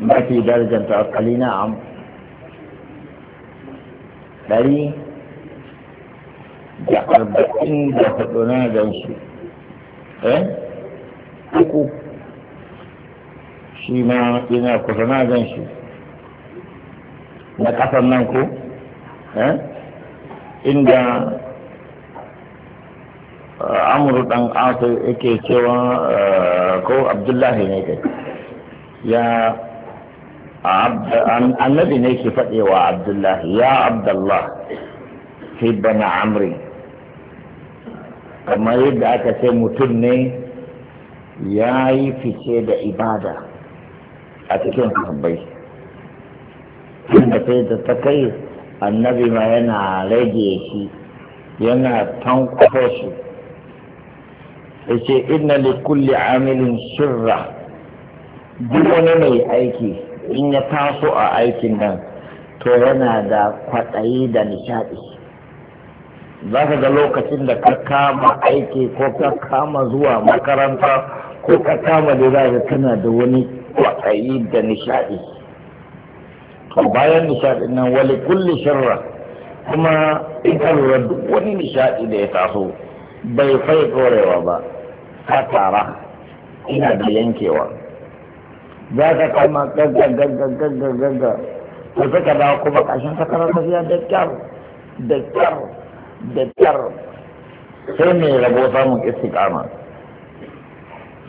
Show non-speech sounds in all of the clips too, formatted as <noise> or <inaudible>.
ما في درجة na am dari da arba'in da hudu na gansu eh uku shi ma yana kusa na gansu na kasan nan ku eh inda eh, amuru dan asu yake cewa eh, ko abdullahi ne kai ya annabi ne ke faɗewa abdullahi ya abdullah fi bana amri kamar yadda aka ce mutum ne ya yi fice da ibada a cikin sahabbai da ta kai annabi ma yana rage shi yana tankwafo shi yace inna li amilin shirra duk wani mai aiki in ya taso a aikin nan to yana da kwaɗayi da nishaɗi za ka ga lokacin da ka kama aiki ko ka kama zuwa makaranta ko ka kama da za ka tana da wani kwaɗayi da nishaɗi to bayan nishaɗin nan wali kulli shirra kuma in ka lura duk wani nishaɗi da ya taso bai fai ɗorewa ba ka tara ina da yankewa za ka kama gagga gagga gagga gagga to suka dawo kuma ƙarshen sakarar tafiya da kyar da kyar da kyar sai mai rabo samun istiqama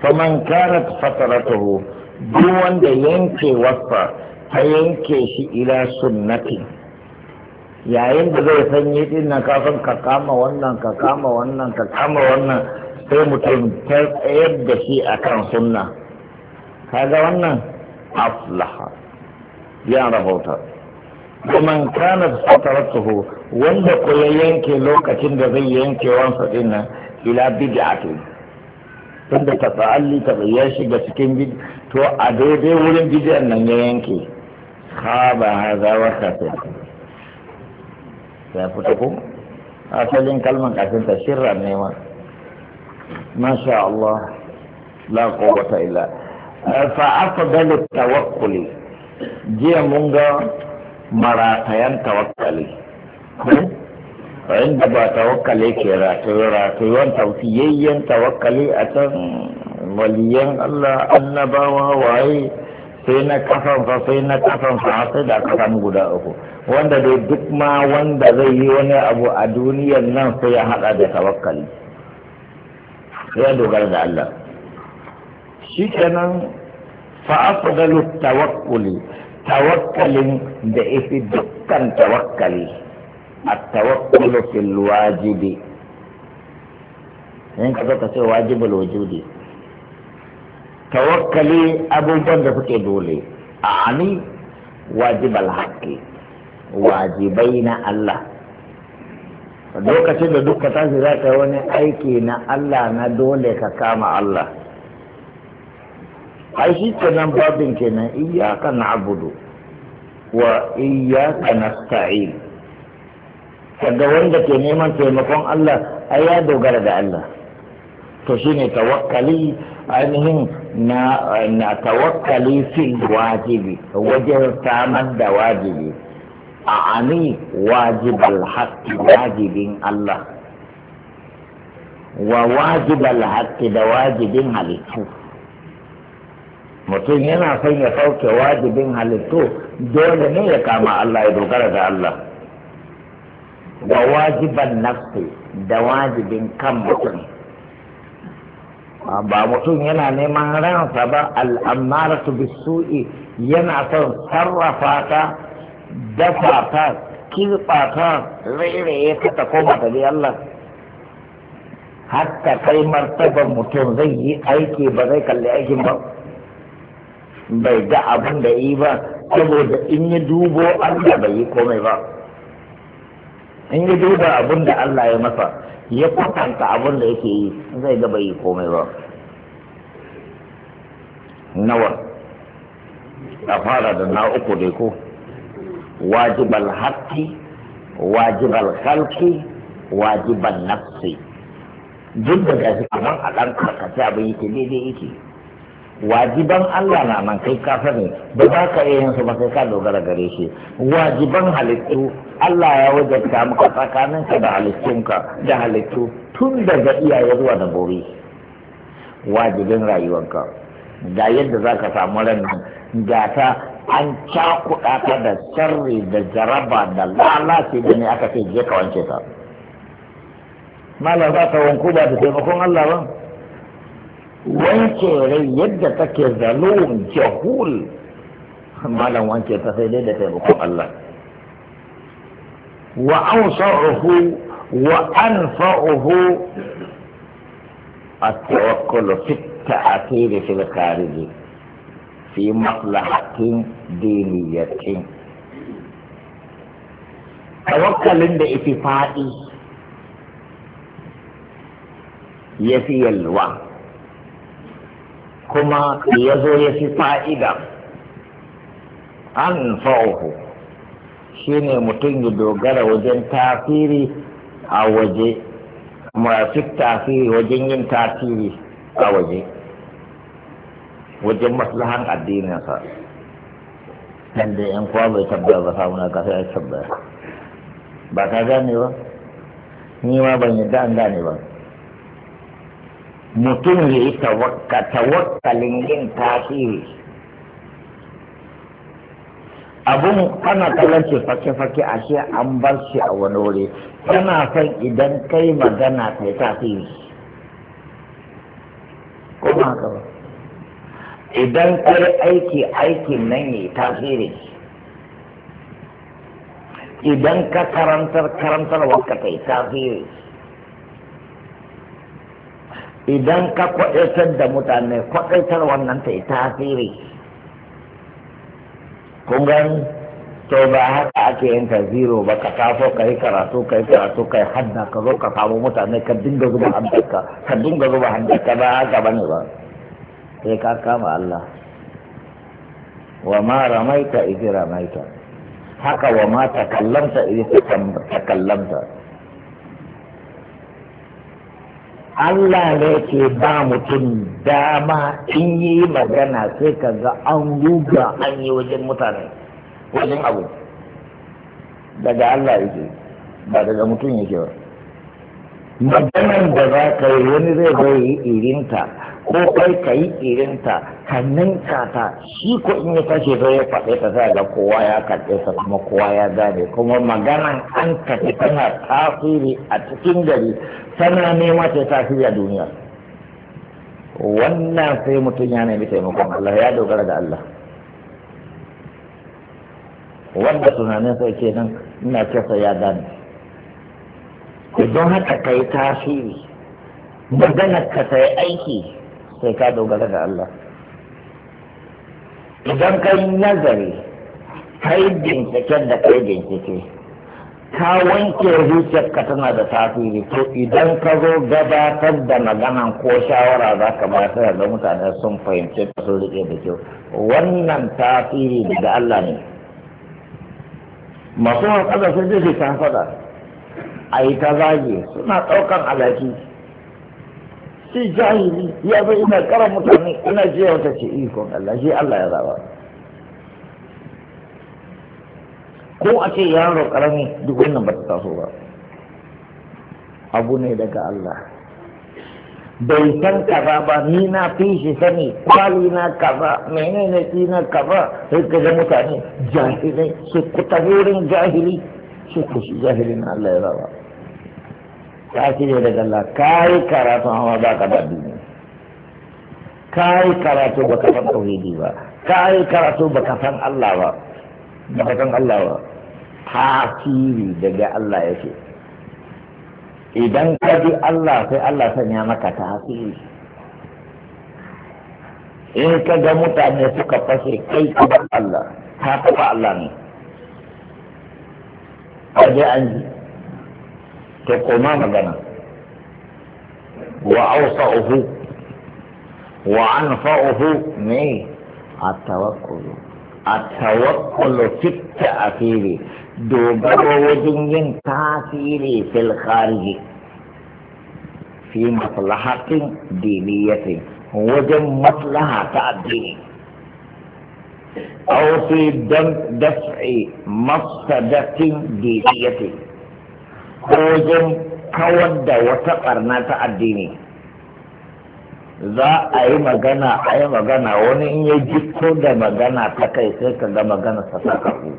faman kanat fataratuhu duk wanda yanke wasa ta yanke shi ila sunnati yayin da zai sanye din nan kafin ka kama wannan ka kama wannan ka kama wannan sai mutum ta tsayar da shi akan sunna kaga wannan aflaha ya rahota man kana sataratuhu wanda ku ya yanke lokacin da zai yanke wansa din nan ila bid'ati tunda ta ta'alli ta ya shiga cikin bid to a daidai wurin bid'an nan ya yanke ha khaba hadha wa khasir ya fita ko asalin kalman kafin ta shirra ne ma masha Allah la quwwata illa fa aqbalu tawakuli jiya mun ga maratayan tawakkali ko ayin ba tawakkali ke ra to ra to yon tawfiyyan tawakkali can, waliyan Allah annabawa waye sai na kafa fa sai na kafa fa sai da kafa guda uku wanda dai duk ma wanda zai yi wani abu a duniyar nan sai ya hada da tawakkali sai ya dogara da Allah shi kenan fa'afdalu tawakkuli tawakkalin da ifi dukkan tawakkali tawakkulu fil wajibi in ka zaka ce wajibul wujudi tawakkali abubuwan da suke dole a ani wajibal haqqi wajibai na Allah lokacin da duka tashi za ka wani aiki na Allah na dole ka kama Allah ai shi kenan babin kenan na abudu wa iyyaka nasta'in kaga wanda ke neman taimakon Allah ai ya dogara da Allah to shine tawakkali ainihin na na tawakkali fil wajibi wajen samar da wajibi a ani wajibal haqqi wajibin Allah wa wajibal haqqi da wajibin halittu mutum yana son ya sauke wajibin halittu dole ne ya kama Allah ya dogara da Allah da wajiban nafsi da wajibin kan mutum ba mutum yana neman ransa ba bi bisu'i yana son sarrafa ta dafa ta kirɓa ta rairaye ta ta koma ta Allah hatta kai martaban mutum zai yi aiki ba zai kalli aikin ba bai ga abin da yi ba saboda in ya dubo Allah bai yi komai ba in yi duba abin da Allah ya masa ya kwatanta abin da yake yi zai ga bai yi komai ba nawa a fara da na uku dai ko wajibal haqqi wajibal khalqi wajibal nafsi duk da gashi kamar a ɗan karkace abin yake daidai yake wajiban Allah na nan kai ka sani ba za ka iya yin su ba sai ka dogara gare shi wajiban halittu Allah ya wajabta maka tsakaninka da halittunka da halittu tun daga iyaye zuwa da bori wajibin rayuwanka da yadda za ka samu ranar gata ta an cakuɗa ta da sharri da jaraba da lalace da ne aka ce je ka wanke ta malam za ka wanku ba da taimakon Allah ba wanke rai yadda take zalun jahul malam wanke ta sai dai da taimakon Allah wa awsa'uhu wa anfa'uhu التوكل في التأثير في الخارج في مصلحة دينية توكل بإتفاقي يفي الوقت kuma ya zo ya fi fa'ida an fa'uhu shi ne mutum ya dogara wajen tasiri a waje masu tasiri wajen yin tasiri a waje wajen maslahan addininsa dan da yan kwa bai tabbata ba samu na kasa ya tabbata ba ka gane ba ni ma ban yi an gane ba mutum ya yi tawakkalin yin tasiri abun kana kallon ce fake-fake shi an bar shi a wani wuri tana son idan kai magana ta yi tasiri kuma haka ba idan kai aiki aikin nan ya yi tasiri idan ka karantar karantar ka ta yi tasiri idan ka kwaɗaitar da mutane kwaɗaitar wannan ta yi tasiri kun to ba haka ake yin ka zero ba ka taso ka yi karatu ka yi karatu ka yi hadda ka zo ka samu mutane ka dinga zuba haddarka ka dinga zuba haddarka ba haka ba ne ba sai ka kama Allah wa ma ramaita idi ramaita haka wa ma takallamta idi takallamta Allah ne ke ba mutum dama in yi magana sai ka ga an ruga an yi wajen mutane wajen abu daga Allah yake ba daga mutum yake ba maganan da za ka yi wani zai bai yi irinta ko kai ka yi irinta ka kata shi ko in ya tashi zai ya faɗe ta sa ga kowa ya karɓe sa kuma kowa ya gane kuma maganan an tafi tana tasiri a cikin gari tana nema ta tasiri a duniya wannan sai mutum ya nemi taimakon Allah ya dogara da Allah wanda tunanin sai ke nan ina kesa ya gane idan haka ka yi tasiri maganar ka sai aiki sai ka dogara da Allah idan ka yi nazari ka yi binciken da ka yi bincike ka wanke ka tana da tasiri to idan ka zo gabatar da maganan ko shawara za ka ba ta da mutane sun fahimci ta sun rike da kyau wannan tasiri daga Allah ne masu hankali sun je ta faɗa a yi ta zage suna ɗaukan alaƙi. shi jahili ya zai ina kara mutane ina je wata ce ikon Allah shi Allah ya zaba ko a ce yaro karami duk wannan ba ta taso ba abu ne daga Allah bai san kaza ba ni na fi shi sani kwali na kaza menene fi na kaza sai ka ga mutane jahilai su kuta wurin jahili su kushi jahilin Allah ya zaba ka ne daga Allah ka yi karatu amma ba ka ba duniya ka yi karatu ba ka san tauhidi ba ka karatu ba ka san Allah ba ba ka san Allah ba tasiri daga Allah yake idan ka ji Allah sai Allah sanya maka tasiri in ka ga mutane suka fashe kai ka ba Allah ta taɓa Allah ne a an ji تقومان جنة وأوصأه وأنفعه ميه نعم. التوكل التوكل في التأثير دوبر وجنجن تأثير في الخارج في مصلحة دينية وجن مصلحة تأثير أو في دفع مصدر دينية ko wajen kawar da wata ɓarna ta addini za a yi magana a yi magana wani in ya jiko da magana ta kai sai ka ga magana ta kafu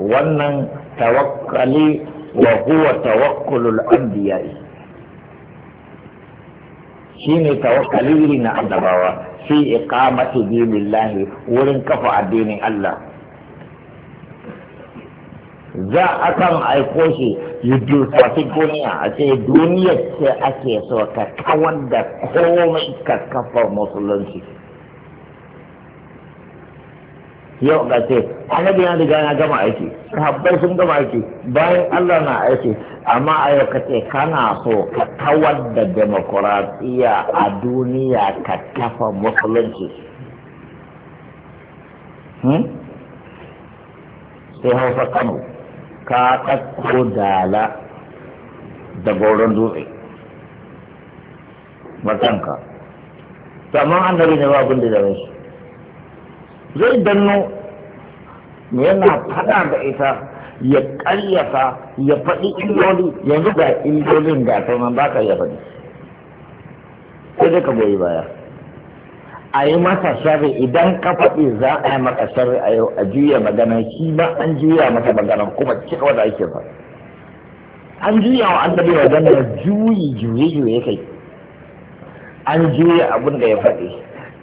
wannan tawakkali wa huwa tawakkulul anbiya'i shine tawakkali na annabawa fi iqamati dinillahi wurin kafa addinin Allah za a kan aiko shi yi dusafi duniya a ce duniya ce ake so ka kawar da komai ka kafa musulunci yau ga ce annabi ya riga ya gama aiki sahabbai sun gama aiki bayan Allah na aiki amma a yau ka ce kana so ka kawar da demokuraɗiyya a duniya ka kafa musulunci hmm? sai hausa kano ka ɗauko dala da goron dutse matanka to amma annabi ne ba abin da zai shi zai danno yana fada da ita ya ƙaryata ya faɗi illoli yanzu ga illolin ga ta ba ka ya faɗi sai dai ka goyi baya a yi masa shari idan ka faɗi za a yi maka sarri a yau a juya magana shi ba an juya masa magana kuma cika wanda ake ba an juya wa an dabi magana juyi juye juye kai an juya abin da ya faɗi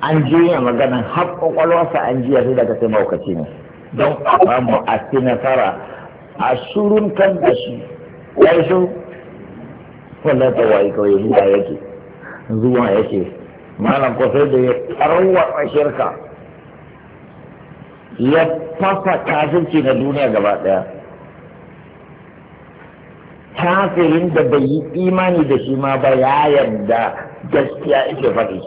an juya magana har kwakwalwarsa an juya sai daga sai maukaci ne don a samu a ci nasara a shirun kan da shi ya shi yake zuwa yake malam ko sai da ya tarwatsa shirka ya fafa kafirci na duniya gaba daya kafirin da bai yi imani da shi ma ba ya yarda gaskiya ake faɗi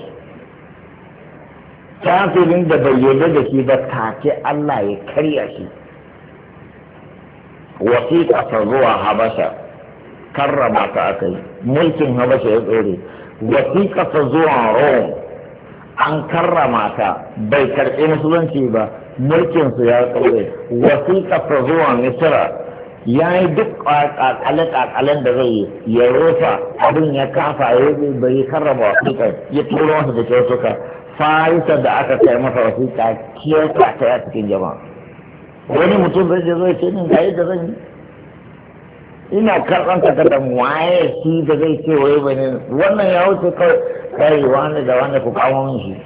kafirin da bai yarda da shi ba kake Allah ya karya shi wasiƙa ta zuwa habasha karrama ta aka yi mulkin habasha ya tsere wasiƙarsa zuwa Rome an karrama ta bai karɓi musulunci ba mulkinsu ya tsaure wasiƙarsa zuwa Misira ya yi duk ƙaƙale-ƙaƙalen da zai yi ya rufa abin ya kafa ya bai karrama wasiƙa ya turo masa da kyautuka farisa da aka kai masa wasiƙa kiyarsa ta cikin jama'a wani mutum zai je zai ce ni ga yadda zan yi ina karɓar da waye shi da zai ce wai bane wannan ya wuce kai kai wani da wani ku kawo min shi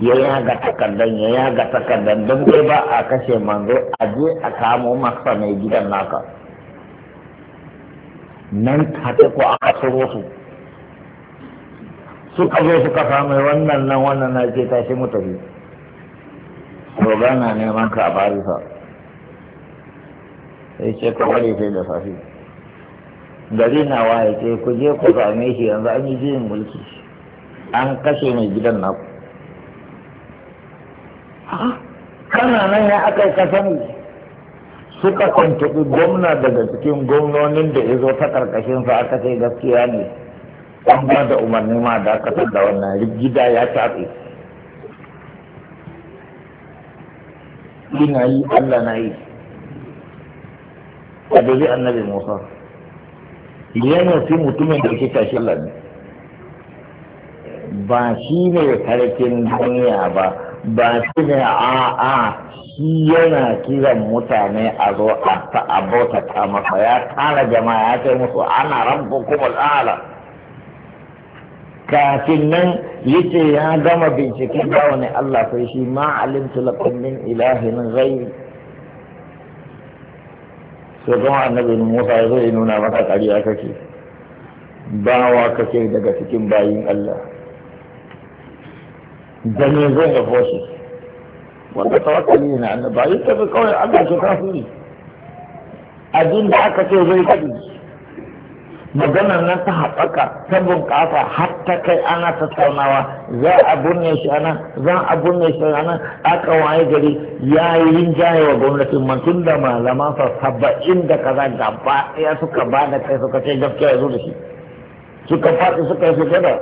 ya ga takardan, ya ga takardan don dai ba a kashe manzo a je a kamo masa mai gidan naka nan take ko aka tsoro su suka zo suka samu wannan nan wannan na ce tashi mutane to gana neman ka a barisa sai ce ka bari sai da safi gari na waye ce ku je ku same shi yanzu an yi juyin mulki an kashe mai gidan naku ah, kana nan ya aka yi kasan suka kwantaɓi gwamna daga cikin gwamnonin da ya zo ta ƙarƙashin su aka sai gaskiya ne an ba da umarni ma da aka da wannan gida ya tatse ina yi allah na yi ka dubi annabi musa yana fi mutumin da ke tashi Allah ne ba shi ne sarkin duniya ba ba shi ne a a shi yana kiran mutane a zo a ta abota ta masa ya tara jama'a ya kai musu ana rabu kuma ala kafin nan ce ya gama binciken ba wani Allah sai shi ma alimtu lakum min ilahin ghairi to kuma annabi Musa ya zai ya nuna maka ƙarya kake bawa kake daga cikin bayin Allah da zai ga fosu wanda tawakkali ne na annabi ba yi tafi kawai Allah ke kafiri abin da aka ce zai faɗi maganar nan ta haɓaka ta bunƙasa har ta kai ana tattaunawa za a burne shi ana za a burne shi ana aka waye gari ya yi jaye wa gwamnatin man tun da malaman sa saba'in da kaza gaba ɗaya suka ba da kai suka ce gaskiya ya zo da shi suka faɗi suka yi da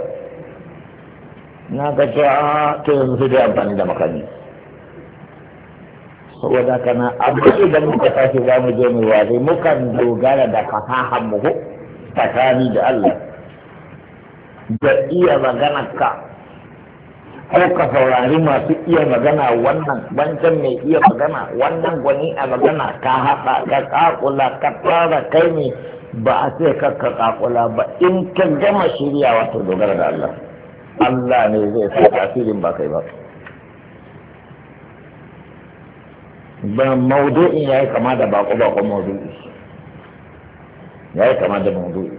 na ga ce a to yanzu sai dai amfani da makami saboda kana abu idan muka tashi za mu je mu waje mukan dogara da fasahar mu ko tsakani da Allah da iya magana ka ko ka saurari masu iya magana wannan bancan mai iya magana wannan gwani a magana ka haɗa ka kakula ka tsara kai ne ba a ce ka ka kakula ba in ka gama shirya wata dogara da Allah Allah ne zai sa tasirin ba kai ba ba maudu'in ya yi kama da bako bako maudu'i ya yi kama da mawdu'i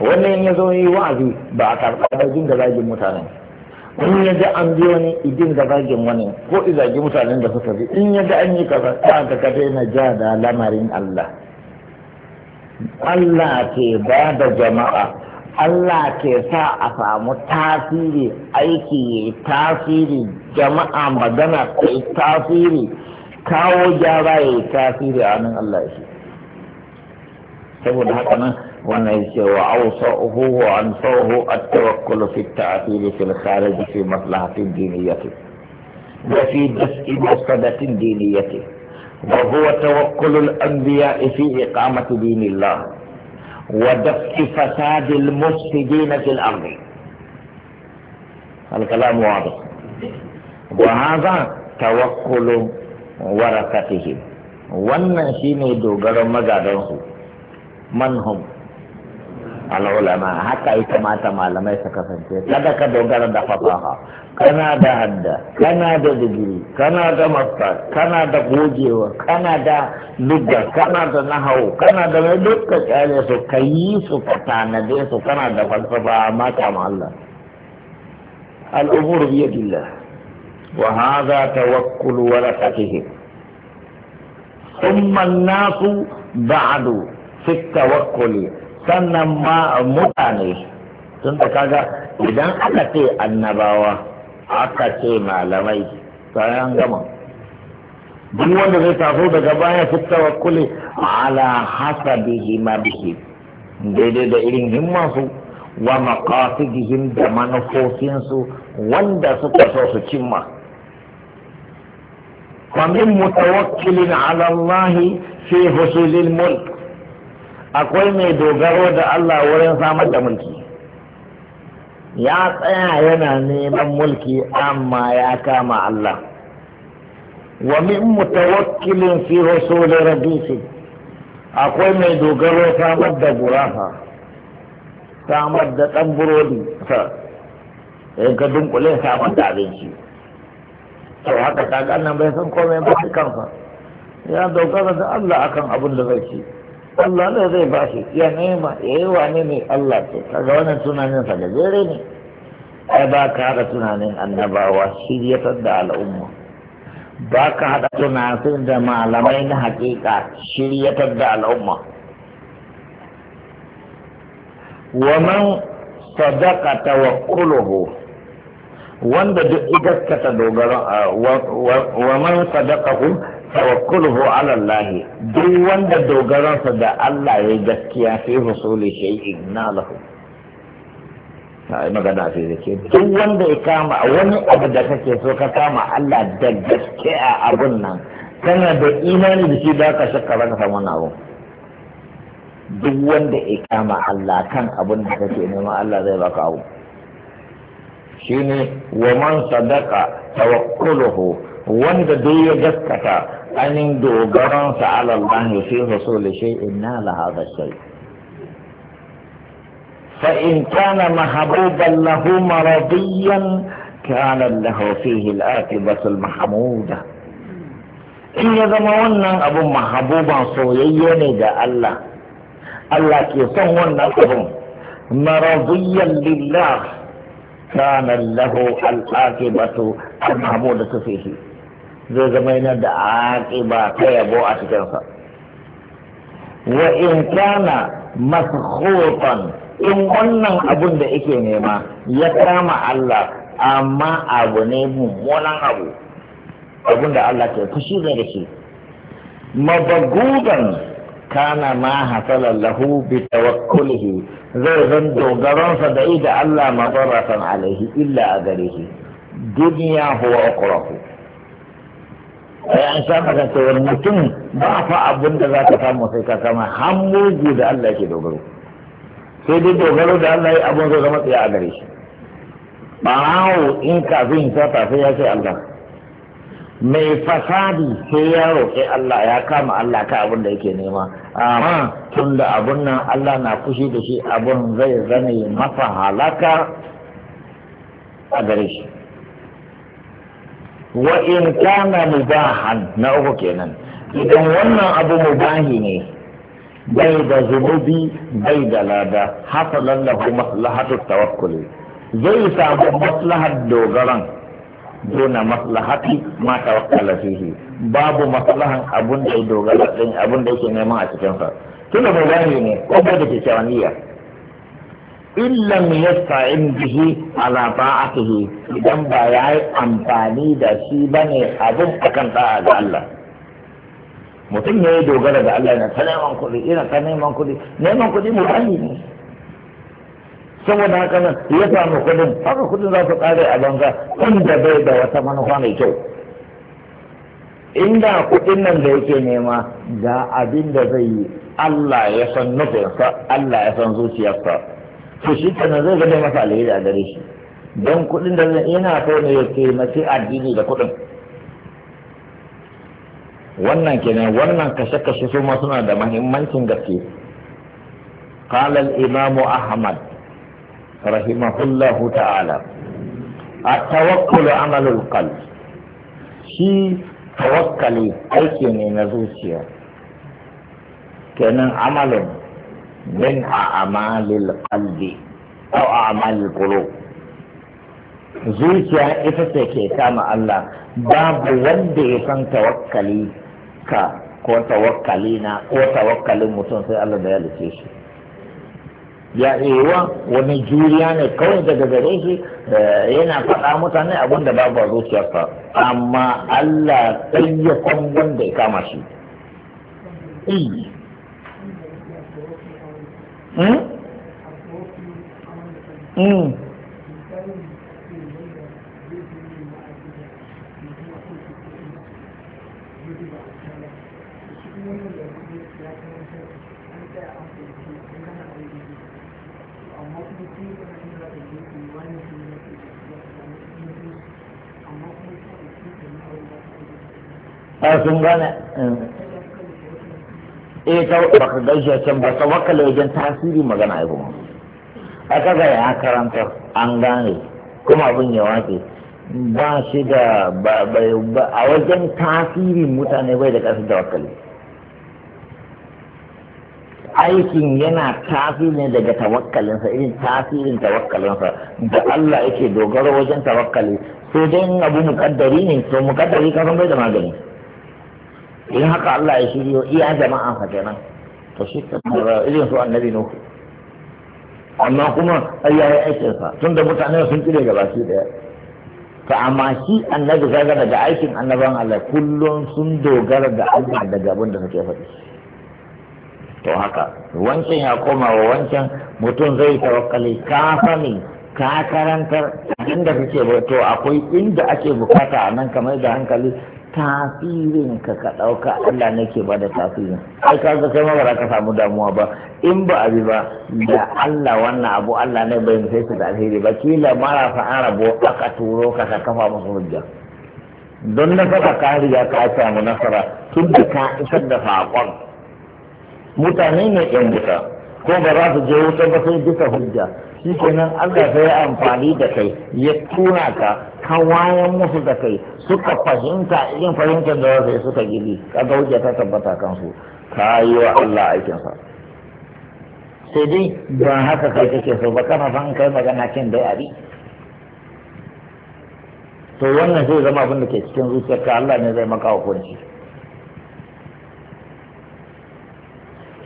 wannan ya zo yi wa'azi ba a karɓa ba da zagin mutanen in ya ji an bi wani idin ga wani ko izagi mutanen da suka bi in ya ga an yi kaza ta ka kafe na ja da lamarin Allah Allah ke ba da jama'a Allah ke sa a samu tasiri aiki ya tasiri jama'a magana ta tasiri kawo gyara ya tasiri a nan Allah shi saboda haka nan wannan ya ce wa awsa'uhu wa ansa'uhu at-tawakkul fi at fi al-kharij fi maslahatin diniyyati wa fi das'i mafsadatin diniyyati wa huwa tawakkul al-anbiya fi iqamati dinillah wa daf'i fasad al-mufsidin fi al-ard al-kalam wadih wa hadha tawakkul warathatihim wannan shine dogaron magadansu من هم العلماء حتى إذا ما تما لما يسكت فنتي كذا كذا وقال ده فطاها كنا ده هدا كنا ده دجري كنا ده مفتر كنا ده قوجيو كنا ده لجا كنا ده نهو كنا ده مدد كتالي سو كييس وفتان ديس وكنا ده فلسفة ما تما الله الأمور بيد الله وهذا توكل ورثته ثم الناس بعدوا Fitta tawakkul sannan ma mutane tun da kaga idan aka ce annabawa aka ce malamai sayan gama duk wanda zai taso daga baya fitta tawakkuli ala hasabihi ma bihi daidai da irin himmansu wa maqasidihim da manufofinsu wanda suka so su cimma فمن متوكل على الله في حصول الملك akwai mai dogaro da Allah wurin samar da mulki ya tsaya yana neman mulki amma ya kama Allah wa min mutawakkilin fi rasul rabbihi akwai mai dogaro samar da burafa samar da ɗan burodi sa eh, in ka dunkule samar da abinci to haka ta nan bai san komai ba kansa ya dogara da Allah akan abin da zai ci Allah ne zai ba shi ya nema ya yi wane ne Allah ce kaga wannan tunanin sa da jere ne ai ba ka haɗa tunanin annabawa shiryatar da al'umma ba ka haɗa tunanin da malamai na hakika shiryatar da al'umma waman sadaka tawakkuluhu wanda duk idaskata dogaron waman sadakahu tawakkuluhu ala Allah duk wanda dogaransa da Allah ya gaskiya fi rusuli shay'in na lahu na magana fi zake duk wanda ya kama wani abu da kake so ka kama Allah da gaskiya abun nan kana da imani da shi da ka shakka ba ka samu nawo duk wanda ya kama Allah kan abun da kake nema Allah zai baka abu shine wa man sadaqa tawakkuluhu wanda dai ya gaskata anin dogaron sa ala Allah ya fi rasul shi inna la hada shay fa in kana mahbuban lahu maradiyan kana lahu fihi al-aqibatu al-mahmuda in ya zama wannan abun mahabuban soyayye ne ga Allah Allah ke son wannan abun maradiyan lillah kana lahu al-aqibatu al-mahmuda fihi zai zama yana da ba ta yabo a cikinsa wa in kana maskhutan in wannan abun da ike nema ya kama Allah amma abu ne mummunan abu abun da Allah ke fushi ne da shi mabagudan kana ma hasala lahu bi tawakkulihi zai zan dogaronsa da ida Allah mabarasan alaihi illa a gare shi duniya huwa ukrahu ai an saba da tsawon mutum ba fa abin da za ka samu sai ka kama da Allah ke dogaro sai dai dogaro da Allah ya abin zai zama tsaye a gare shi ɓarawo in kafin sata sai ya ce Allah mai fasadi sai ya roƙi Allah ya kama Allah ka abin da yake nema amma tun da abun nan Allah na fushi da shi abun zai zane masa halaka a gare shi wa in kana mubahan na uku kenan idan wannan abu mubahi ne bai da zunubi bai da lada hasalan lahu maslahatu tawakkuli zai samu maslahar dogaran dona maslahati ma tawakkala fihi babu maslahan abun da dogara din abun da yake neman a cikin sa tunda mubahi ne ko da kyakkyawan niyya illam yasta'in bihi ala ta'atihi idan ba ya yi amfani da shi ba ne abin a kan ta'a ga Allah mutum ya yi dogara da Allah yana ta neman kuɗi yana ta neman kuɗi neman kuɗi mutane ne saboda haka nan ya samu kuɗin haka kuɗin za su ƙare a banza inda bai da wata manufa mai kyau inda kuɗin nan da yake nema ga abin da zai yi Allah ya san nufinsa Allah ya san zuciyarsa to shi kenan zai gada masa alheri a gare shi don kuɗin da zai yana so ne ya mace addini da kuɗin wannan kenan wannan kashe-kashe su ma suna da mahimmancin gaske قال الإمام أحمد رحمه الله تعالى التوكل عمل القلب شي توكلي أيكي من zuciya. كان عمل min a'malil ko a a'malil qulub zuciya ita ce ke kama Allah babu wanda ya san tawakkali ka ko tawakkali na ko tawakkalin mutum sai Allah da ya lice shi ya ewa wani juriya ne kawai daga gare shi yana faɗa mutane abin da babu a zuciyarsa amma Allah sai ya wanda ya kama shi Hmm? Hmm. A ah, sun gane hmm. eh ta baka gaishe can ba wajen tasiri magana ai kuma a kaga ya karanta an gane kuma abin ya wace ba shi da a wajen tasirin mutane bai da da wakali aikin yana tasiri daga tawakkalinsa irin tasirin tawakkalinsa da Allah yake dogaro wajen tawakkali sai dai abu mukaddari ne to mukaddari kasan bai da magani In haka Allah ya shiryo iya jama'a fa kenan to shi ka irin su annabi nuhu amma kuma ai ya yi aikin sa tunda mutane sun kire gaba shi daya to amma shi annabi kaga daga aikin annaban Allah kullum sun dogara da Allah daga abin da suke faɗi to haka wancan ya koma wa wancan mutum zai tawakkali ka sani ka karantar inda kake to akwai inda ake bukata a nan kamar da hankali tasirin ka ka ɗauka Allah ne ke bada tasirin ai ka ga kai ma ba za ka samu damuwa ba in ba abi ba da Allah wannan abu Allah ne bai sai su da alheri ba kila mara fa an aka turo ka ka kafa musu hujja don na nasara ka riga ka samu nasara tun da ka isar da saƙon mutane ne yan wuta ko ba za su je wuta ba sai bisa hujja shi kenan Allah zai amfani da kai ya tuna ka ka wayan musu da kai suka fahimta irin fahimtar da zai suka gidi ka gauje ta tabbata kansu ka yi wa Allah aikinsa sai dai ba haka kai kake so ba kana san kai magana kin dai abi to wannan zai zama abin da ke cikin ka Allah ne zai maka hukunci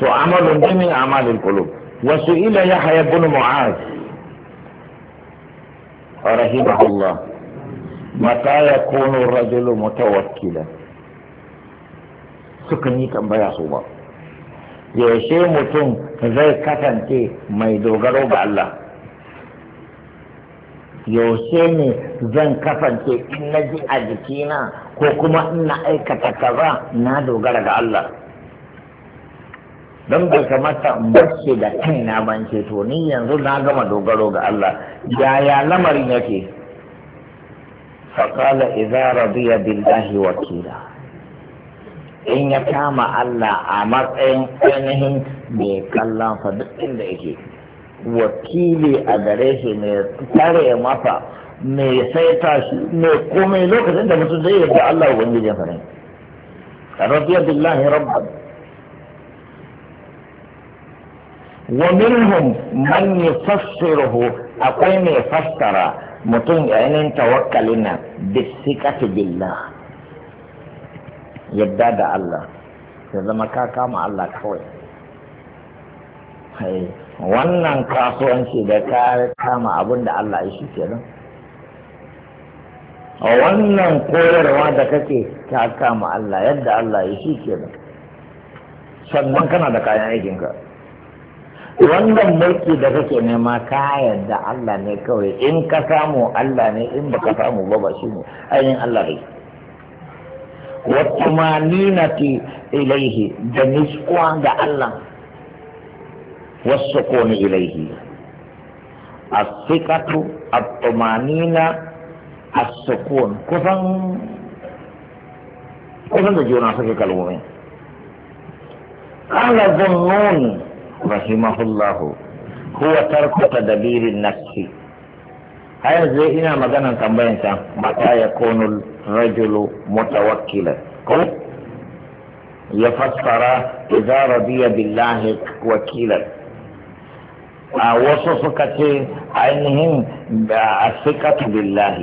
to amalun min amalul qulub wasu ila ya haya bin mu'az rahimahullah mata ya kono rajulu mutawakkila Suka yi tambaya su ba yaushe mutum zai kasance mai dogaro ga Allah yaushe ne zan kasance in na ji a jikina ko kuma ina aikata kaza na dogara ga Allah don bai kamata in da kaina ban ce to ni yanzu na gama dogaro ga Allah yaya lamarin yake faƙala idza radiya billahi wakila in ya kama Allah a matsayin ainihin mai kallon fa duk inda yake wakili a gare shi mai tare masa mai saita shi mai komai lokacin da mutum zai yarda Allah ubangijin sa ne billahi rabban wa minhum man yufassiruhu akwai mai fassara mutum yayin tawakkalin nan bisikati billah yadda da Allah ya zama ka kama Allah kawai wannan kasuwanci da ka kama abin da Allah ya shi kenan wannan koyarwa da kake ta kama Allah yadda Allah ya shi kenan sannan kana da kayan aikinka wannan mulki da kake nema ka yarda Allah ne kawai in ka samu Allah ne in ba ka samu ba ba shi ne ainihin Allah ne wa tumaninati ilaihi da niskuwa ga Allah wasu kone ilaihi asikatu at asukun kusan kusan da juna suke kalmomi qala dhunnuni رحمه الله هو ترك تدبير النفس هاي زي إنا كان تنبين متى يكون الرجل متوكلا يفسر إذا رضي بالله وكيلا وصفك عينهم الثقة بالله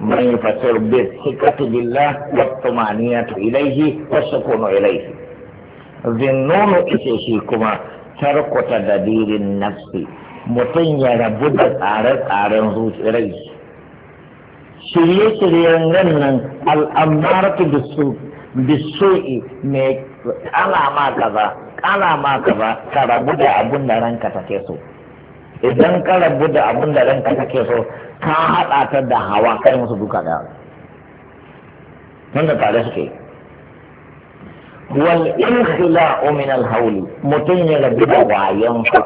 من يفسر بالثقة بالله والطمانية إليه والسكون إليه zinnono ita shi kuma tarkota da dirin nafsi mutum ya rabu da tsare-tsaren zucirai shirye-shiryen da su bisu'i mai kala ma kaza kala ma kaza ka rabu da abun da ranka take so idan ka rabu da abun da ranka take so ka haɗa ta da hawa kai musu duka da wanda tare suke wal inkhila'u min al hauli mutum ya rabu da wayan ka,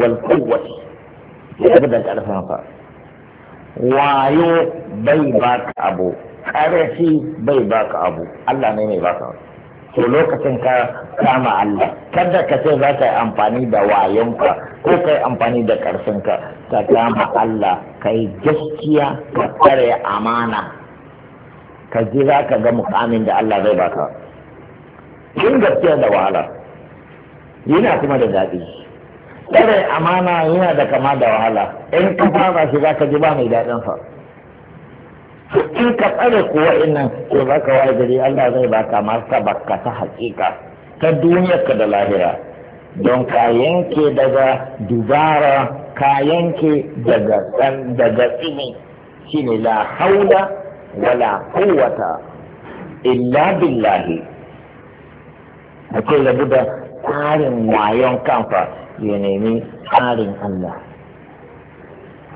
wal quwwati ya rabu da karfin ka. wayo bai baka abu karfi bai baka abu Allah ne mai baka abu to lokacin ka kama Allah kada ka ce za ka yi amfani da wayan ka, ko ka yi amfani da ƙarfinka ka kama Allah ka yi gaskiya ka tsare amana ka ji za ka ga mukamin da Allah zai baka In gaskiya da wahala yana kuma da daɗi tsare amana yana da kama da wahala in ka fara shi za ka ji ba mai daɗin sa in ka tsare kuwa innan to za ka waye gari Allah zai baka martabaka ta haƙiƙa ta ka da lahira don ka yanke daga dubara ka yanke daga daga tsini shine la haula wala quwwata illa billahi a gabu da tsarin wayon kanfa ya nemi tsarin Allah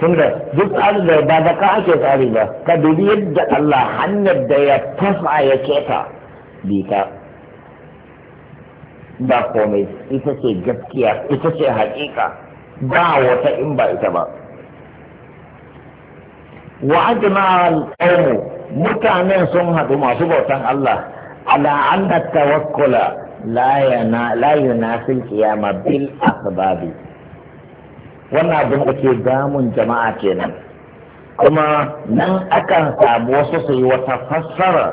tunda duk tsarin da ba da ka ake tsari ba ka dubi yadda Allah hanyar da ya tafa ya keta bi ta ba komai ita ce gaskiya ita ce hakika ba wata in ba ita ba wa ajma al mutanen sun haɗu masu bautan Allah ala anna tawakkula la sun kiyama bil asbabi wannan abin da ke damun jama'a kenan kuma nan akan samu wasu su yi wata fassara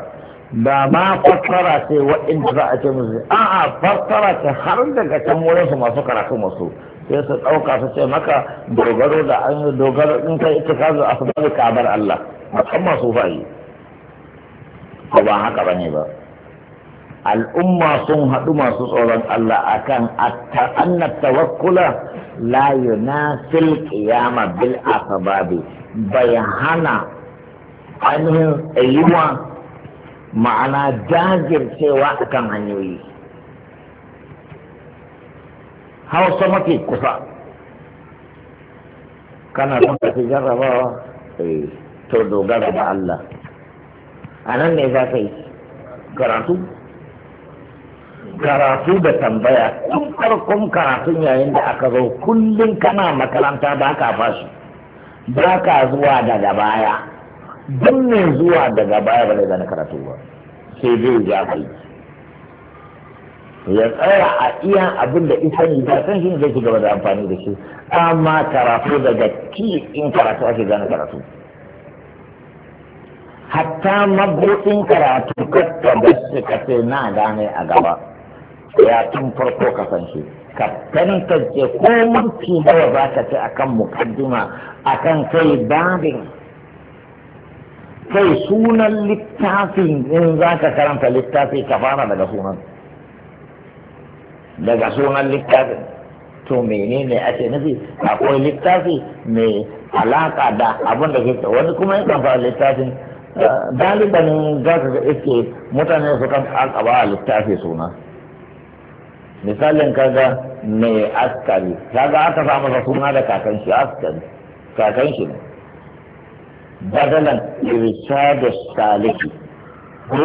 ba ma fassara sai waɗanda za a ce musu a'a fassara ta har daga can wurin su masu karatu masu sai su ɗauka su ce maka dogaro da an yi dogaro in kai ita ka zo asibiti ka bar Allah musamman su fa'i ko ba haka bane ba al'umma sun haɗu masu tsoron Allah akan anna tawakkula la yunasil qiyama bil asbabi bai hana ainihin tsayuwa ma'ana jajircewa akan hanyoyi hausa mafi kusa kana son ka fi jarrabawa eh, to dogara da Allah a nan ne za ka yi karatu karatu da tambaya tun farkon karatun yayin da aka zo kullum kana makaranta ba ka fashi ba ka zuwa daga baya don ne zuwa daga baya ba zai karatu ba sai zai ji aiki ya tsaya a iya abin da ita ne ba san shi zai ci gaba da amfani da shi amma karatu daga ki in karatu ake gane karatu hatta mabuɗin karatu kakka da suka ce na gane a gaba ya tun farko ka san shi ka tantance ko mulki nawa za ka ci akan mukaddima akan kai babin kai sunan littafin in za ka karanta littafi ka fara daga sunan daga sunan littafi to menene ake nufi akwai littafi mai alaka da abin da ke wani kuma kan fara littafin daliban eh, za ka ga iske mutane su kan alƙaba a littafi suna misalin kaga mai askari kaga aka samu masa suna da kakan askari kakan ne badalan irshadu saliki ko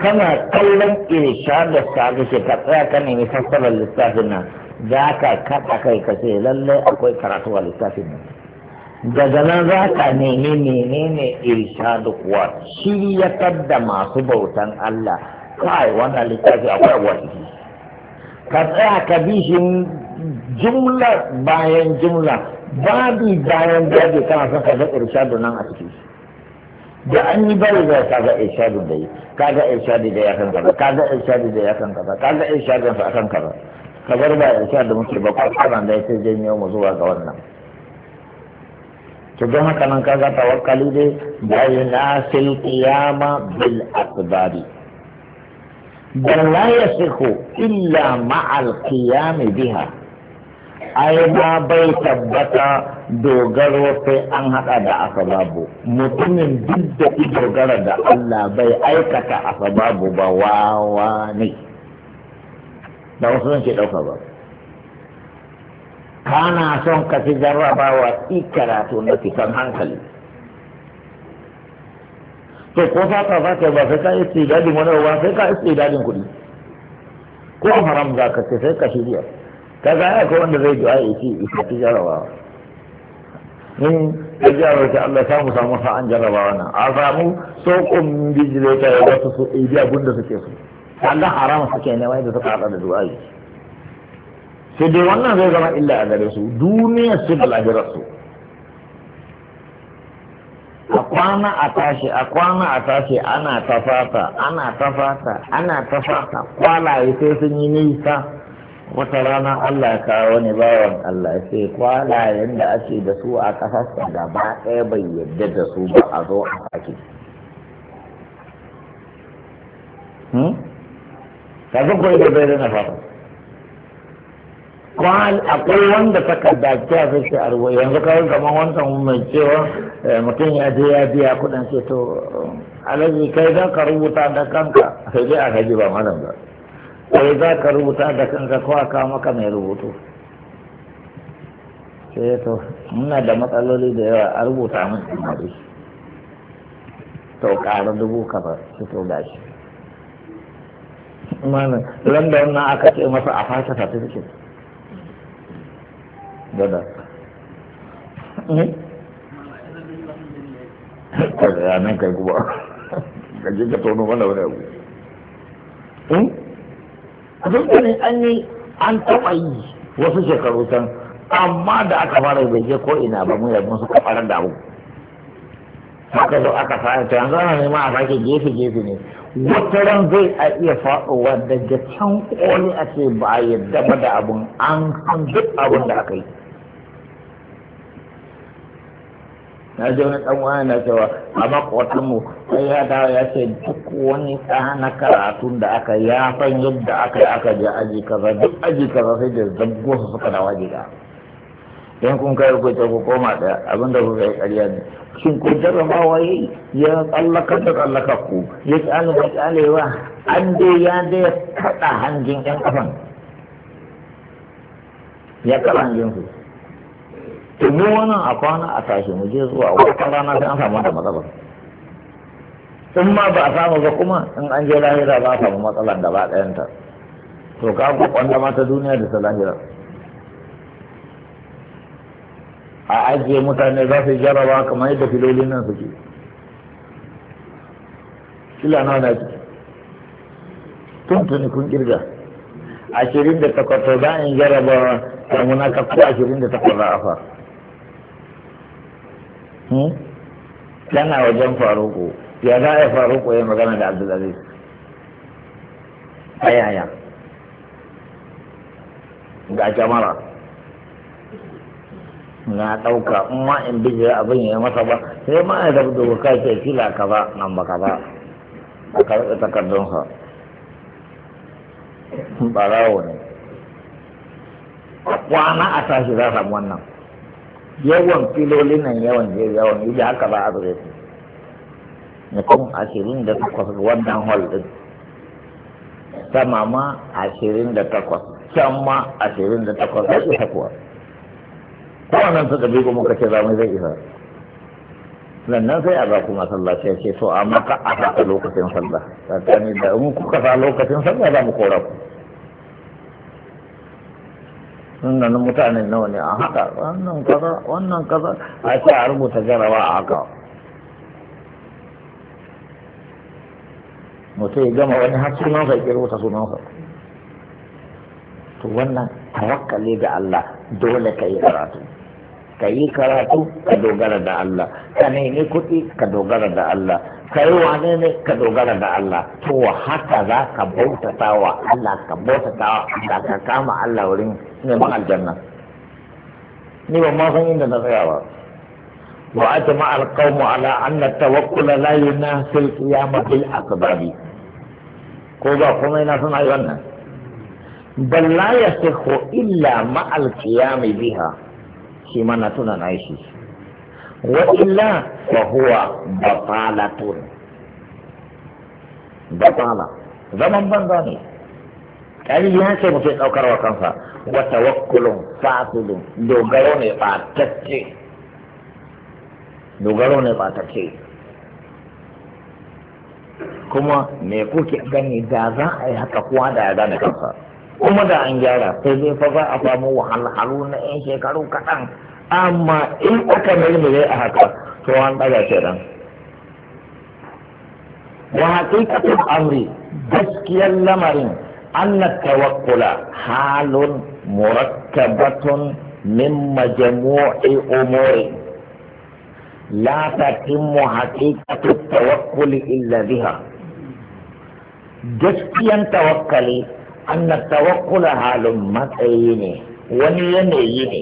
kana kallon irshadu saliki ka tsaya ka nemi fassarar littafin nan za ka kaɗa kai ka ce lallai akwai karatu a littafin nan daga nan za ka nemi menene irshadu kuwa shiryatar da masu bautan Allah kai wannan littafi akwai abuwa ka tsaya ka bi shi jumla bayan jumla babi bayan babi kana son ka ga irshadu nan a ciki. da an yi bari da ka ga irshadu da yi ka ga irshadu da ya kan kaza ka ga irshadu da ya kan kaza ka ga irshadu da akan kaza ka bar ba irshadu da muke ba ko kana da yake janyo mu zuwa ga wannan to don haka nan kaga tawakkali dai bayyana fil qiyama bil asbabi بل لا يصح illa مع القيام بها ai ba bai tabbata dogaro sai an haɗa da asababu mutumin duk da ki dogara da Allah bai aikata asababu ba wawa ne da wasu ke ɗauka ba kana son ka fi jarrabawa i karatu na fitan hankali to ko fata za ka ba sai ka yi dadin wani ba sai ka yi dadin kuɗi ko haram za ka ce sai ka shirya ka ga ya ko wanda zai du'a ya ce ita ta jarabawa in ta jarabawa ta Allah samu samu sa an jarabawa nan a samu sokon bijire ta ya za su ibi abin da suke su Allah haram suke nema da suka haɗa da du'a sai dai wannan zai zama illa a gare su duniyar su da lahirar su a kwana a tashi a kwana a tashi ana ta fata ana ta fata ana ta fata kwalaye sai sun yi nisa wata rana Allah ya kawo wani bawan Allah sai kwalayen da ake da su a kasarsa gaba ɗaya bai yadda da su ba a zo a sake hmm? ka zo da bai na fata kwal akwai wanda takarda ta fi shi a rubuce yanzu kawai kamar wancan mai cewa eh, mutum ya je ya biya kuɗin ce to alaji kai za ka rubuta da kanka sai dai a haji ba malam ba kai za ka rubuta da kanka ko a kawo maka mai rubutu sai to muna da matsaloli da yawa a rubuta min kamari to ƙara dubu kafa su to gashi malam ran da wannan aka ce masa a fasa satifiket. gada eh? ya nan kai kuma ka je ka tono mana wani abu eh? a dukkanin an yi an taɓa yi wasu shekaru can amma da aka fara bai je ko ina ba mu yabon su kafarar da abu haka zo aka fara to yanzu ana nema a sake gefe gefe ne wata ran zai a iya faɗowa daga can koli a ce ba yadda ba da abun an san duk abun da aka yi na je wani dan wani na cewa a makwatin mu sai ya dawo ya ce duk wani ɗa na karatun da aka ya san yadda aka yi aka je aji kaza duk aji kaza sai da zabgo su suka dawo aji yan kun kai ko ta ku koma da abin da kuka yi ƙarya ne shin ku ma waye ya tsallaka da tsallaka ku ya tsani ba tsalewa an dai ya dai kaɗa hanjin yan kafan ya kaɗa hanjin su to mu wannan a kwana a tashi mu je zuwa wata rana sai an samu da matsala. in ma ba a samu ba kuma in an je lahira za a samu matsala ba ɗayan ɗayanta to ka ku kwanda mata duniya da ta lahira a ajiye mutane za su jaraba kamar yadda filolin nan suke kila nawa na ciki tuntuni kun kirga ashirin da takwas to za in jarraba kamar na kakku ashirin da takwas za a fara Hmm? na wajen faruku ya za a faruku ya magana da abdulaziz a yaya ga jamara na ɗauka in ma in bijira abin ya masa ba sai ma ya zafi dogo ka ke fila ka ba nan ba ka ba a karɓi takardunsa ɓarawo ne a kwana a tashi za samu wannan yawan filolin nan yawan je yawan yi da haka ba a zure su mutum ashirin da takwas wannan hall din sama ma ashirin da takwas can ma ashirin da takwas zai isa kuwa kowannan suka bi kuma kace za mu zai isa sannan sai a ba ku masallaci ya ce so a maka a haka lokacin sallah tsakani da in kuka sa lokacin sallah za mu kora ku nan mutanen nawa ne a haka wannan kaza wannan kaza a ce a rubuta jarawa a haka mutum ya gama wani har sunansa ya rubuta sunansa to wannan tawakkali ga Allah dole ka yi karatu ka yi karatu ka dogara da Allah ka nemi kuɗi ka dogara da Allah ka yi wane ne ka dogara da Allah to haka za ka bautata wa Allah ka bautata wa Allah ka kama Allah wurin من وأجمع القوم على أن التوكل لا ينافي القيامة بالأقدار قوضا فمينا سنعيونا بل لا يصح إلا مع القيام بها كما نتونا نعيش وإلا فهو بطالة بطالة زمن بنداني قال لي يا شيخ مسيح أو كروا كنفا Wata wakulun fasidun dogaro ne batacce dogaro ne batacce kuma me kuke gani da za a yi haka kuwa da ya gane kansa kuma da an gyara sai zai fa za a samu wahalhalu na yan shekaru kaɗan amma in aka mirmire a haka to an ɗaga kenan wa haqiqatul amri gaskiyar lamarin na tawakkula halun مركبة من مجموع أمور لا تتم حقيقة التوكل إلا بها gaskiyan tawakkali anna tawakkula halin matsayi ne wani yanayi ne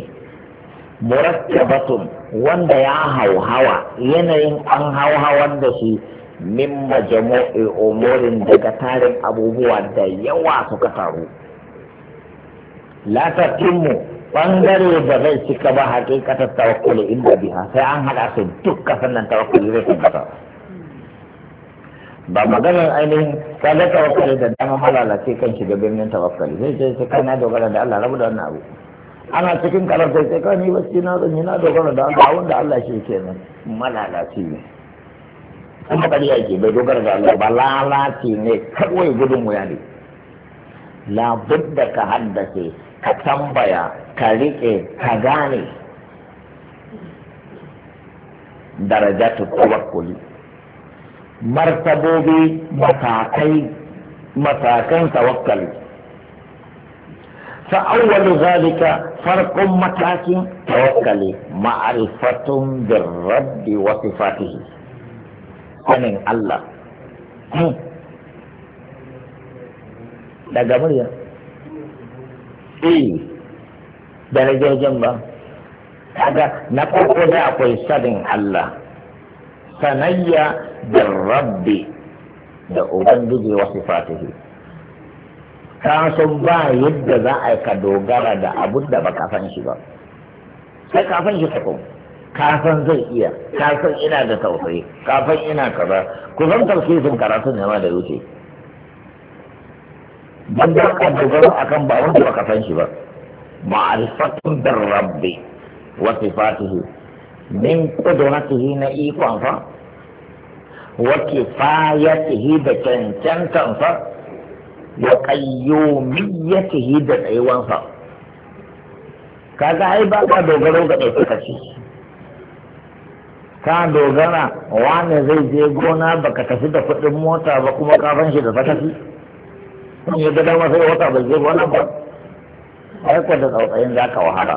murakkabatun wanda ya hauhawa yanayin an hauhawa da shi min majamu'i umurin daga tarin abubuwa da yawa suka taru la ta latattinmu bangare ba zai cika ba hakikatar tawakkuli inda biha sai an haɗa su duk kasan nan tawakkuli zai tabbata ba maganar ainihin kaga tawakkali da dama malalace kan shiga birnin tawakkali zai ce sai na dogara da Allah rabu da wannan abu ana cikin karanta sai sai kai ni bacci na zan na dogara da Allah wanda Allah shi ke nan malalace ne kuma kariya yake bai dogara da Allah ba lalace ne kawai gudun wuya ne labudda ka haddace ka tambaya ka riƙe ka gane darajatu tawakkuli martabobi matakai matakan tawakkali ta awwalu zalika farkon matakin tawakkali ma'arifatun bin rabbi wa sifatihi sanin Allah hmm. daga murya eh darajojin ba kaga na farko ne akwai sanin Allah sanayya da rabbi da ubangiji wasu fatihi ka san ba yadda za a ka dogara da abun da baka san shi ba sai ka san shi tukun ka san zai iya ka san ina da tausayi ka san ina kaza ku san sun karatu ne ma da wuce ban da ka dogaro akan ba wanda baka san shi ba ma'arifatun da rabbi wa sifatihi min qudratihi na ikon fa wa kifayatihi da cancantan fa wa qayyumiyatihi da tsayuwan fa kaga ai ba ka dogaro ga ɗaukakaci ka dogara wane zai je gona baka tafi da kuɗin mota ba kuma ka shi da sakaci in yi ga dama sai wata bai zai wannan ba a da tsautsayin za ka wahala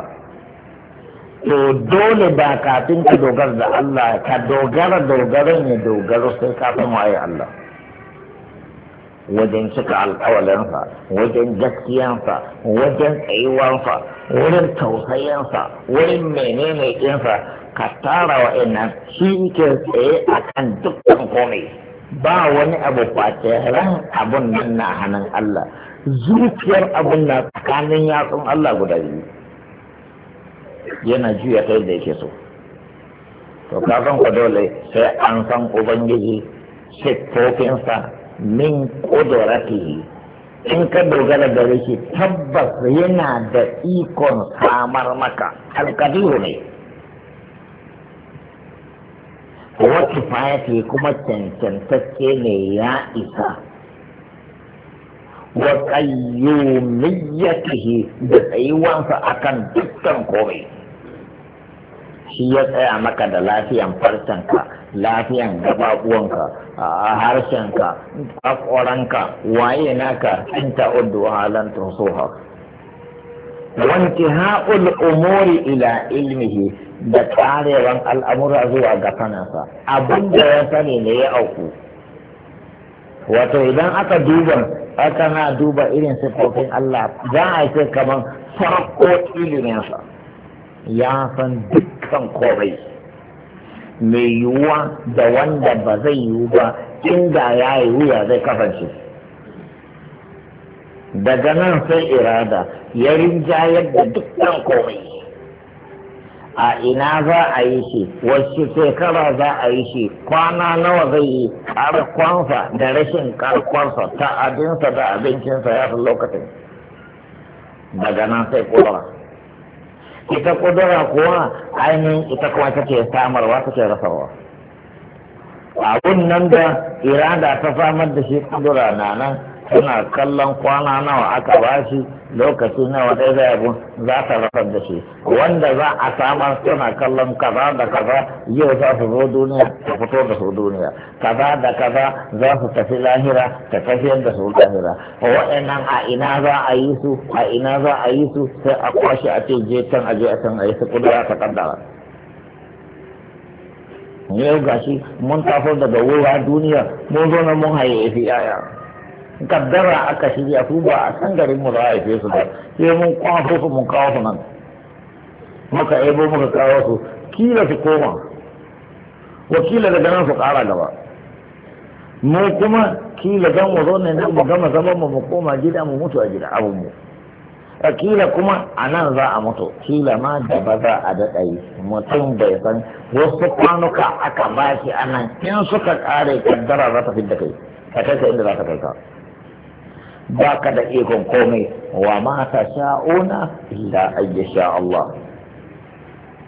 to dole ba kafin ka dogara da Allah ka dogara dogaran ya dogara sai ka san waye Allah wajen cika alkawalinsa wajen gaskiyansa wajen tsayuwansa wurin tausayinsa wurin menene ɗinsa ka tara wa'annan shi ke tsaye a kan dukkan komai baa woni abo faa tehra abon nanna hanan allah zurukiyam abon na kaneya ɗum allah guda yi yena juyatay de keso to ka kan ko dole se an san ubangiji se pokensa min kudoratihi in ka dogara dare shi tabbas yana da ikon samar maka alkadiru ne wata fayati kuma cancantacce ne ya isa wa kayyumiyyatihi da tsayuwansa akan dukkan komai shi ya tsaya maka da lafiyan farcenka lafiyan gababuwanka a harshenka ƙwaƙwaranka waye naka in ta'uddu halan soha wanti ha'ul umuri ila ilmihi da tsarewan al'amura zuwa ga fanansa abin da ya sani ne ya auku wato idan aka duba aka na duba irin sifofin Allah za a ce kamar farko iliminsa ya san dukkan komai mai yiwuwa da wanda ba zai yiwu ba inda ya yi wuya zai kafance. daga nan sai irada ya rinjayar da dukkan komai a ina za a yi shi wasu shekara za a yi shi kwana nawa zai yi karkonsa da rashin ta abinsa da abincinsa ya fi lokacin daga nan sai kudura ita kudura kuwa ainihin ita kuma take samarwa take rasarwa abun nan da irada ta samar da shi kudura na nan suna kallon kwana nawa aka ba shi lokaci nawa ɗaya da yabu za ta rafar da shi wanda za a samar suna kallon kaza da kaza yau za su zo duniya ta fito da su duniya kaza da kaza za su tafi lahira ta tafi da su lahira wa'annan a ina za a yi su a ina za a yi su sai a kwashe a ce je can a je a can a yi su kudura ta kaddara yau gashi mun tafar daga wuwa duniya mun zo na mun haye fi 'ya'ya kaddara aka shirya su ba a san garin mu za a ife su ba sai mun kwaso su mun kawo su nan muka ebo muka kawo su kila su koma wakila daga nan su kara gaba mu kuma kila zan mu zo ne nan mu gama zaman mu mu koma gida mu mutu a gida abun mu kila kuma a nan za a mutu kila ma da ba za a daɗa yi mutum bai san wasu kwanuka aka ba shi a nan in suka kare kaddara za ta fi da kai ka kai ka inda za ka kai ka ba ka da ikon komai wa ma ta sha'una illa ayya sha Allah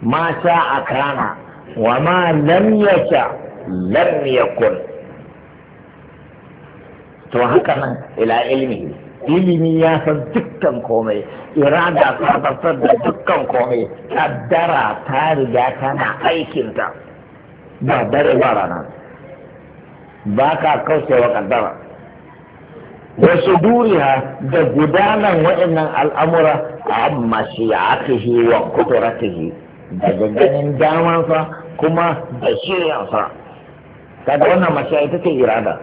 ma a kana wa ma lam yasha lam yakun to haka nan ila ilmi. ilimi ya san dukkan komai irada ta tabbatar da dukkan komai kaddara ta riga tana aikinta ba dare ba rana ba ka kaucewa kaddara da su duriya da gudanar wa'annan al'amura a mashi'atihi wa kuturatihi daga ganin damansa kuma da shiryansa kada wannan mashi'a ita ce irada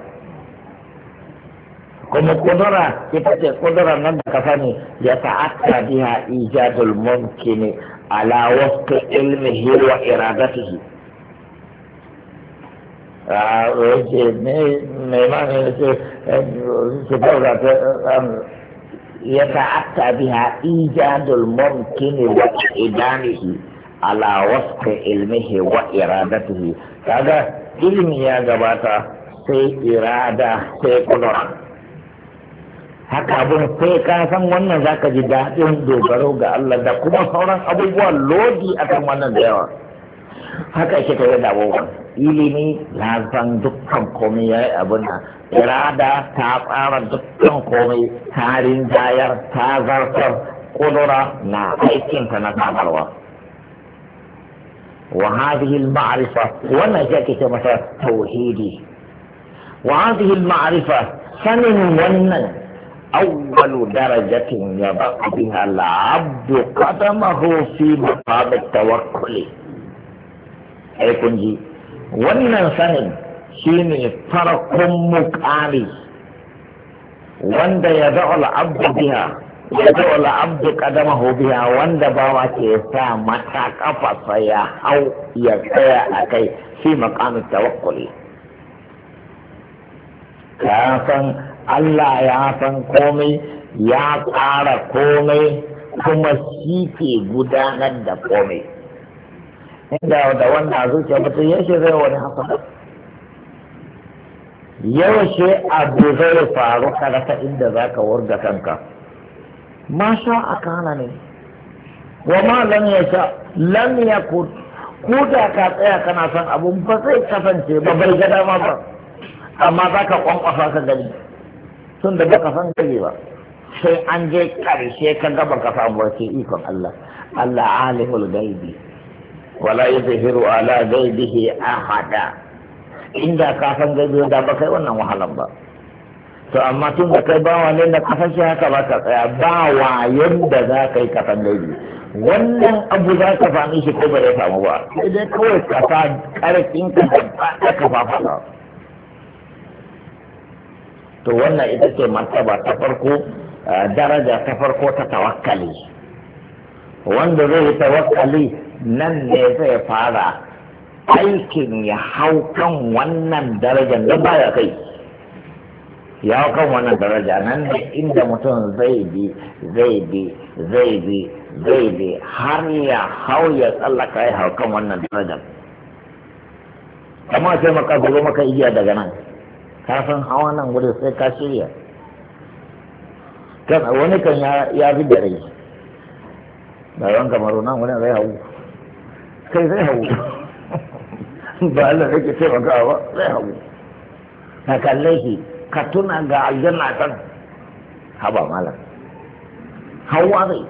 kuma kudura ita ce kudura nan da ka ne ya ta'atta biya ijadul mumkini ala wasu ilmihi wa iradatihi yake mai mani da ce su fauda ta ya ta'atta biha ijadul mumkin wa idanihi ala wasfi ilmihi wa iradatihi kaga ilimi ya gabata sai irada sai kudura haka abin sai ka san wannan zaka ji daɗin dogaro ga Allah da kuma sauran abubuwan lodi akan wannan da yawa haka shi ta yi dawowa ilimi na san dukkan komai ya yi abin nan irada ta tsara dukkan komai tarin jayar ta zartar kudura na aikinta na samarwa wa hadhihi al-ma'rifa wannan shi ake ce masa tauhidi wa hadhihi al sanin wannan أول درجة يضع بها العبد قدمه في مقام التوكل ai kun ji wannan sanin shi ne farkon muƙari wanda ya za'ul la'abdu biya ya biya wanda bawa ke sa mata kafa ya hau ya tsaya a kai shi maqamin tawakkuli ka san Allah ya san komai ya tsara komai kuma shi ke gudanar da komai inda da wannan a zuciya mutum yaushe zai wani ba yaushe abu zai faru ta inda za ka wurga kanka ma sha a kana ne wa ma lam ya sha lam ya ku da ka tsaya kana son abu ba zai kasance ba bai ga dama ba amma za ka kwankwasa ka gani tun da baka san gari ba sai an je karshe ka gaba ka samu wace ikon Allah Allah alihul gaibi wala yuzhiru ala a ahada inda ka san gaibi da ba kai wannan wahalan ba to amma tun da kai bawa ne da kasan shi haka ba ka tsaya ba wa yadda za ka yi kasan gaibi wannan abu za ka fami shi ko ba ya samu ba sai dai kawai ka sa karfin ka da ba ka fafa to wannan ita ce martaba ta farko daraja ta farko ta tawakkali wanda zai tawakkali nan ne zai fara aikin ya hau kan wannan darajar da baya kai ya hau kan wannan daraja nan ne inda mutum zai bi zai bi zai bi zai bi har ya hau ya tsallaka ya hau kan wannan darajar kama sai maka gudu maka iya daga nan kafin hawa nan gudun sai ka shirya wani kan ya fi da rai ba yawan kamaru nan wani zai hau kai zai hagu ba Allah yake taimakawa ba zai hagu ka kalle shi ka tuna ga aljanna kan haba malam hawa zai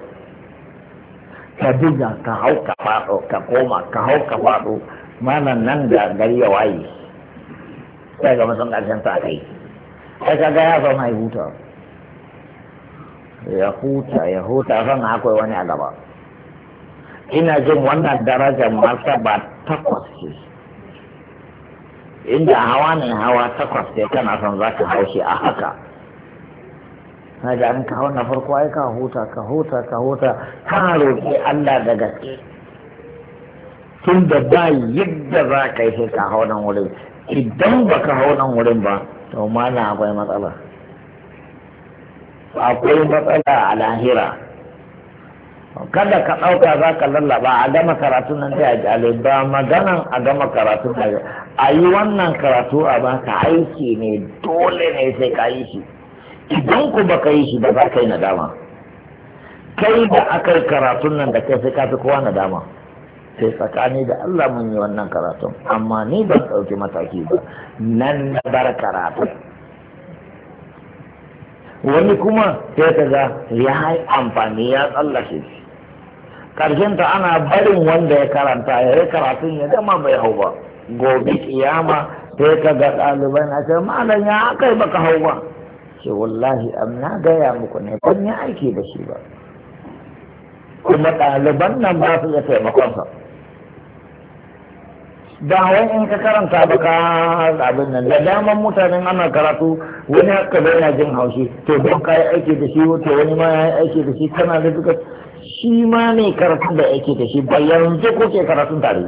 ka buga ka hau ka faɗo ka koma ka hau ka faɗo malam nan da gari ya waye sai ga masan ƙarshen ta kai sai ka ga ya zauna ya huta ya huta ya huta sannan akwai wani a gaba ina jin wannan darajar martaba takwas ce inda hawa ne hawa takwas ce kana son za ka hau shi a haka na ga an kawo na farko ai ka huta ka huta ka huta kana roƙi Allah da gaske tun da ba yadda za ka yi ka hau nan wurin idan ba ka hau nan wurin ba to ma na akwai matsala akwai matsala a lahira kada ka ɗauka za ka lallaba a gama karatu nan sai a jale ba maganan a gama karatu yi a yi wannan karatu a baka aiki ne dole ne sai ka yi shi idan ku ba ka yi shi ba za ka yi nadama kai da aka yi karatun nan da kai sai ka fi kowa nadama sai tsakani da Allah mun yi wannan karatu. amma ni ban ɗauki mataki ba nan na bar karatu. wani kuma sai ka ga ya amfani ya tsallake shi karshen ta ana barin wanda ya karanta ya yi karatun ya dama bai hau ba gobe kiyama sai ka ga ɗalibai na ce malam ya kai ba baka hau ba ce wallahi am na gaya muku ne ban yi aiki da shi ba kuma ɗaliban nan ba su ga taimakonsa da wai in ka karanta ba ka abin nan da daman mutanen ana karatu wani haka bai na jin haushi to don ka yi aiki da shi wani ma ya yi aiki da shi kana da duka shi ma mai karatun da yake da shi ba yanzu kuke karatun tare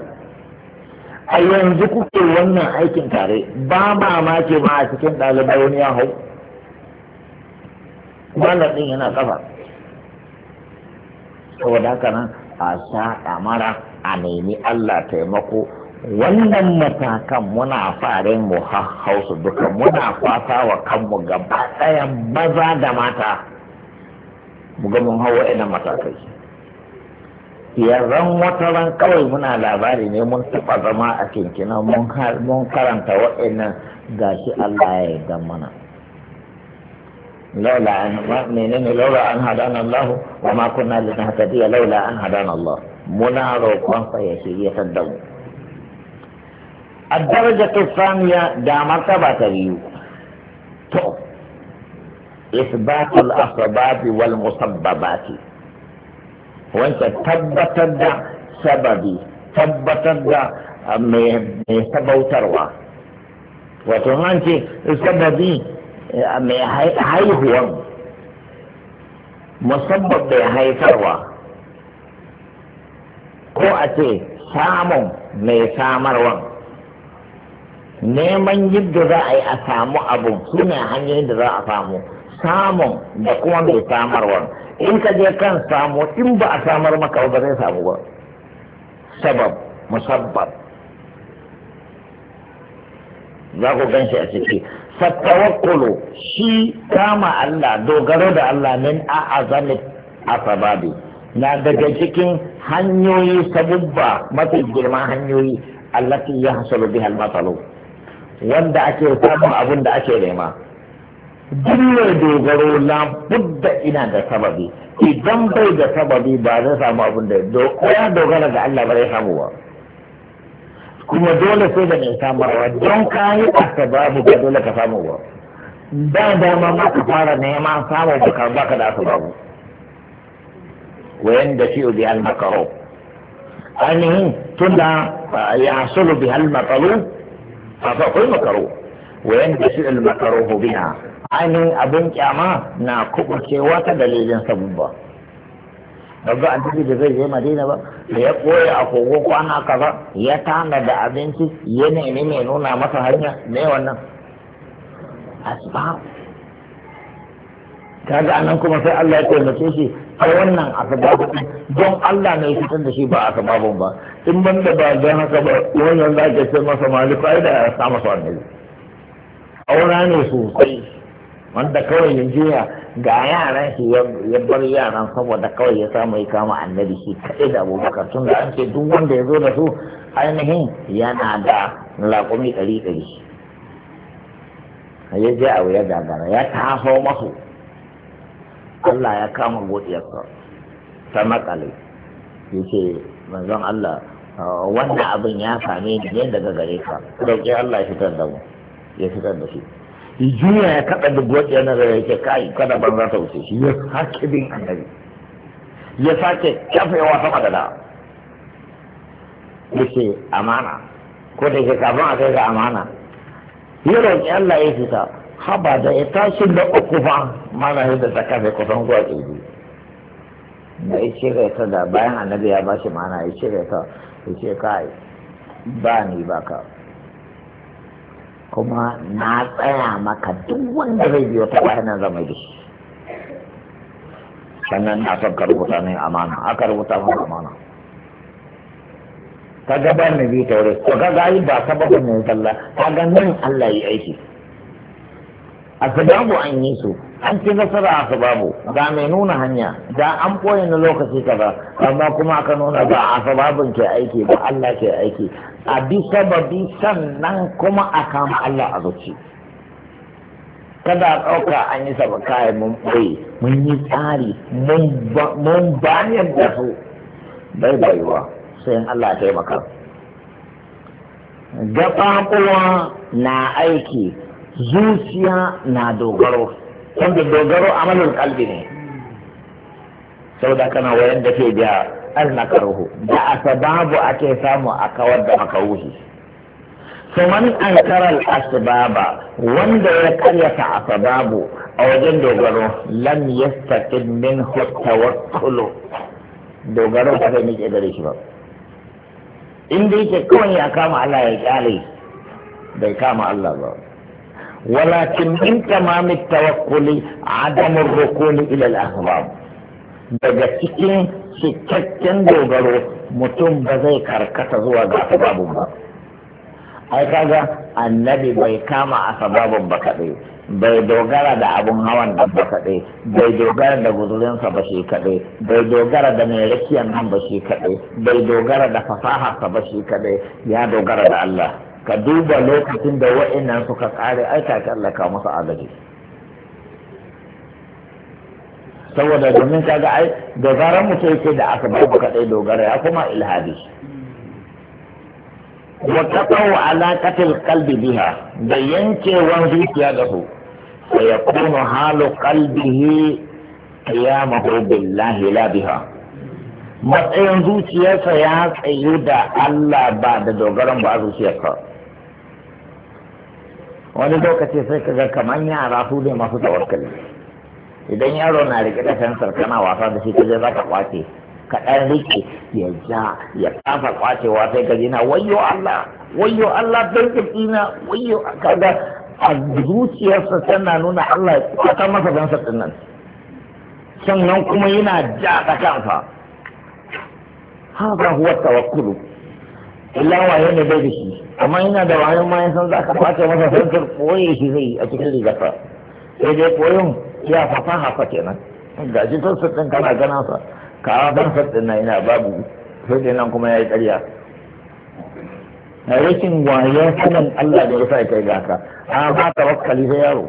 a yanzu kuke wannan aikin tare ba mamaki ma a cikin ɗalibai wani ya hau ɗin yana kafa saboda haka nan a sa ɗamara a nemi Allah taimako wannan matakan muna farin mu hausu duka muna fata wa kanmu gaba ɗaya maza da mata mu ga mun hawa ina matakai yanzan wata ran kawai muna labari ne mun taɓa zama a kinkina mun karanta waɗannan gashi Allah ya yarda mana laula an menene laula an hadana Allah wa ma kunna linahtadiya laula an hadana Allah muna roƙon sa ya shiryatar da mu الدرجة الثانية دا مرتبة biyu. to Isbatul إثبات الأسباب والمسببات wancan tabbatar da sababi tabbatar da ah, mai sabautarwa wato an ce sababi eh, ah, mai haihuwan musamman mai haifarwa ko a ce samun mai samarwan neman yadda za a yi a samu abu su ne hanyoyin da za a samu samun da kuma mai samarwan in ka je kan samu in ba a samar maka ba zai samu ba sabab musabbab za ku gan shi a ciki fattawakkulu shi kama Allah dogaro da Allah min a azami asababi na daga cikin hanyoyi sabubba mafi girman hanyoyi allati ya hasalu bihal matsalu wanda ake samun abin da ake nema duk mai dogaro labudda ina da sababi idan bai da sababi ba zai samu abin da ya dogara ga Allah ba zai samu ba kuma dole sai da mai samarwa don ka yi asbabu ba dole ka samu ba da dama ma ka fara neman samu ba ka baka da asbabu wayan da shi bi al makaro ainihin tunda ya sulu bi al makaro fa akwai makaro wayan da shi al makaro biha ainihin abin kyama na kubucewa ta dalilin sabubba daga annabi da zai je madina ba da ya koya a kogo kwana kaza ya tana da abinci ya nemi mai nuna masa hanya ne wannan asbab kaga anan kuma sai Allah ya taimake shi ai wannan asbabun don Allah ne fitar da shi ba asbabun ba in ban da ba don haka ba wannan za ka ce masa maliku ai da ya sa masa annabi aura ne sosai wanda kawai ya juya ga yaran shi ya bar yaran saboda kawai ya samu ya kama annabi shi kaɗai da abubakar tun da an ce duk wanda ya zo da su ainihin yana da laƙumi ɗari ɗari ya je a wuya gagara ya taso masu Allah ya kama godiyarsa ta makale ya ce manzon Allah wannan abin ya same ni ne daga gare ka ɗauki Allah ya fitar da mu ya fitar da shi juya ya kada duk wata yana da yake kai kada ban za ta wuce shi ya sake bin annabi ya sake yawa sama da da yace amana ko da ke kafin a kai ga amana ya roƙi Allah ya fita haba da ya tashi da uku fa mana yadda ta kafe kusan zuwa ƙirji da ya cire ta da bayan annabi ya bashi mana ya cire ta ya ce kai ba ni ba ka kuma na tsaya maka duk wanda zai biyo ta bayan nan zama da sannan na son ka ne amana aka rubuta maka amana ka gaba ba ni bi wuri to ka ga ba sababin ne sallah ka ga nan Allah yi aiki a sababu an yi su an ci nasara aka babu da mai nuna hanya da an ɓoye na lokaci kaza amma kuma aka nuna ba a sababin ke aiki ba Allah ke aiki a bi sababi sannan kuma a kama Allah a zuci kada a ɗauka an yi saba kayan mun ɓoye mun yi tsari mun bayan da su bai bayuwa. sai Allah taimaka gaɓaɓuwa na aiki zuciya na dogaro wanda dogaro amalin kalbi ne saboda kana wayan da ke biya azna karuhu da asababu ake samu a kawar da makaruhi to man ankara al wanda ya karyata asababu a wajen dogaro lam yastaqim wa tawakkulu dogaro ba zai miƙe gare shi ba in dai yake kawai ya kama Allah ya kyale bai kama Allah ba walakin min tamamin a adamun rukuni ilal asbab daga cikin cikakken dogaro mutum ba zai karkata zuwa ga asababin ba ai kaga annabi bai kama asababin ba kaɗai bai dogara da abun hawan nan ba kaɗai bai dogara da guzurinsa ba shi kaɗai bai dogara da mai rakiyan nan ba shi kaɗai bai dogara da fasaharsa ba shi kaɗai ya dogara da Allah ka duba lokacin da wa'annan suka kare aika ka Allah ka masa agaji saboda domin ga ai da zarar mutum yake da aka ba ka dai dogara ya kuma ilhadi wa taqaw alaqatil qalbi biha da yankewan zuciya da su ya yakunu halu qalbihi qiyamahu billahi la biha matsayin zuciyarsa ya tsayu da Allah ba da dogaran ba a zuciyarsa wani lokaci sai ga kamar yara su ne masu tawakkali idan yaro na rike da fensar kana wasa da shi kaje ka kwace ka dan rike ya ja ya kafa kwacewa sai ka na wayo Allah wayo Allah dan wayo wayyo kaga a zuciyarsa tana nuna Allah ya kwata masa fensar din nan sannan kuma yana ja da kansa hada huwa tawakkulu illa waye ne bai da shi amma yana da wayan ma san za ka kwace masa santar koye shi zai a cikin rigarsa sai dai koyon ya fafa hafa kenan ga shi sosai ɗin kana gana sa ka ban sassan na ina babu sai dai nan kuma ya yi ƙarya rikin waye sanin Allah da ya sa kai ga ka a ba ta wakali sai yaro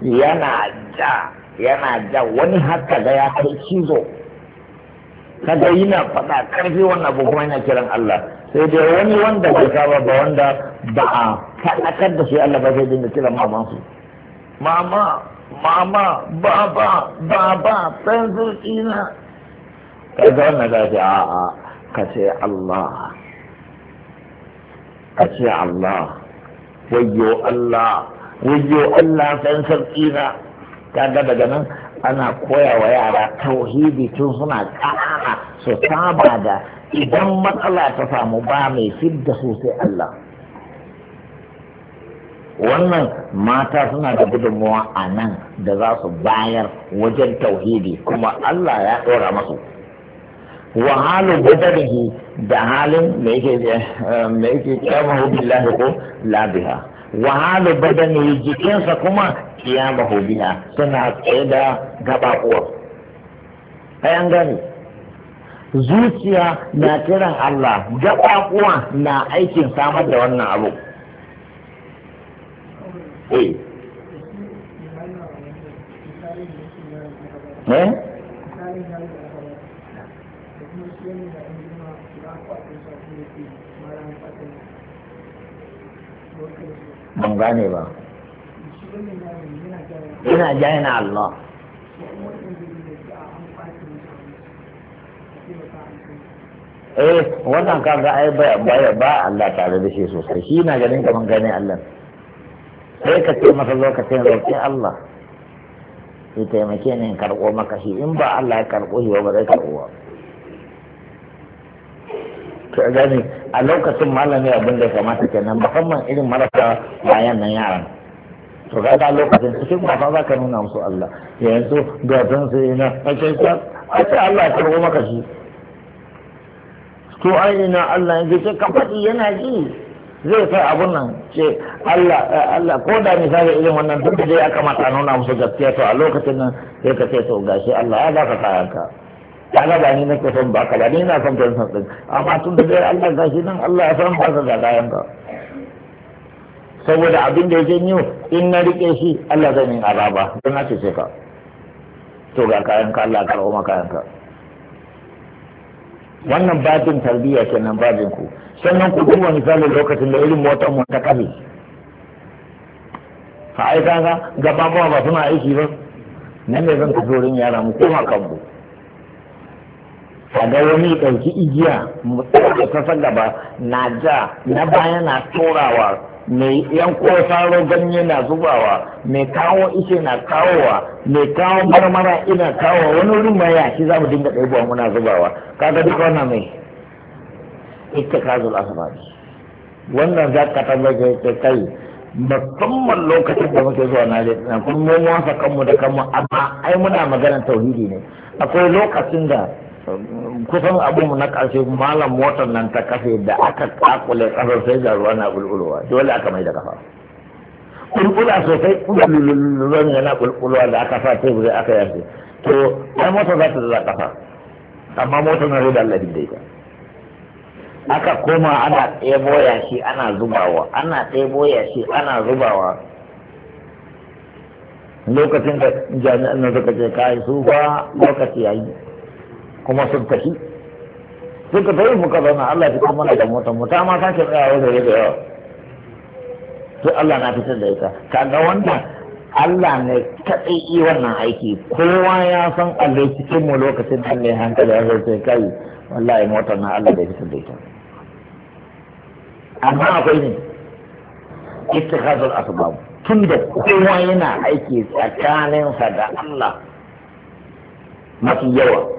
yana ja yana ja wani haka da ya kai cizo kada yana faɗa ƙarfi wannan abu kuma yana kiran Allah sai dai wani wanda bai saba ba wanda ba a faɗakar da shi Allah ba zai dinga kiran maman su mama mama baba baba pencil ina ga wannan da ce a'a ka ce Allah ka ce Allah wayyo Allah wayyo Allah pencil ina kaga daga nan ana koya wa yara tauhidi tun suna ƙara su saba da idan matsala ta samu ba mai fidda su sai Allah wannan mata suna da gudunmuwa a nan da za su bayar wajen tauhidi kuma Allah ya ɗora masu wa halin da halin da eh, yake kyamahu billahi ko labiha wahalu badani jikinsa kuma ya biha suna tsaye da gaba uwa ayan gani zuciya na kiran Allah gaba uwa na aikin samar da wannan abu eh, eh? ban gane ba ina jaina Allah eh wannan kaga ai ba ba Allah tare da shi sosai shi na ganin kaman gane Allah sai ka ce masa lokacin roƙi Allah ya taimake ni in karɓo maka shi in ba Allah ya karɓo shi ba ba zai karɓo ba a gani a lokacin malami abin da kamata kenan musamman irin marasa bayan nan yaran to da lokacin cikin kwafa za ka nuna musu Allah yanzu ga zan sai na ake sa a ce Allah ya karbo maka shi to ai ina Allah ya ce ka faɗi yana ji zai sai abun nan ce Allah Allah ko da misali irin wannan duk da dai aka mata nuna musu gaskiya to a lokacin nan sai ka ce to gashi Allah ya baka kayanka kaga ba ni nake son ba kala ni na son kan san din amma tun da dai Allah ga shi nan Allah ya san ba da kayan ka saboda abin da yake yau in na rike shi Allah zai min azaba don na ce ka to ga kayan ka Allah karɓo ma kayan ka wannan babin tarbiyya kenan babin ku sannan ku duba misalin lokacin da irin motar mu ta kafe fa ai kaga gaba ba suna aiki ba nan ne zan tafi wurin yara mu koma kanku kaga wani ɗauki igiya mutum ta gaba na ja na baya na turawa mai yanko saro ganye na zubawa mai kawo ishe na kawowa mai kawo marmara ina kawowa wani wurin ya shi za mu dinga ɗaibuwa muna zubawa kaga duk wannan mai ita ka kazu asibari wannan za ka tabbar da kai musamman lokacin da muke zuwa na kuma mun wasa kanmu da kanmu amma ai muna maganar tauhidi ne akwai lokacin da kusan abin na ƙarshe malam motar nan ta kafe da aka kakule ƙasar sai da ruwa na bulbulowa dole aka mai da kafa bulbula sosai ruwan yana bulbulowa da aka sa teburi aka yanke to ai motar za ta da kafa amma motar na da Allah da ita aka koma ana ɗebo yashi ana zubawa ana ɗebo yashi ana zubawa lokacin da jami'an na suka ce kai su ba lokaci yayi kuma sun tafi suka tafi muka zauna Allah ya kuma da motar mu ma sake tsaya wajen da yawa to Allah na fitar da ita ga wanda Allah ne ta yi wannan aiki kowa ya san Allah cikin mu lokacin da ne hankali ya zai kai wallahi motar na Allah da fitar da ita amma akwai ne ittikhazul asbab tunda kowa yana aiki tsakaninsa da Allah mafi yawa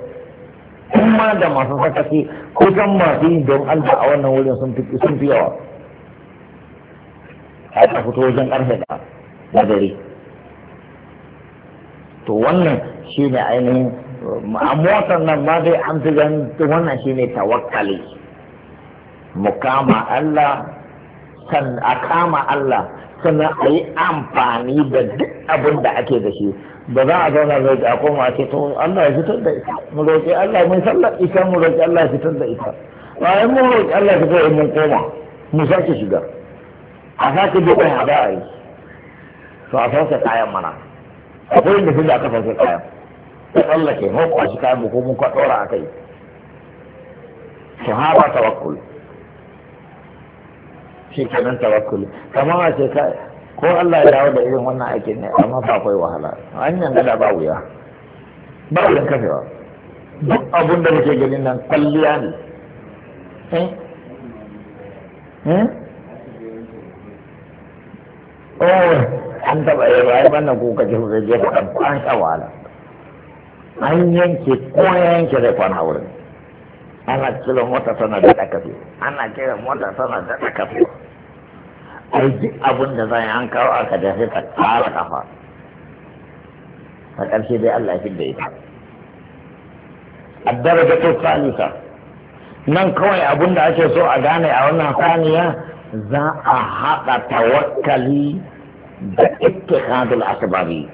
kuma da masu sakaci kan masu yi don Allah a wannan wurin sun fi sun fi yawa a ta fito wajen karfe da na to wannan shi ne ainihin a nan ma dai an fi ganin wannan shi ne tawakkali kama Allah a kama Allah sannan a yi amfani da duk abin da ake da shi ba za a zauna mai da koma ake ce to Allah ya fitar da ita mu roƙi Allah mai sallar ita mu roƙi Allah ya fitar da ita ya mu roƙi Allah ya fitar da mun koma mu sake shiga a sake duk wani haɗa a yi to a sauke kayan mana akwai inda sun da aka sauke kayan ta tsallake ko kwashi kayan mu ko mun kwaɗora a kai sahaba tawakkul shi kenan tawakkul kamar ma ce ko Allah ya dawo da irin wannan aikin ne amma ba kai wahala hanyar gada ba wuya ba wuyan kafewa duk abun da muke ganin nan kwalliya ne eh? Eh? oh an taba yi ba yi bannan ku ce kuka je ka ɗan kwan sha wahala an yanke ko yanke da kwana wurin ana cire mota sana da ɗakafe ana kira mota sana da ɗakafe ai duk abin da zan an kawo aka da sai ka tsara kafa a ƙarshe dai Allah ya fidda ita addara da ta salisa nan kawai abin da ake so a gane a wannan saniya za a haɗa tawakkali da ita ittikadul asibari.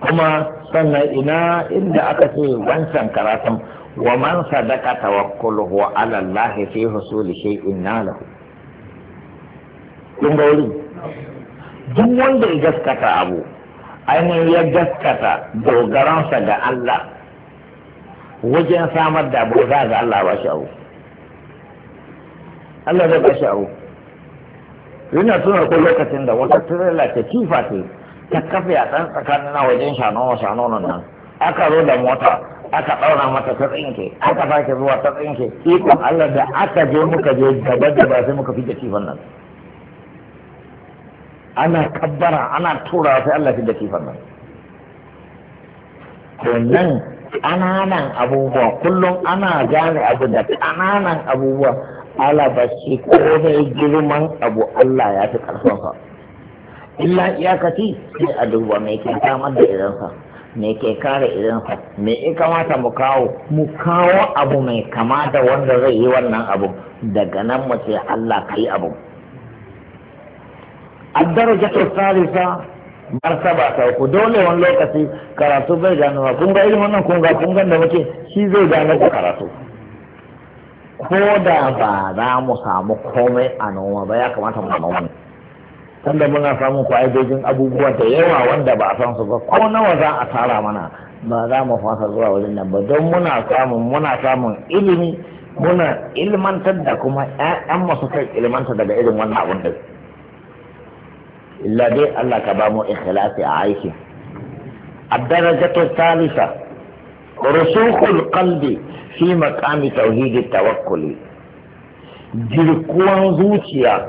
kuma sannan ina inda aka ce wancan karatun wa man sadaka tawakkuluhu ala Allah fi husuli shay'in nalahu kun ga duk wanda ya gaskata abu ainihin ya gaskata dogaransa ga Allah wajen samar da abu za ga Allah ba shi abu Allah zai ba shi abu yana tuna ko lokacin da wata tirela ta kifa ce ta kafe a ɗan tsakanin na wajen shanono shanonon nan aka zo da mota aka ɗaura mata ta tsinke aka sake zuwa ta tsinke ikon Allah da aka je muka je gaba da ba sai muka fi da kifan nan ana kabbara ana tura sai Allah shi da kifan nan to nan ƙananan abubuwa kullum ana gane abu da ƙananan abubuwa ala ba shi komai girman abu Allah ya fi ƙarfinsa illa iyakaci sai a duba mai ke samar da irinsa me ke kare irinsa me ya kamata mu kawo mu kawo abu mai kama da wanda zai yi wannan abu daga nan mu ce Allah ka yi abu الدرجة الثالثة martaba ta ku dole wani lokaci karatu bai gano ba kun ga irin wannan kun ga kun da muke shi zai gano ku karatu ko da ba za mu samu komai a noma ba ya kamata mu noma tunda muna samun fa'idojin abubuwa da yawa wanda ba a san su ba ko nawa za a tara mana ba za mu fasa zuwa wajen nan ba don muna samun muna samun ilimi muna ilmantar da kuma 'ya'yan masu kai ilmantar daga irin wannan abun da illa dai Allah ka ba mu ikhlasi a aiki ad-darajatu thalitha rusukhul qalbi fi maqami tauhidit tawakkuli jirkuwan zuciya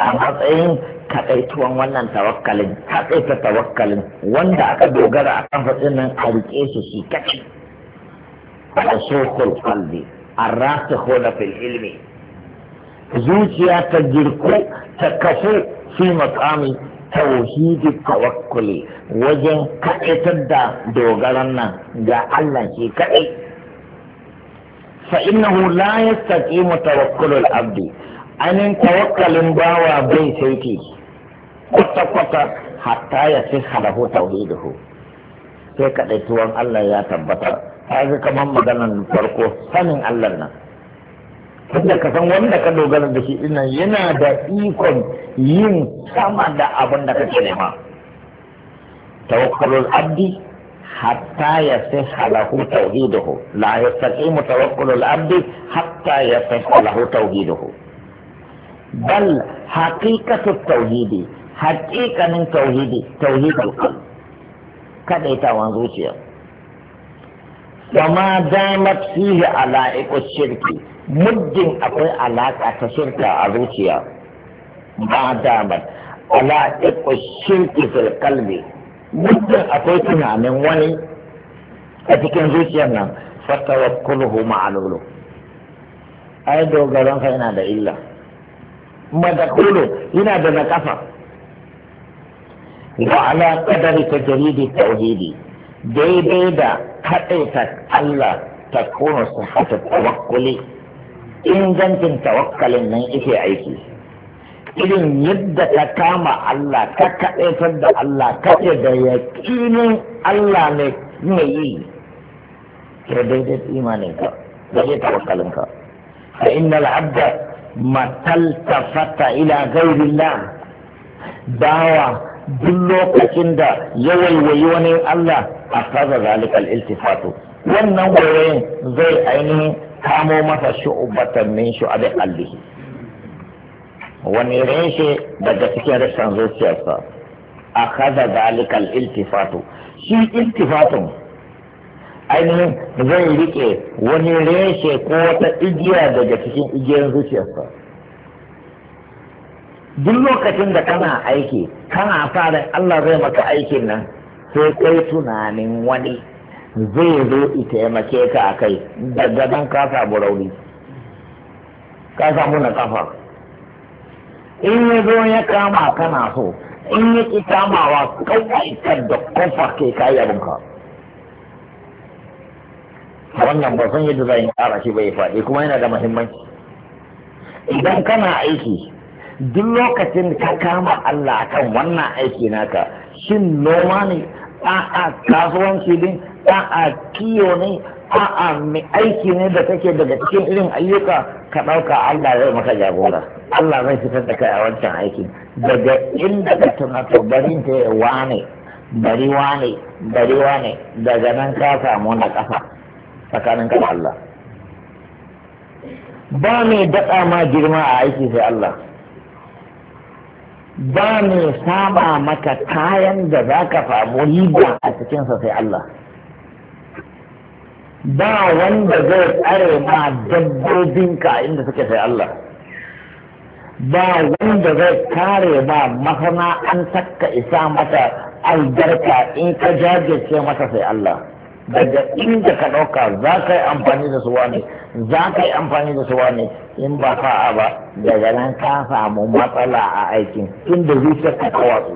a matsayin kaɗaituwan wannan tawakkalin kaɗaita tawakkalin wanda aka dogara akan kan fatsin nan a riƙe su shi kaci a sokul kalbi a rasa hoda fil ilmi zuciya ta girku ta kafu fi makami tauhidi tawakkuli wajen kaɗaitar da dogaran nan ga Allah shi kaɗai fa saki la yastaqimu tawakkulul abdi anin tawakkalin bawa bai saiti kwata kwata hatta ya fi halahu tauhiduhu sai kaɗaituwan Allah ya tabbata ta kamar maganan farko sanin Allah nan tunda ka san wanda ka dogara da shi dinnan yana da ikon yin sama da abin da kake nema tawakkalul abdi hatta ya sai halahu tauhiduhu la mu tawakkalul abdi hatta ya sai halahu tauhiduhu bal haqiqatu tauhidi haqiqanin tauhidi tauhidul qalb wan zuciya وما دامت فيه علائق shirki. muddin akwai alaƙa ta shirka a zuciya ba damar alaƙa shirki fil kalbi muddin akwai tunanin wani a cikin zuciyar nan fatawa kulhu ma'alulu ai dogaron ka yana da illa madakulu yana da na kafa wa ala jaridi ta tauhidi daidai da kaɗaita Allah ta kuma hata tawakkuli ingancin tawakkalin nan ike aiki irin yadda ka kama Allah ka kaɗaitar da Allah ka ce da yaƙinin Allah ne mai yi ke daidai imanin ka da zai tawakkalin ka fa innal abda mataltafata ila ghairillah bawa duk lokacin da ya waiwayi wani Allah a kaza zalikal iltifatu wannan wayoyin zai ainihin kamo masa shu'ubatan min shu'abi qalbihi wani reshe daga cikin rashin zuciyarsa a zalika al-iltifatu shi iltifatun ainihin zai rike wani reshe ko wata igiya daga cikin igiyar zuciyarsa duk lokacin da kana aiki kana fara Allah zai maka aikin nan sai kai tunanin wani zai zo i taimake ka a kai daga nan ka samu rauni ka samu na kafa in ya zo ya kama kana so in ya ki kamawa kawai kan da kofa ke kayi ka wannan ba san yadda zan kara shi bai faɗi kuma yana da muhimmanci idan kana aiki duk lokacin ka kama Allah akan wannan aiki naka shin noma ne a'a kasuwanci din a'a kiyo ne a'a mai aiki ne da kake daga cikin irin ayyuka ka ɗauka Allah zai maka jagora Allah zai fitar da kai a wancan aiki daga inda ka to bari ta yi wane bari wane bari wane daga nan ka samu na ƙasa tsakanin ka Allah ba mai daɗa ma girma a aiki sai Allah ba mai saba maka kayan da za ka samu riba a cikinsa sai Allah ba wanda zai tsare ma dabbobinka inda suke sai Allah ba wanda zai kare ma an saka isa mata albarka in ka jajirce mata sai Allah daga inda ka ɗauka za ka yi amfani da su wani za ka yi amfani da su wani in ba fa'a ba daga nan ka samu matsala a aikin inda zuciyar ka kawatsu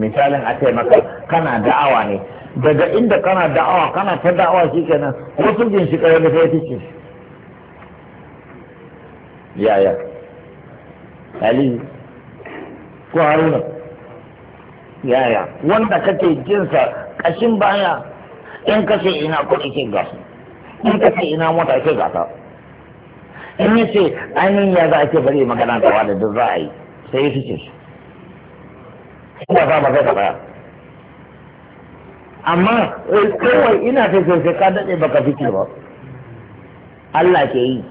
misalin a taimaka kana da'awa ne daga inda kana da'awa kana ta da'awa shi kenan wasu jin shi kare da kai take yaya ali ko haruna yaya wanda kake jinsa kashin baya in kace ina kuɗi ke gasa in kace ina mota ke gasa in ce ainihin ya za a ce bari magana da wani duk za a yi sai ya ce shi. Ina za ba kai ka baya. amma wai kawai ina ta sai ka daɗe baka fiki ba Allah ke yi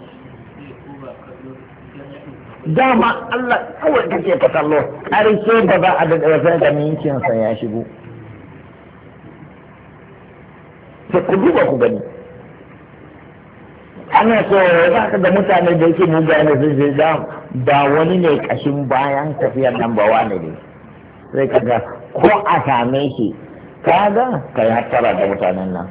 dama Allah kawai kake ta kallo ƙarshe ba za a daɗe wasu da mincinsa ya shigo ta ku duba ku gani ana so za ka da mutane da yake mugane sun sai ba wani ne kashin bayan tafiyar nan ba wane ne sai ka ko a same shi kaga ka yi hattara da mutanen nan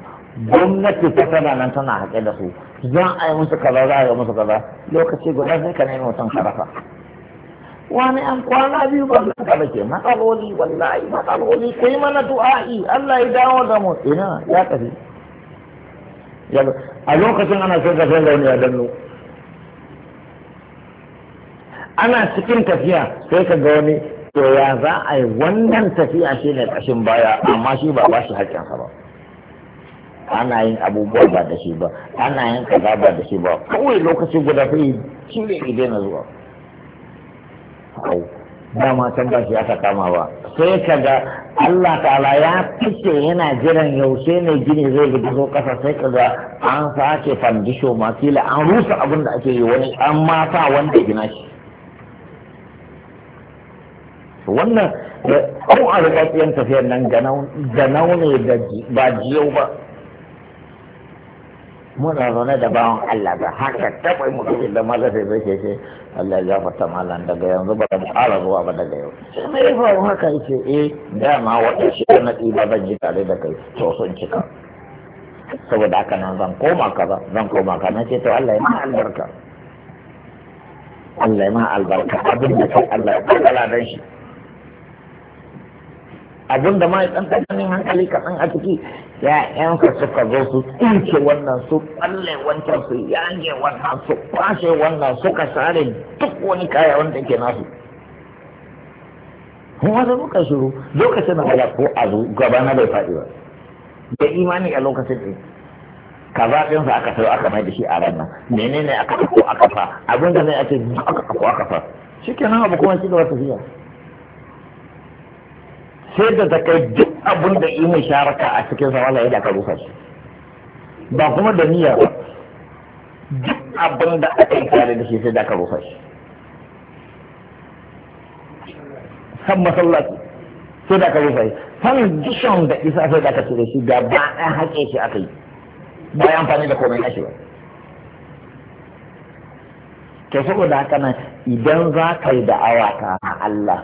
gwamnati ta tana nan tana haƙe da su za a yi musu kaza za a yi musu kaza lokaci guda sai ka nemi mutum karafa wani an kwana biyu ba za ka ke matsaloli wallahi matsaloli ku yi mana du'a'i Allah ya dawo da mu ina ya tafi a lokacin ana sai ka sai da wani ya danno ana cikin tafiya sai ka ga wani to ya za a yi wannan tafiya shi ne ƙashin baya amma shi ba ba shi haƙƙinsa ba ana yin abubuwa ba da shi ba ana yin kaza ba da shi ba kawai lokaci guda shi cire ide na zuwa ba ma can ba shi aka kama ba sai ka ga Allah ta'ala ya fice yana jiran yaushe ne gini zai gudu zo kasa sai ka ga an sake fandisho ma kila an rusa abin da ake yi wani an ma wanda gina shi wannan ko a rikakken tafiyar nan naune da ba jiyau ba muna zaune da bawon Allah ba haka taɓa mutu da maza sai zai ce Allah ya fata malan daga yanzu ba da ƙara zuwa ba daga yau sai mai faru haka yake eh dama wata shi na ɗiba zan ji tare da kai to sun cika saboda haka nan zan koma kaza zan koma ka nan ce to Allah ya ma albarka Allah ya ma albarka abin da kai Allah ya kalla dan shi abinda ma ya tsanta ganin hankali kaɗan a ciki Ya ya'yansa suka zo su tsince wannan su kwalle wancan su yage wannan su kwashe wannan su, ka sare duk wani kaya wanda ke nasu kun wata lokacin shiru lokacin da ko a zo gaba na bai faɗi ba da imani a lokacin ɗin zaɓin sa aka sau aka mai da shi a ranar menene aka ko aka fa abinda ne ake aka ko aka fa kenan abu kuma shi wata tafiya sai da ta kai duk abin da yi sharaka a cikin sa wala yadda ka rufa shi ba kuma da niyya ba duk abin da aka yi tare da shi sai da ka rufa shi san masallaci sai da ka rufa shi san dishon da isa sai da ka cire shi ga ba an haƙe shi aka yi ba ya amfani da komai na shi ba to saboda haka nan idan za ka yi da'awa ta Allah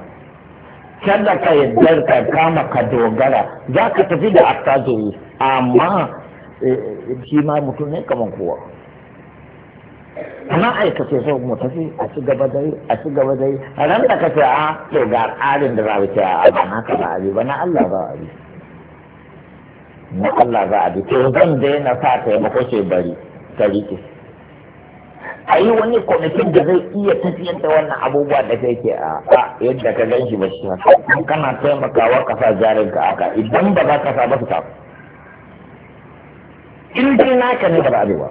kada ka yadda ka kama ka dogara za ka tafi da attajiri amma eh, shi ma mutum ne kamar kowa amma aikace sau mu tafi a ci gaba dai a ci gaba dai a ran da ce a ah, to ga tsarin da za ce a ba na ka ba ba na Allah ba abi na Allah ba abi to zan daina sa taimako ce bari ta rike a yi wani kwamitin da zai iya tafiyar da wannan abubuwa da kai ke a yadda ka gan shi ba shi haka kana taimakawa ka sa jarin ka aka idan ba za ka sa ba su ta in dai naka ne ba za a ba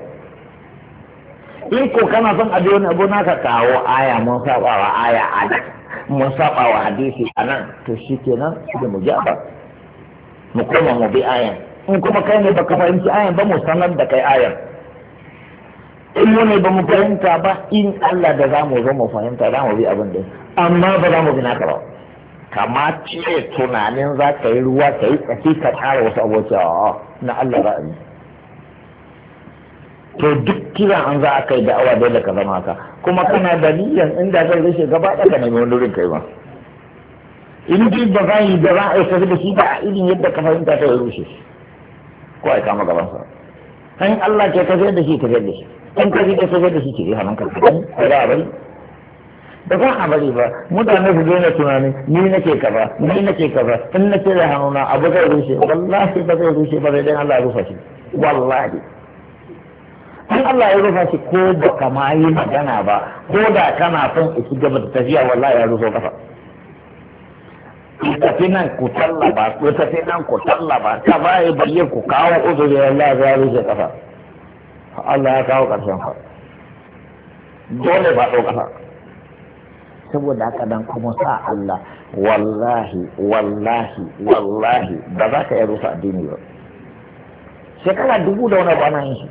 in ko kana son a wani abu naka kawo aya mun sabawa aya a nan mun sabawa wa hadisi a nan to shi kenan da mu ja ba mu koma mu bi ayan in kuma kai ne baka fahimci ayan ba mu sanar da kai ayan in ne ba mu fahimta ba in Allah da za mu zo mu fahimta za mu bi abin da amma ba za mu bi naka ba kama ce tunanin za ka yi ruwa ka yi tsaki ka tsara wasu abubuwa, a na Allah za a yi to duk kira an za a kai awa dole ka zama haka kuma kana da inda zai rushe gaba ɗaya ka nemi wani wurin kai ba in ji ba za yi da za a yi da shi ba a irin yadda ka fahimta ta rushe ko a kama gabansa in Allah ke tafiyar da shi tafiyar da shi in ka da ka da shi ke hanan ka kan ba a bari ba za a bari ba mutane su daina tunani ni nake kaza ni nake kaza in nake da hannuna abu zai rushe wallahi ba zai rushe ba zai dan Allah ya rufa shi wallahi in Allah ya rufa shi ko ba kama yi magana ba ko da kana son isi gaba da tafiya wallahi ya rufa kafa ku tafi nan ku tallaba ku tafi nan ku tallaba ta baya bayyar ku kawo uzuri Allah ya rufe kafa Allah ya kawo karshen fa dole ba ɗau kafa saboda haka dan kuma sa Allah wallahi wallahi wallahi ba za ka iya rufe addini ba shekara dubu da wani ba na yin shi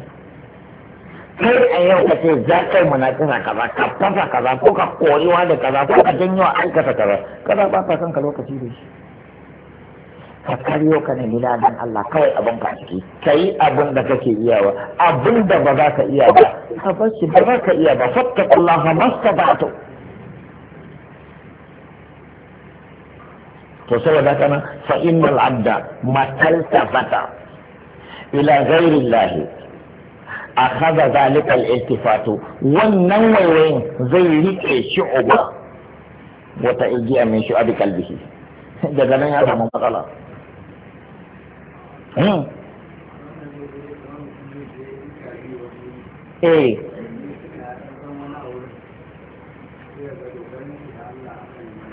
kai a yau ka ce za kai mana kaza ka fasa kaza ko ka koyuwa da kaza ko ka janyo aikata kaza kaza ba ka kanka lokaci da shi ka karyo ka nemi ladan Allah kawai abin ka ciki ka yi abin da kake iyawa abin da ba za ka iya ba ka bar shi ba za ka iya ba fatta Allah ma ba to saboda kana fa innal abda fata ila ghairi a haza zalikal iltifatu wannan waiwayin zai rike shi uba wata igiya min shi abi kalbihi daga nan ya samu matsala eh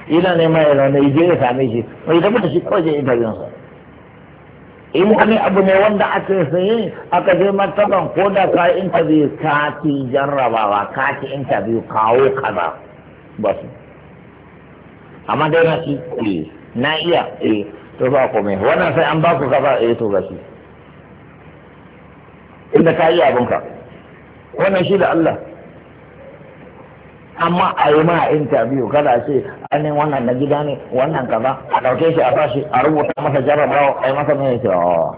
ina ne mai rana ije ya same shi mai zama da shi kawai je interview sa in wani abu ne wanda ake saye aka je martaban ko da ka yi interview ka ci jarrabawa ka ci interview kawo kaza ba su amma dai na ci eh na iya eh to ba me wannan sai an ba ku kaza eh to ga shi inda ka yi ka wannan shi da Allah amma a yi ma interview kada ce ainihin wannan na gida ne wannan kaza a ɗauke shi a tashi a rubuta masa jarrabawa a yi masa mai yake a oh.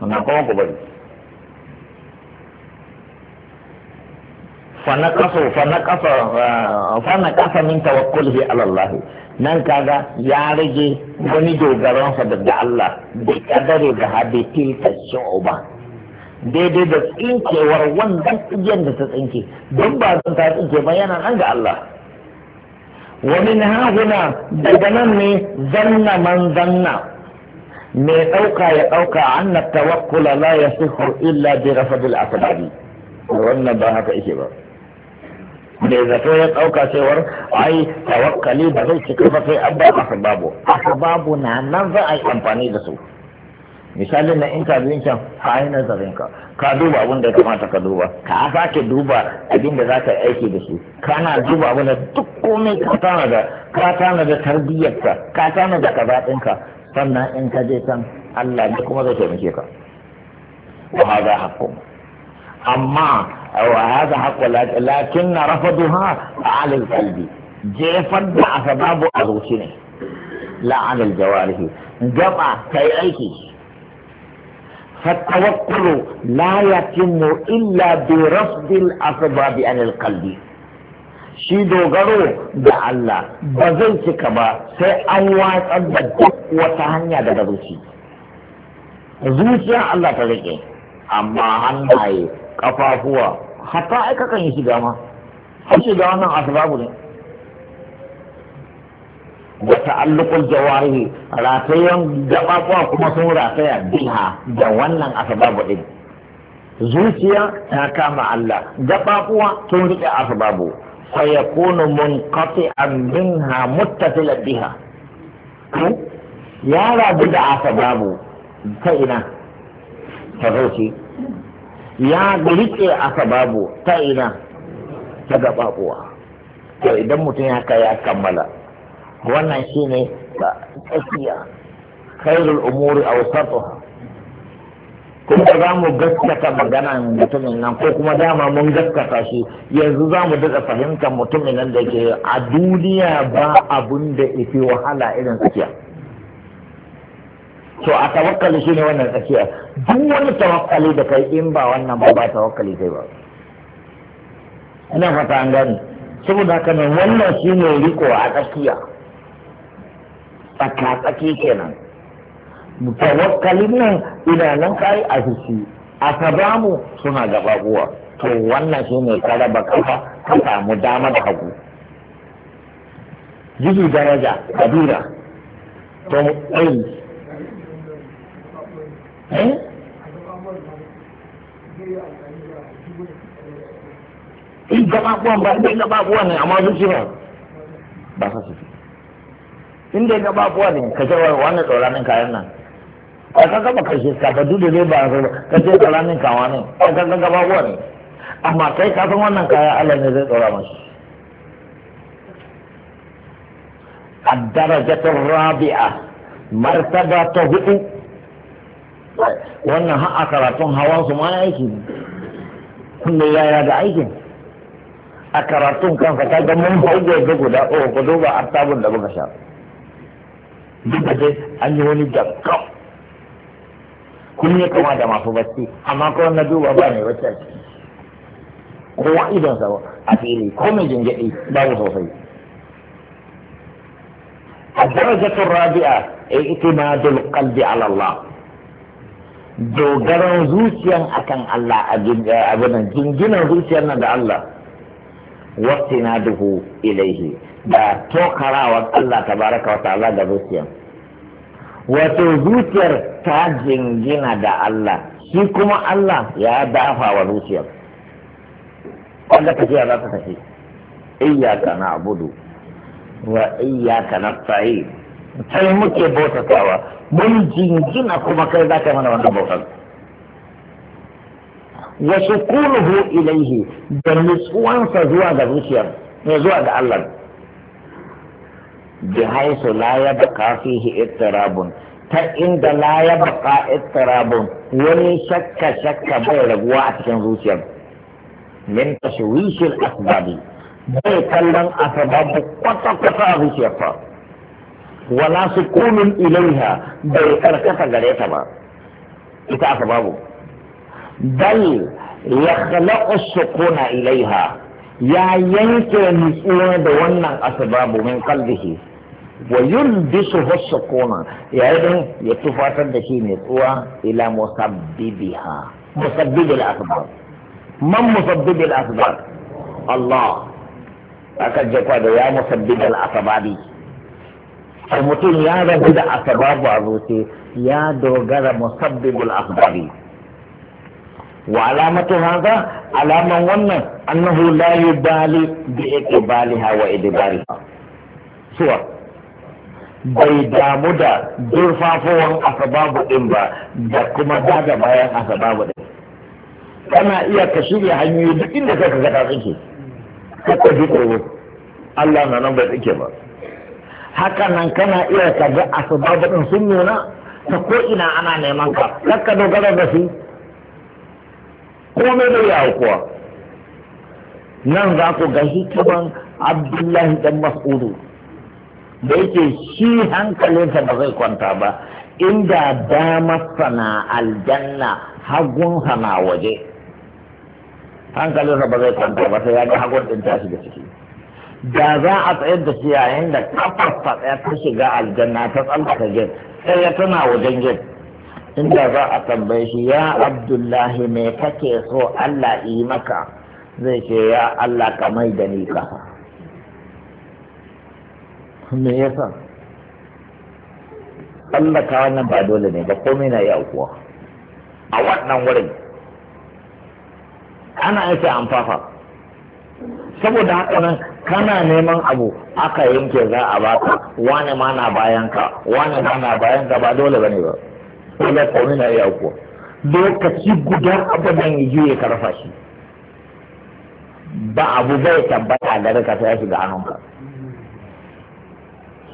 wannan kuma ku bari فنقصوا فنقص فنقص min توكله على Allah nan kaga ya rage wani sa da Allah da kadare da hadi tilka shu'ba daidai da tsinkewar wannan igiyar da ta tsinke don ba zan ta tsinke ba yana nan ga Allah ومن ها هنا دجنن ظن من ظن mai ɗauka ya ɗauka anna tawakkula la ya sihu illa bi rafadil asbabi wannan ba haka yake ba da zato ya ɗauka cewar ai tawakkali ba zai cika ba sai an ba asbabu asbabu na nan za a yi amfani da su misalin na in ka bin can ka yi ka ka duba abin ya kamata ka duba ka sake duba abin da za ka aiki da shi kana duba abin duk komai ka tana da ka tana da tarbiyyar ka ka tana da ka sannan in ka je can Allah ne kuma zai taimake ka wa a haqqun amma wa hadha haqqun lakin rafaduha ala qalbi jefar da asbabu a zuci ne la jawarihi gaba kai aiki فالتوكل لا يتم إلا برصد الأسباب عن القلب shi dogaro da Allah ba zai cika ba sai an watsar da duk wata hanya daga zuci zuciya Allah ta rike amma hannaye kafafuwa hatta kan yi shiga ma shiga wannan asbabu ne da ta'alluqul jawarihi ratayen gababuwa kuma sun rataya biha da wannan asbabu din zuciya ta kama Allah gababuwa sun rike asbabu yakunu munqati'an minha muttasilan biha ya rabu da asbabu ta ina ta zuci ya rike asbabu ta ina ta gababuwa to idan mutum ya kai ya kammala wannan shi ne tsakiya khairul umuri awsatuha kuma za mu gaskata maganan mutumin nan ko kuma dama mun gaskata shi yanzu za mu daɗa fahimtar mutumin nan da ke a duniya ba abun da ifi wahala irin tsakiya to a tawakkali shi ne wannan tsakiya duk wani tawakkali da kai in ba wannan ba ba tawakkali kai ba ina fata an gani saboda haka ne wannan shi ne riko a tsakiya tsaka-tsaki kenan tawakkalin nan ina nan kai a hisi a sabamu suna gaba kuwa to wannan shi ne ka raba kafa ka samu dama da hagu jiki daraja kabira to ai eh in eh, gaba ba in gaba kuwan ne amma zuciya ba sa su inda ga ba kowa ne ka ce wani tsoranin kayan nan a kan gaba ka shi ka fadu da zai ba ka ce tsoranin kawa ne a kan gaba kowa ne amma kai ka wannan kaya Allah ne zai tsora mashi الدرجة الرابعة مرتبة تهؤ wannan ha a karatun hawan su ma aiki ne kuma yaya da aiki? a karatun kansa ka ga mun hau gobe guda uku ku duba artabun da muka sha duk da dai an yi wani jakkan kun yi kama da masu bacci amma kawai na duba ba mai wacce ake? Ko kowa idon sa a fili ko mai ba babu sosai a darajatul rabi'a eh, i'timadul qalbi ala Allah dogaran zuciyan akan Allah eh, abin jinginan zuciyar nan da Allah wasu na duhu ilaihi da tokarawa Allah ta baraka wa ta'ala da zuciya wato zuciyar ta jingina da Allah shi kuma Allah ya dafa wa zuciyar wanda ji za ka tafi iyyaka na'budu wa iyyaka nasta'in sai muke bautatawa mun jingina kuma kai za ka mana wannan bautar wa sukunuhu ilaihi da nutsuwansa zuwa ga zuciyar ne zuwa ga Allah bihaisu la ya baka fihi ittirabun ta inda la ya baka ittirabun wani shakka shakka bai raguwa a cikin zuciyar min tashwishil asbabi bai kallon asbabu kwata kwata a zuciyar fa wala sukunun ilaiha bai karkata gare ta ba ita asbabu bal yakhlaqu sukuna ilaiha ya yanke nutsuwa da wannan asbabu min qalbihi wa yulbisu hussa kona ya yi don ya tufatar da shi mai tsuwa ila musabbibi musabbibiha musabbibil asbab man musabbibil asbab Allah aka jakwa da ya musabbibi asbabi sai mutum ya rabu da asbabu a zuci ya dogara musabbibul asbabi wa alamatu hadha alaman wannan annahu la yubali bi iqbaliha wa idbariha suwa bai damu da durfafowar asababu din ba da kuma daga bayan asababu din kana iya ka shirya hanyoyi duk inda ka ga ka tsinke ka ji tsoro Allah na nan bai tsike ba haka nan kana iya ka ga asababu din sun nuna ta ko ina ana neman ka kar ka dogara da su komai bai yawo kuwa nan za ku ga hikiman Abdullahi dan Mas'udu da yake shi hankalinsa ba zai kwanta ba inda dama sana aljanna hagun sana waje hankalinsa ba zai kwanta ba sai ya ga hagun din tashi da ciki da za a tsayar da shi yayin da kafar tsaya ta shiga aljanna ta tsallaka gir sai ya tana wajen gir inda za a tambaye shi ya abdullahi me kake so allah yi maka zai ce ya allah ka mai da ni kafa me yasa tsallaka wannan ba dole ne ba komai na yi aukuwa a wannan wurin ana yake amfafa saboda haka nan kana neman abu aka yanke za a baka wani ma na bayan ka wani ma na bayan ka ba dole bane ba dole komai na yi aukuwa lokaci guda abu nan ya juye ka shi ba abu bai tabbata da rika sai ya shiga hannunka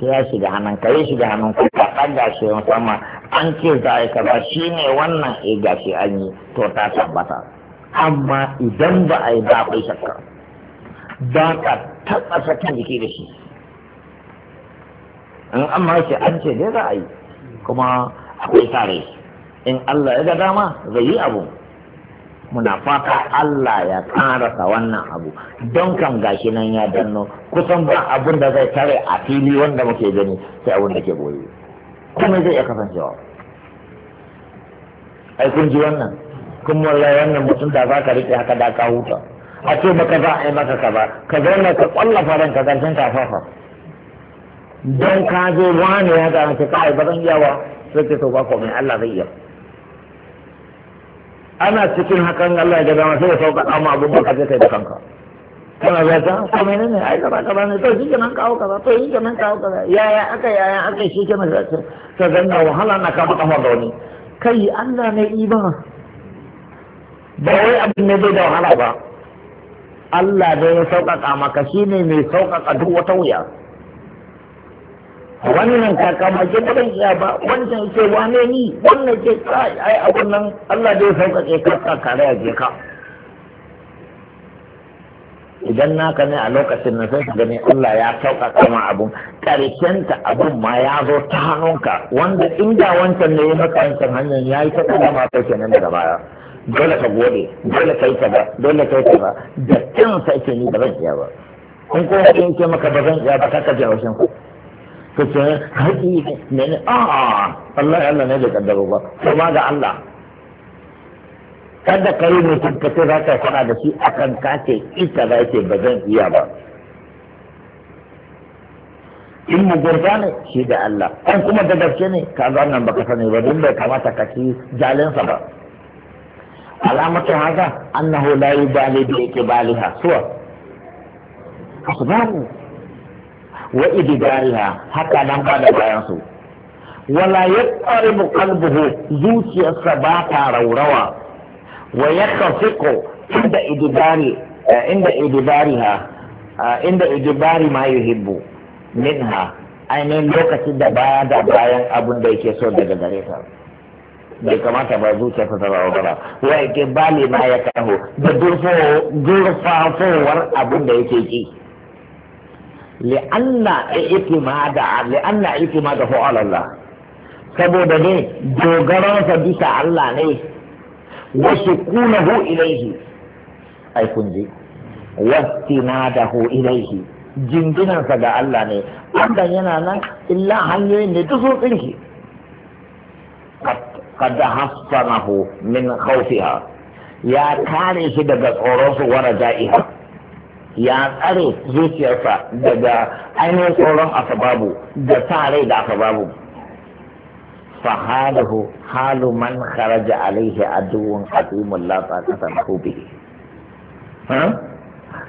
sai ya shiga hannun ka yi shiga hannun ka ka ɗaga shi sama an ce za a yi kaza shi ne wannan eh, ga shi an yi to ta tabbata amma idan ba a yi ba akwai shakka ba ka taɓa sakin jiki da shi in amma shi an ce dai za a yi kuma akwai tare in Allah ya ga dama zai yi abu muna fata Allah ya karasa wannan abu don kan gashi nan ya danno kusan ba abun da zai tare a fili wanda muke gani sai abun da ke boye kuma zai iya kasancewa ai kun ji wannan kun wallahi wannan mutum da za ka rike haka da ka huta a ce maka za a yi maka ka ba ka zauna ka kwallafa ranka karshen kafafa don ka zo wani ya ga ka kai ba zan iya ba sai ka to ba ko mai Allah zai iya ana cikin hakan Allah ya gada masu da sauka amma abin baka zai kai da kanka kana zai ta ko ah, mene ne ai kaza kaza ne to shi nan kawo kaza to shi nan kawo kaza yaya aka yaya aka shi ke za ta ta ganna wahala na kama kafa da wani kai Allah ne iba ba wai abin ne bai da wahala ba Allah da ya sauƙaƙa maka ne mai sauƙaƙa duk wata wuya wannan kakamake kadan iya ba wancan ce wane ni wannan ce kai ai abun nan Allah zai sauƙaƙe ka ka kare a je ka idan naka ne a lokacin na sai ka gani Allah ya sauƙaƙa ma abun karshen ta abun ma ya zo ta hannunka wanda inda wancan ne ya maka wancan hanyar ya yi ta kuma ma ke nan daga baya dole ka gode dole ka yi ta ba dole ka yi ta ba da kansa yake ni ba zan iya ba in kuma yi ce maka ba zan iya ba ka ji haushin ku ka ce haƙi ne ne a ah, Allah Allah ne bai kaddaro ba kuma ga Allah kada ka yi mutum ka za ka da shi akan ka ita za ke ba iya ba in mugurta ne shi da Allah an kuma da gaske ne ka ga nan baka sani ba din bai kamata ka ci jalinsa ba alamatu haka annahu la yubali bi ikbaliha suwa asbabu wa ididariha haka nan ba da bayan su wala yaqribu qalbuhu zuciyarsa ba ta raurawa wa kafiko inda idibari eh, inda idibariha eh, inda idibari ma yuhibbu minha ainihin lokacin da baya da bayan abin da yake so daga gare ta bai kamata ba zuciyarsa ta raurara wa bali ma ya kaho da durfafowar abin da yake ki li'anna da li'anna i'timada fa Allah saboda ne dogaransa bisa Allah ne wa sukunahu ilaihi ai kun ji wastinadahu ilaihi jinginansa ga Allah ne wanda yana nan illa hanyoyin ne duk sun shi qad hassanahu min khawfiha ya kare shi daga tsoron su wa raja'iha ya tsare zuciyarsa daga ainihin tsoron asababu da sa rai da asababu fahadahu halu man kharaja alaihi aduwun hadimun lafa kasar kobe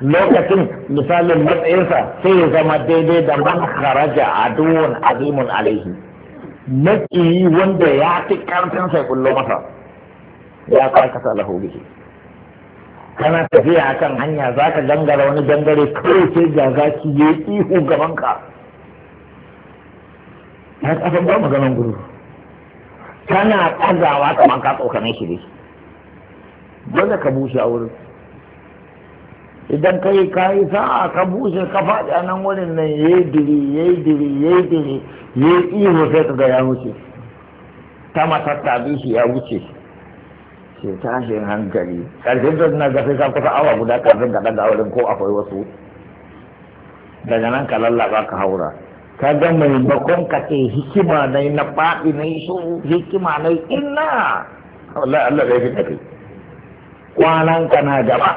lokacin misalin matsayinsa sai ya zama daidai da man kharaja aduwun hadimun alaihi wanda ya fi ƙarfin sai kullo masa ya kwa kasa bihi. kana tafiya a kan hanya za ka gangara wani gangare kawai sai ga za ya yi ihu gaban ka ya kafin ba maganan gudu kana ɗagawa kamar ka tsokane shi ne. dole ka bushe a wurin idan ka yi kayi sa'a ka bushe ka faɗi a nan wurin nan ya yi diri ya yi diri ya yi diri ya yi ihu sai ka ga ya wuce ta matatta bishi ya wuce ce tashin hankali ƙarfin da suna gafi sa kusa awa guda kafin ka da wurin ko akwai wasu daga nan ka lallaba ka haura ka ga mai bakon ka ce hikima na na faɗi na so hikima na inna wallahi Allah zai fi tafi kwanan ka na gaba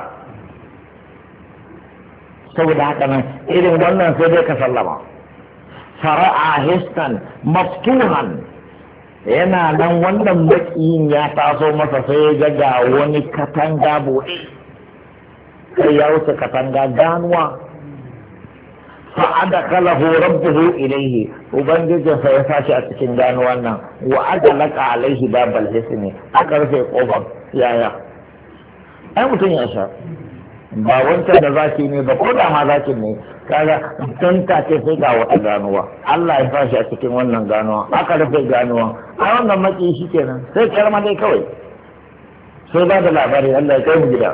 saboda haka nan irin wannan sai dai ka sallama Fara a histan maftuhan yana nan wannan makiyin ya taso masa sai ya ga wani katanga buɗe kai ya wuce katanga ganuwa ada kala rabbuhu ilayhi ubangijin sa ya sashi a cikin ganuwan nan wa adalaka alaihi babal hisni aka rufe kofar yaya ai mutum ya sha ba wancan da zaki ne ba ko da ma zaki ne kaga don ta ce sai ga wata ganuwa Allah ya fashi a cikin wannan ganuwa aka rufe ganuwa a wannan maki shi kenan sai karma dai kawai sai ba da labari Allah ya kai mu gida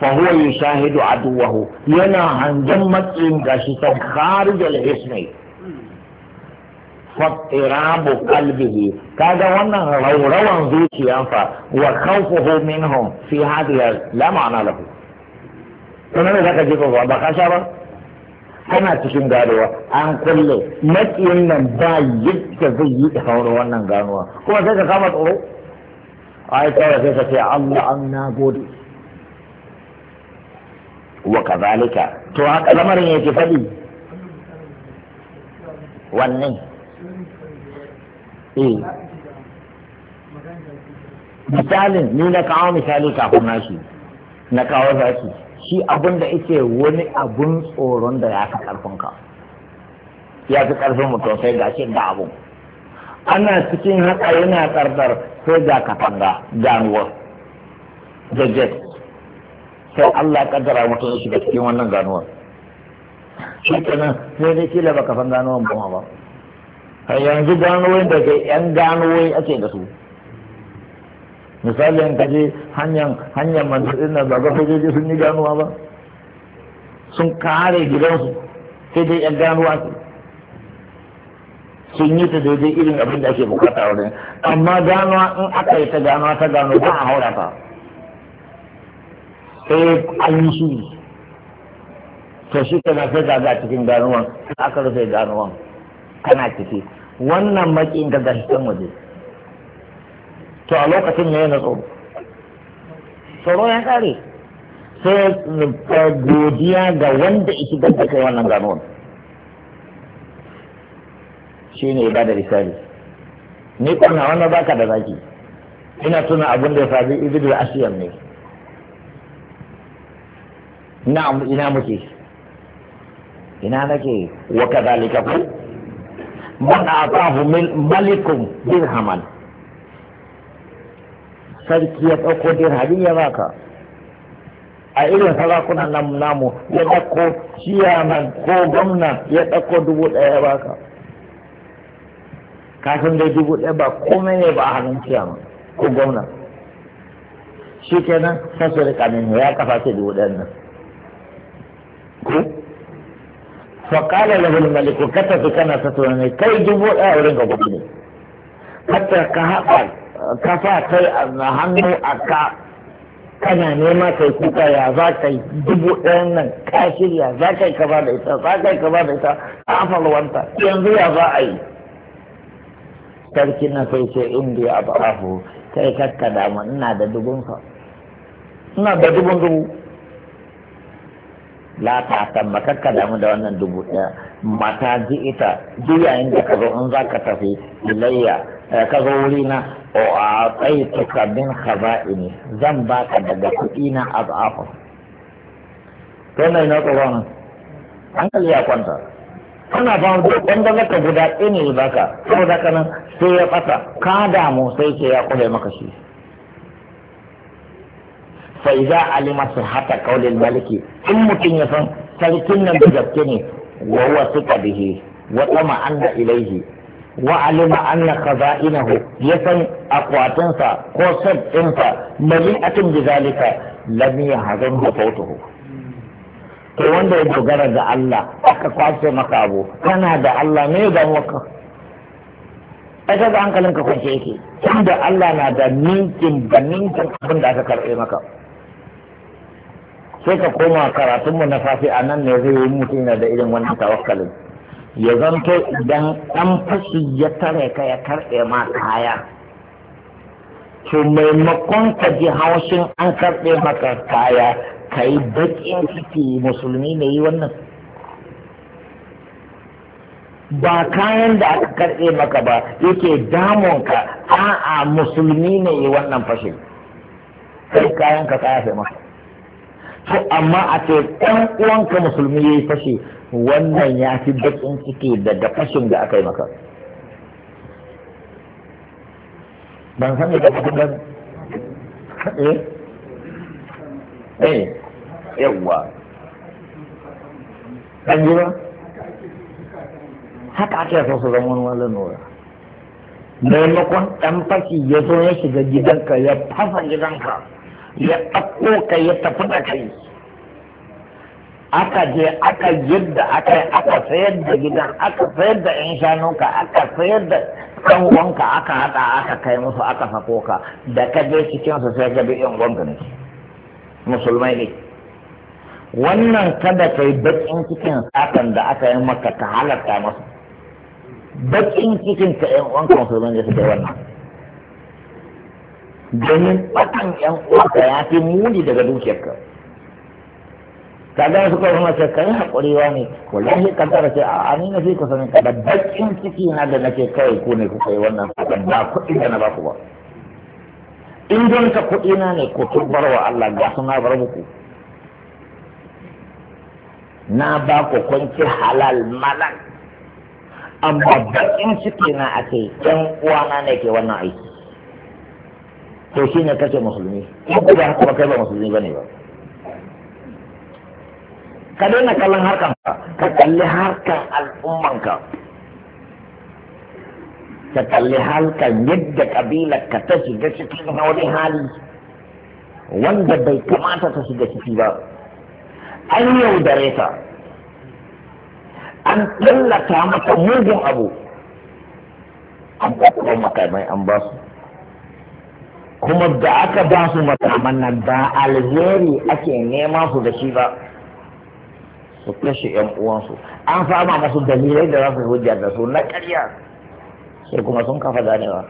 fa huwa yushahidu aduwahu yana hangen matsayin gashi ta kharijal ismi fattirabu qalbihi kaga wannan raurawan fa wa khawfuhu minhum fi hadhihi la ma'ana lahu sanar da zaka je ba ba ka sha ba kana cikin ganuwa an kulle makiyin nan ba yadda zai yi da hauro wannan ganuwa kuma sai ka kama tsoro ai kawai sai ka ce Allah an na gode wa kazalika to haka lamarin yake faɗi wannan eh misalin ni na kawo misali kafin nashi na kawo zaki shi abin da yake wani abun tsoron da ya fi ƙarfinka ya fi ƙarfin mutum sai ga shi da abun ana cikin haka yana tsardar sai ga katanga ganuwar da jet sai Allah kaddara mutum ya shiga cikin wannan ganuwar shi kenan sai dai kila baka san ganuwar ba ba yanzu ganuwar da ke yan ganuwar ake da su misali in kaje hanyar hanyar manzannin nan ba sojoji sun yi ganuwa ba sun kare gidansu sai dai yan ganuwa su sun yi ta daidai irin abin da ake bukata wurin amma ganuwa in aka yi ta ganuwa ta gano ba a haura ta sai an yi shi to shi kana sai ga a cikin ganuwan aka rufe ganuwan kana ciki wannan makin ga gashi can waje to a lokacin ne na tsoro tsoro ya kare sai eh, godiya ga wanda ita gaba kai wannan ganuwan shi ne ba da risali ni kuna wannan baka da zaki ina tuna abin da ya faru ibidul asiyar ne ina muke ina nake wa kadhalika ku man a min malikum dirhaman sarki ya ɗauko dirhami ya baka a irin sarakunan nan namu ya ɗauko ciyaman ko gwamna ya ɗauko dubu ɗaya ya baka kafin dai dubu ɗaya ba komai ne ba a hannun ciyaman ko gwamna shi kenan sai da rika ya kafa ce dubu ɗayan nan ko فقال له الملك كتب كان ستوني كي جبوا ne قبضني حتى كهقل kasa kai a hannu a ka kana nema kai kuka ya za ka yi dubu ɗayan nan ka shirya za ka yi kaba da ita za ka yi kaba da ita a afalwanta yanzu ya za a yi sarki na sai ce indiya a ba'ahu kai kakka damu ina da dubunsa ina da dubun dubu la ta tamba kakka damu da wannan dubu ɗaya mata ji ita duk yayin da ka zo in za ka tafi ilayya ka zo wurina o a tsegakamun haba'ini zan baka daga kudi na abafu. Sai mai na yi wata An kalli kwanta. Ana ba mu biyar da ka guda ɗaya ne ba ka. Kuma za ka sai ya fasa. Ka da mu sai ce ya kware maka shi. Faizan Ali masu hata ƙaunin baliki. Tun mutum ya san sarkin nan da jabtani, wa uwa suka bihi, waɗama anda ilaihi. wa alima anna khaza'inahu ya san akwatinsa ko sab ɗinsa mali'atin bi zalika lam yahzan to wanda ya dogara ga Allah aka kwace maka abu kana da Allah ne da maka aka ga hankalin ka kwace yake inda Allah na da ninkin da ninkin abin da aka karɓe maka sai ka koma karatunmu na safi a nan ne zai yi mutum yana da irin wannan tawakkalin ya zanto idan ɗan fashi ya tare ka ya karɓe ma kaya to maimakon ka ji haushin an karɓe maka kaya ka yi baƙin ciki musulmi ne yi wannan ba kayan da aka karɓe maka ba yake ka. a'a musulmi ne yi wannan fashin kai kayan ka kaya sai maka amma a ce ɗan uwanka musulmi ya yi fashe wannan ya fi baƙin ciki daga fashin da aka yi maka ban san da fashin ba eh eh yawwa ɗan jira haka ake so su zama wani wani nura maimakon ɗan fashi ya zo ya shiga gidanka ya fasa gidanka ya ɗauko ka ya tafi da kai aka je aka yadda aka yi aka sayar da gidan aka sayar da yan shanuka aka sayar da ɗan wanka aka haɗa aka kai musu aka sako ka da ka je cikin su sai ka bi yan uwanka ne musulmai ne wannan kada ka yi bakin cikin satan da aka yi maka ka halarta masu bakin cikin ka yan uwanka musulmai ne suke wannan domin batan yan uwanka ya fi muni daga dukiyarka kaga suka kuma ce kai haƙuriwa ne wallahi kaddara ce a ni na fi ku sanin kada bakin ciki na da nake kawai ku ne kuka yi wannan sakan ba kuɗi da na ba ku ba in don ka kuɗi na ne ku tubar wa Allah ga suna bar muku na ba ku kwanci halal malak amma bakin ciki na a ce yan uwana ne ke wannan aiki to shi ne kake musulmi ko da haka kai ba musulmi ba ne ba ka daina kallon harkan ka ka kalli harkan al'ummanka ka kalli harkan yadda kabilar ka ta shiga cikin wani hali wanda bai kamata ta shiga ciki ba an yaudare ta an tallata mata mugun abu an ɗaukar makamai an ba su kuma da aka ba su makaman nan ba alheri ake neman su da shi ba su kashe yan uwansu an fama masu dalilai da za su hujjar da su na karya sai kuma sun kafa ganewa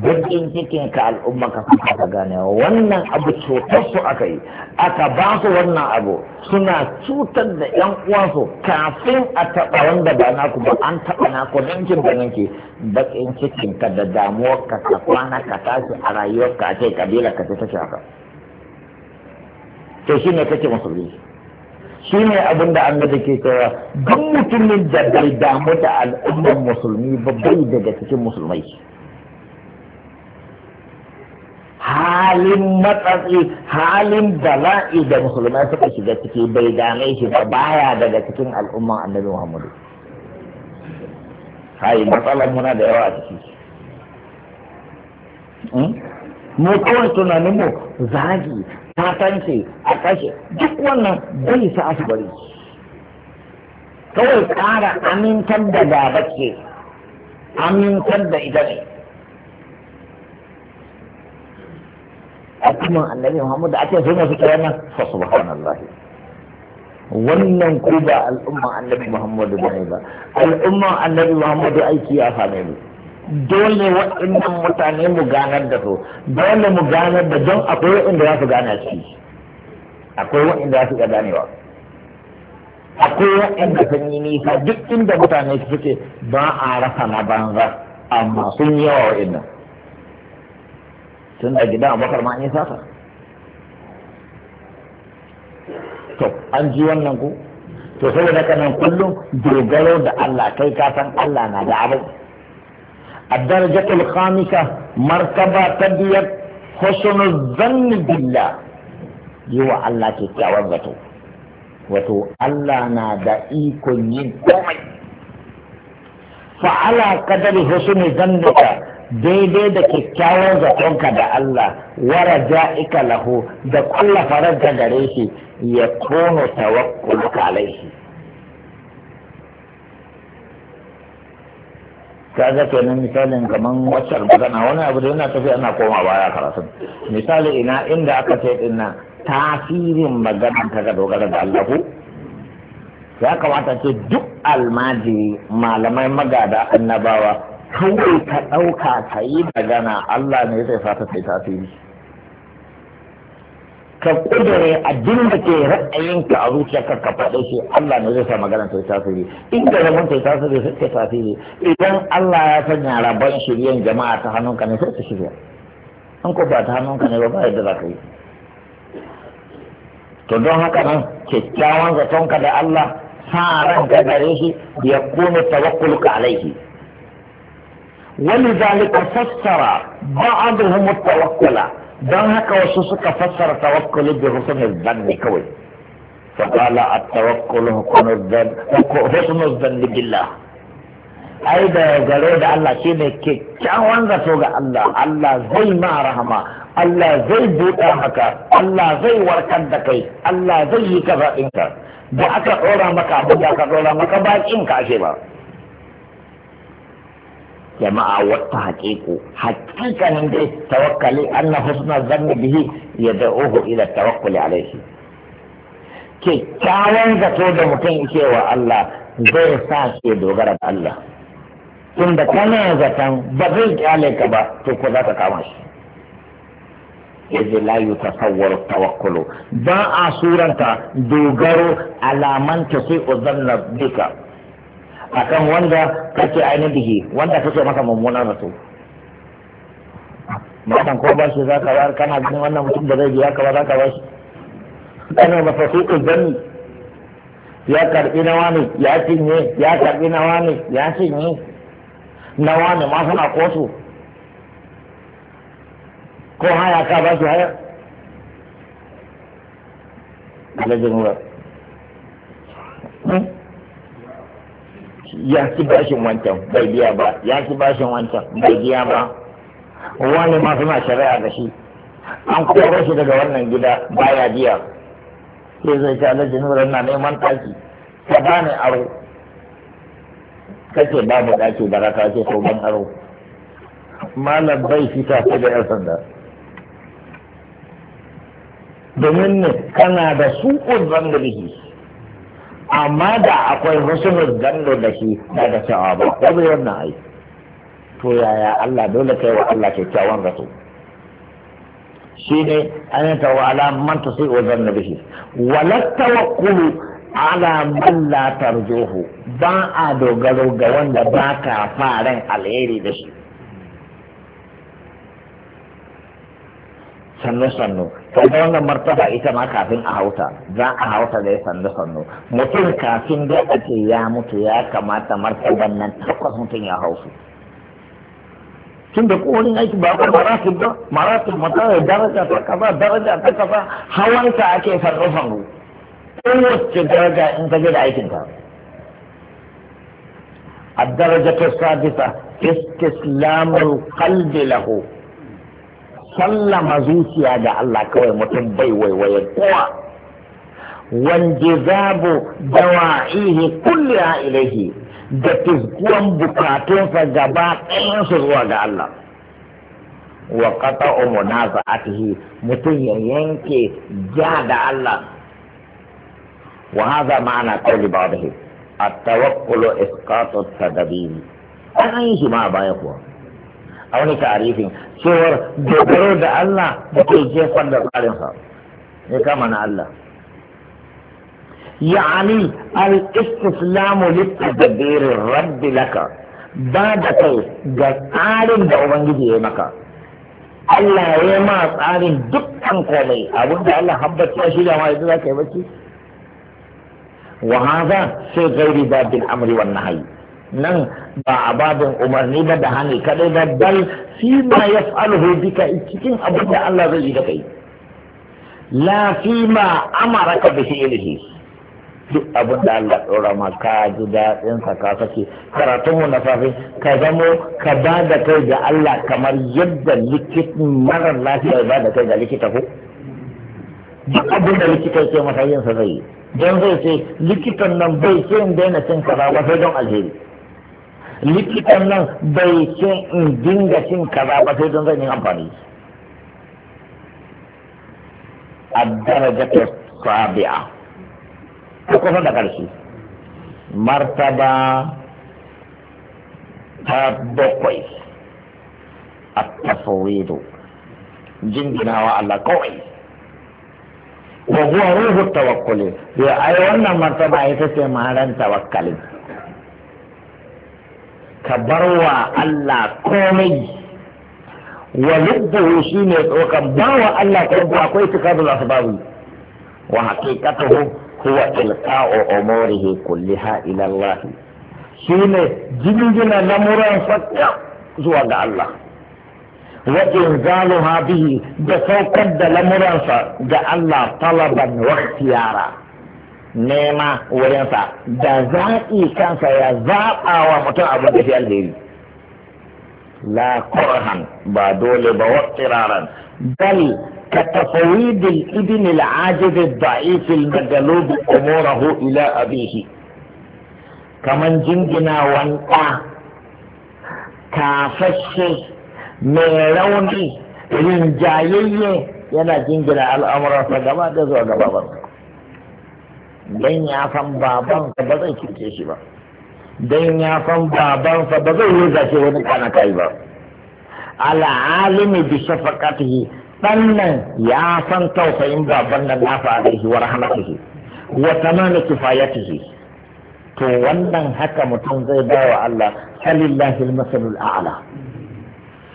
baƙin cikin ka al'umma ka fi ka gane wannan abu cutar su aka yi aka ba su wannan abu suna cutar da yan uwansu kafin a taɓa wanda ba naku ba an taɓa naku ninkin da ninki bakin cikin ka da damuwar ka ka kwana ka tashi a rayuwar ka a ce kabila ka ce ta haka to shi ne kake musulmi shi ne abin da an da ke cewa duk mutumin da bai damu da al'ummar musulmi ba bai daga cikin musulmai halin matsatsi halin bala'i da musulmai suka shiga ciki bai dame shi ba baya daga cikin al'umman annabi muhammadu hai matsalar muna da yawa a ciki hmm? mu kawai tunanin mu zagi tatanci a kashe duk wannan bai sa su bari kawai ƙara amintar da gaba ce amintar da ita ne al'umman annabi Muhammad ake so masu suke wannan fa subhanallah wannan ku ba al'umma annabi Muhammad ba ne ba al'umma annabi Muhammad aiki ya same mu dole waɗannan mutane mu ganar da su dole mu ganar da don akwai waɗanda za su gana shi akwai waɗanda za su ga ganewa akwai waɗanda sun yi nisa duk inda mutane suke ba a rasa na banza amma sun yawa waɗannan tun da gida abubakar ma an yi sata to an ji wannan ku to saboda ka nan kullum dogaro da Allah kai ka san Allah na da abin الدرجة الخامسة مرتبة تبيت حسن الظن بالله يو الله كتاوان وتو وتو الله نادا إيكو ينكومي فعلى قدر حسن ظنك daidai da kyakkyawan zatonka da Allah wara ja'ika lahu da kulla faranta gare shi ya kono tawakkuluka alaihi ga kenan misalin kaman waccan magana wani abu da yana tafiya ana koma baya karatun misali ina inda aka ce din tasirin magana ta ga dogara da Allah ku ya kamata ce duk almajiri malamai magada annabawa kawai ka ɗauka ka yi magana Allah ne zai fata sai tasiri ka kudure abin da ke ra'ayinka a zuciyarka ka faɗo shi Allah ne zai sa magana ta tasiri in da rabon ta tasiri sai ta tasiri idan Allah ya sanya rabon shiryen jama'a ta hannunka ne sai ta shirya an ko ba ta hannunka ne ba ba yadda za ka yi to don haka nan kyakkyawan ka da Allah sa ranka gare shi ya kuma tawakkulka alaihi ولذلك فسر بعضهم التوكل دان هكا وسوسك فسر توكل بحسن الظن كوي فقال التوكل حسن الظن حسن الظن بالله ai da ya gare da Allah shi ne kyakkyawan zato ga Allah Allah zai ma rahama Allah zai buɗa maka Allah zai warkar da kai Allah zai yi kaza ɗinka da aka ɗora maka abin da aka ɗora maka bakin ka ashe ba jama'a wata haƙiƙo haƙiƙanin dai tawakkali na husna zanni bihi ya ohu ila tawakkuli laifi kyakkyawan zato da mutum cewa Allah zai sa ke dogara da Allah tunda kana zaton ba zai kyale ka ba to ko za ka kama shi yaje ta yutasawwaru tawakkulu ba a suranta dogaro alamanta sai uzanna duka. akan wanda kake ainihi wanda kake masa mummunan rasu matan ko ba shi za ka bayar kana ganin wannan mutum da zai biya ka ba za ka ba shi kana masa suƙin ya karɓi na wani ya cinye ya karɓi na wani ya cinye na wani ma suna kotu ko haya ka ba shi haya alajin wurar hmm? ya ci bashin wancan bai biya ba ya ci bashin wancan bai biya ba wani ma suna shari'a da shi an koro shi daga wannan gida baya biya sai zai ta alaji nuran na neman taki ka bani aro kace babu daki baraka ce ko ban aro malam bai fita sai da yan sanda domin ne kana da suƙun da bihi amma da akwai husnul gando da shi daga cewa ba ko bai wannan ai to yaya Allah dole kai wa Allah kyakkyawan zato shi ne an ta wa ala man tasi wa zanna bihi wa la tawakkulu ala man la tarjuhu ba a dogaro ga wanda ba ka faran alheri da shi sannu sannu kaga wannan martaba ita ma kafin a hauta za a hauta da ya sandu sannu mutum kafin da a ce ya mutu ya kamata martaban nan takwas mutum ya hausu tun da kowane aiki ba ku maratun ba maratun mata daraja ta kaza daraja ta kasa. hawanta ake sannu ku kowace daraja in ka da aikin ka الدرجة السادسة استسلام القلب laho. sallama zuciya da Allah kawai mutum bai waiwaye kowa dawa dawa'ihi kulliha ilaihi da tizkuwan bukatunsa gaba ɗayansu zuwa ga Allah wa qata'u munaza'atihi mutum ya yanke ja da Allah wa haza ma'ana qawli ba'dihi at-tawakkulu isqatu at-tadbiri an yi shi ma baya kuwa a wani tarifin cewar dogaro da Allah da ke jefar da tsarinsa ya kama na Allah يعني الاستسلام للتدبير الرب لك بعد كي جسال da Ubangiji ya maka. Allah ya ma tsarin dukkan komai abinda Allah habbata shi da ma yanzu za ka yi bacci wa sai gairi babin amri wan nahyi nan ba a babin umarni ba da hani kadai ba dal fi ma yaf'aluhu bika cikin abin da Allah zai yi da kai la fi ma ka bi fi'lihi duk abin da Allah ɗora ma ka ji daɗin sa ka sake karatun mu na safe ka zamo ka ba da kai ga Allah kamar yadda likitan marar lafiya ya ba da kai ga likita ko duk abin da likita ke masa yin sa zai yi don zai ce likitan nan bai ce in daina cin kaza ba sai don alheri likitan nan bai ce in dinga cin kaza ba sai don zan yi amfani a daraja ta sabi'a ta kusa da ƙarshe martaba ta bakwai a tafawido jinginawa Allah kawai wa huwa ruhu tawakkuli ya ai wannan martaba ita ce maharan tawakkalin ka bar wa Allah komai wa lubbuhu shi ne tsokan bar wa Allah komai akwai tukadul asbabi wa haqiqatuhu huwa ilqa'u umurihi kulliha ila Allah shi ne jingina lamuran sakka zuwa ga Allah wa inzaluha bihi da saukar da lamuransa ga Allah talaban wa ikhtiyara nema wurinsa da zaɓi kansa ya zaɓa wa mutum abin da shi alheri la kurhan ba dole ba wa tsiraran bal ka tafawidil ibn al-ajiz ad-da'if al-madlub umurahu ila abihi kaman jingina ta kafashe mai rauni rinjayayye yana jingina al'amuransa gaba da zuwa gaba don ya san babansa ba zai cuce shi ba don ya san babansa ba zai yi zace wani kana kai ba ala alimi bi shafaqatihi dan nan ya san tausayin baban nan nafa alaihi wa rahmatihi wa tamana kifayatihi to wannan haka mutum zai bawa Allah salillahi al a'la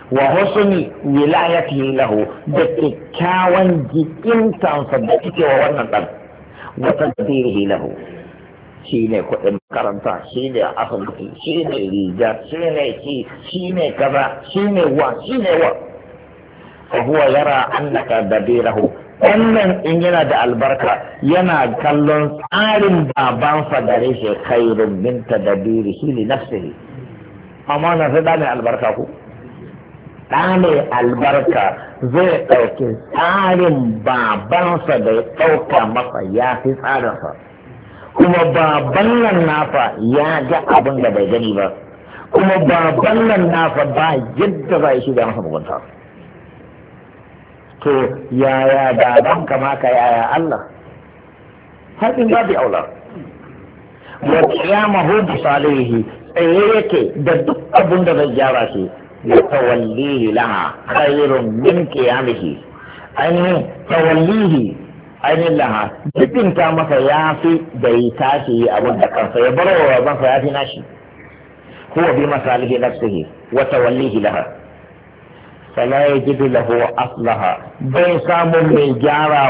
wa husni wilayatihi lahu da kyakkyawan jikintansa da kike wa wannan dan da tasirihi lahu shi ne kuɗin makaranta shi ne asibiti shi ne riga shi ne ci shi ne kaza shi ne wa shi ne wa fa huwa yara annaka dabirahu wannan in yana da albarka yana kallon tsarin babansa gare shi khairun min tadabirihi li nafsihi amma na sai da albarka ku ɗa albarka zai ɗauki tsarin babansa da ya ɗauka masa ya fi tsarinsa kuma baban nan nafa ya ga abin da bai gani ba kuma baban nan nafa ba yadda za shi da masa mugunta to yaya baban kama ka yaya Allah har in babu aula wa qiyamahu bi salihi tsaye yake da duk abin da zai gyara shi لتوليه لها خير من قيامه أني توليه أين لها جبن كما سيافي بيتاتي أبو الدكار سيبرو وأبو سيافي ناشي هو لها فلا يجد له أصلها بين سام من جارا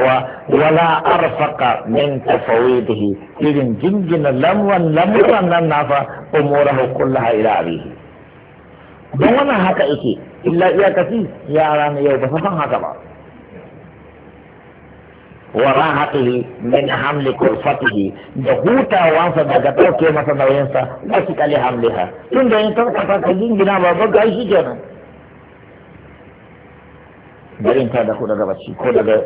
ولا أرفق من تفويته إذن جنجن لم ولم ولم ننفى أموره كلها إلى أبيه don wannan haka yake illa iya kasi yara na yau ba san haka ba wa rahatihi min hamli kulfatihi da hutawansa daga dauke masa nauyinsa ba shi kali hamliha tun da yin tarkata ka jingina ba ba ga shi kenan garin ta da ku daga bacci ko daga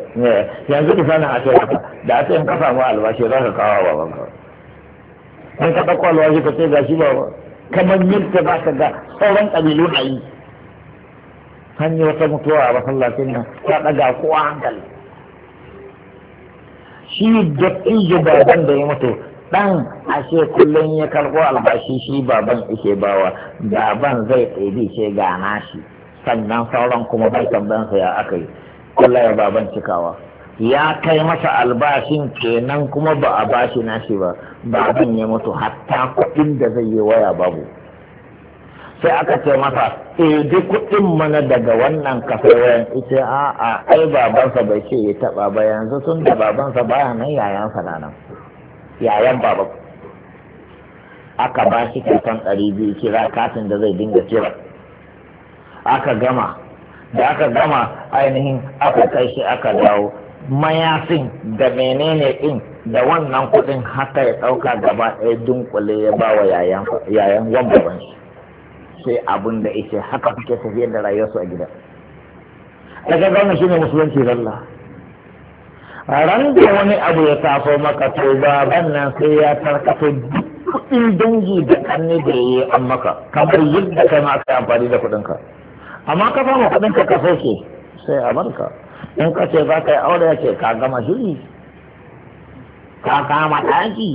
yanzu da sana a ce haka da a ce in ka samu albashi za ka kawo banka in ka ɗauko albashi ka ce ga shi ba ba kamar yadda ba ka ga sauran ƙabilu ayi. yi an yi wata mutuwa a masallacin nan ta ɗaga a hankali shi da ɗin baban da ya mutu ɗan ashe kullum ya karɓo albashi shi baban ike bawa baban zai ɗebi ce ga shi, sannan sauran kuma bai tambayansa ya aka yi kullum ya baban cikawa ya kai masa albashin kenan kuma ba a bashi nashi ba ba zan ya mutu hatta kuɗin da zai yi waya babu sai aka ce masa eh duk kuɗin mana daga wannan kasayen ita a a ai babansa bai ce ya taɓa ba yanzu tun da babansa baya nan yayansa na nan yayan baba aka ba shi kyautan ɗari biyu kira katin da zai dinga kira aka gama da aka gama ainihin aka kai shi aka dawo mayafin da menene din da wannan kudin haka ya ɗauka gaba ɗaya dunkule ya ba wa yayan wambaban shi sai abin da yake haka kuke tafiyar da rayuwarsu a gida daga gwamna shi ne musulunci zalla ran da wani abu ya taso maka to baban nan sai ya tarkato kuɗin dangi da kanne da ya yi an maka kamar yadda kai ma aka amfani da kuɗinka amma ka fama kuɗinka ka soke sai a barka in ka ce za ka yi aure ya ce ka gama shiri ka kama ɗaki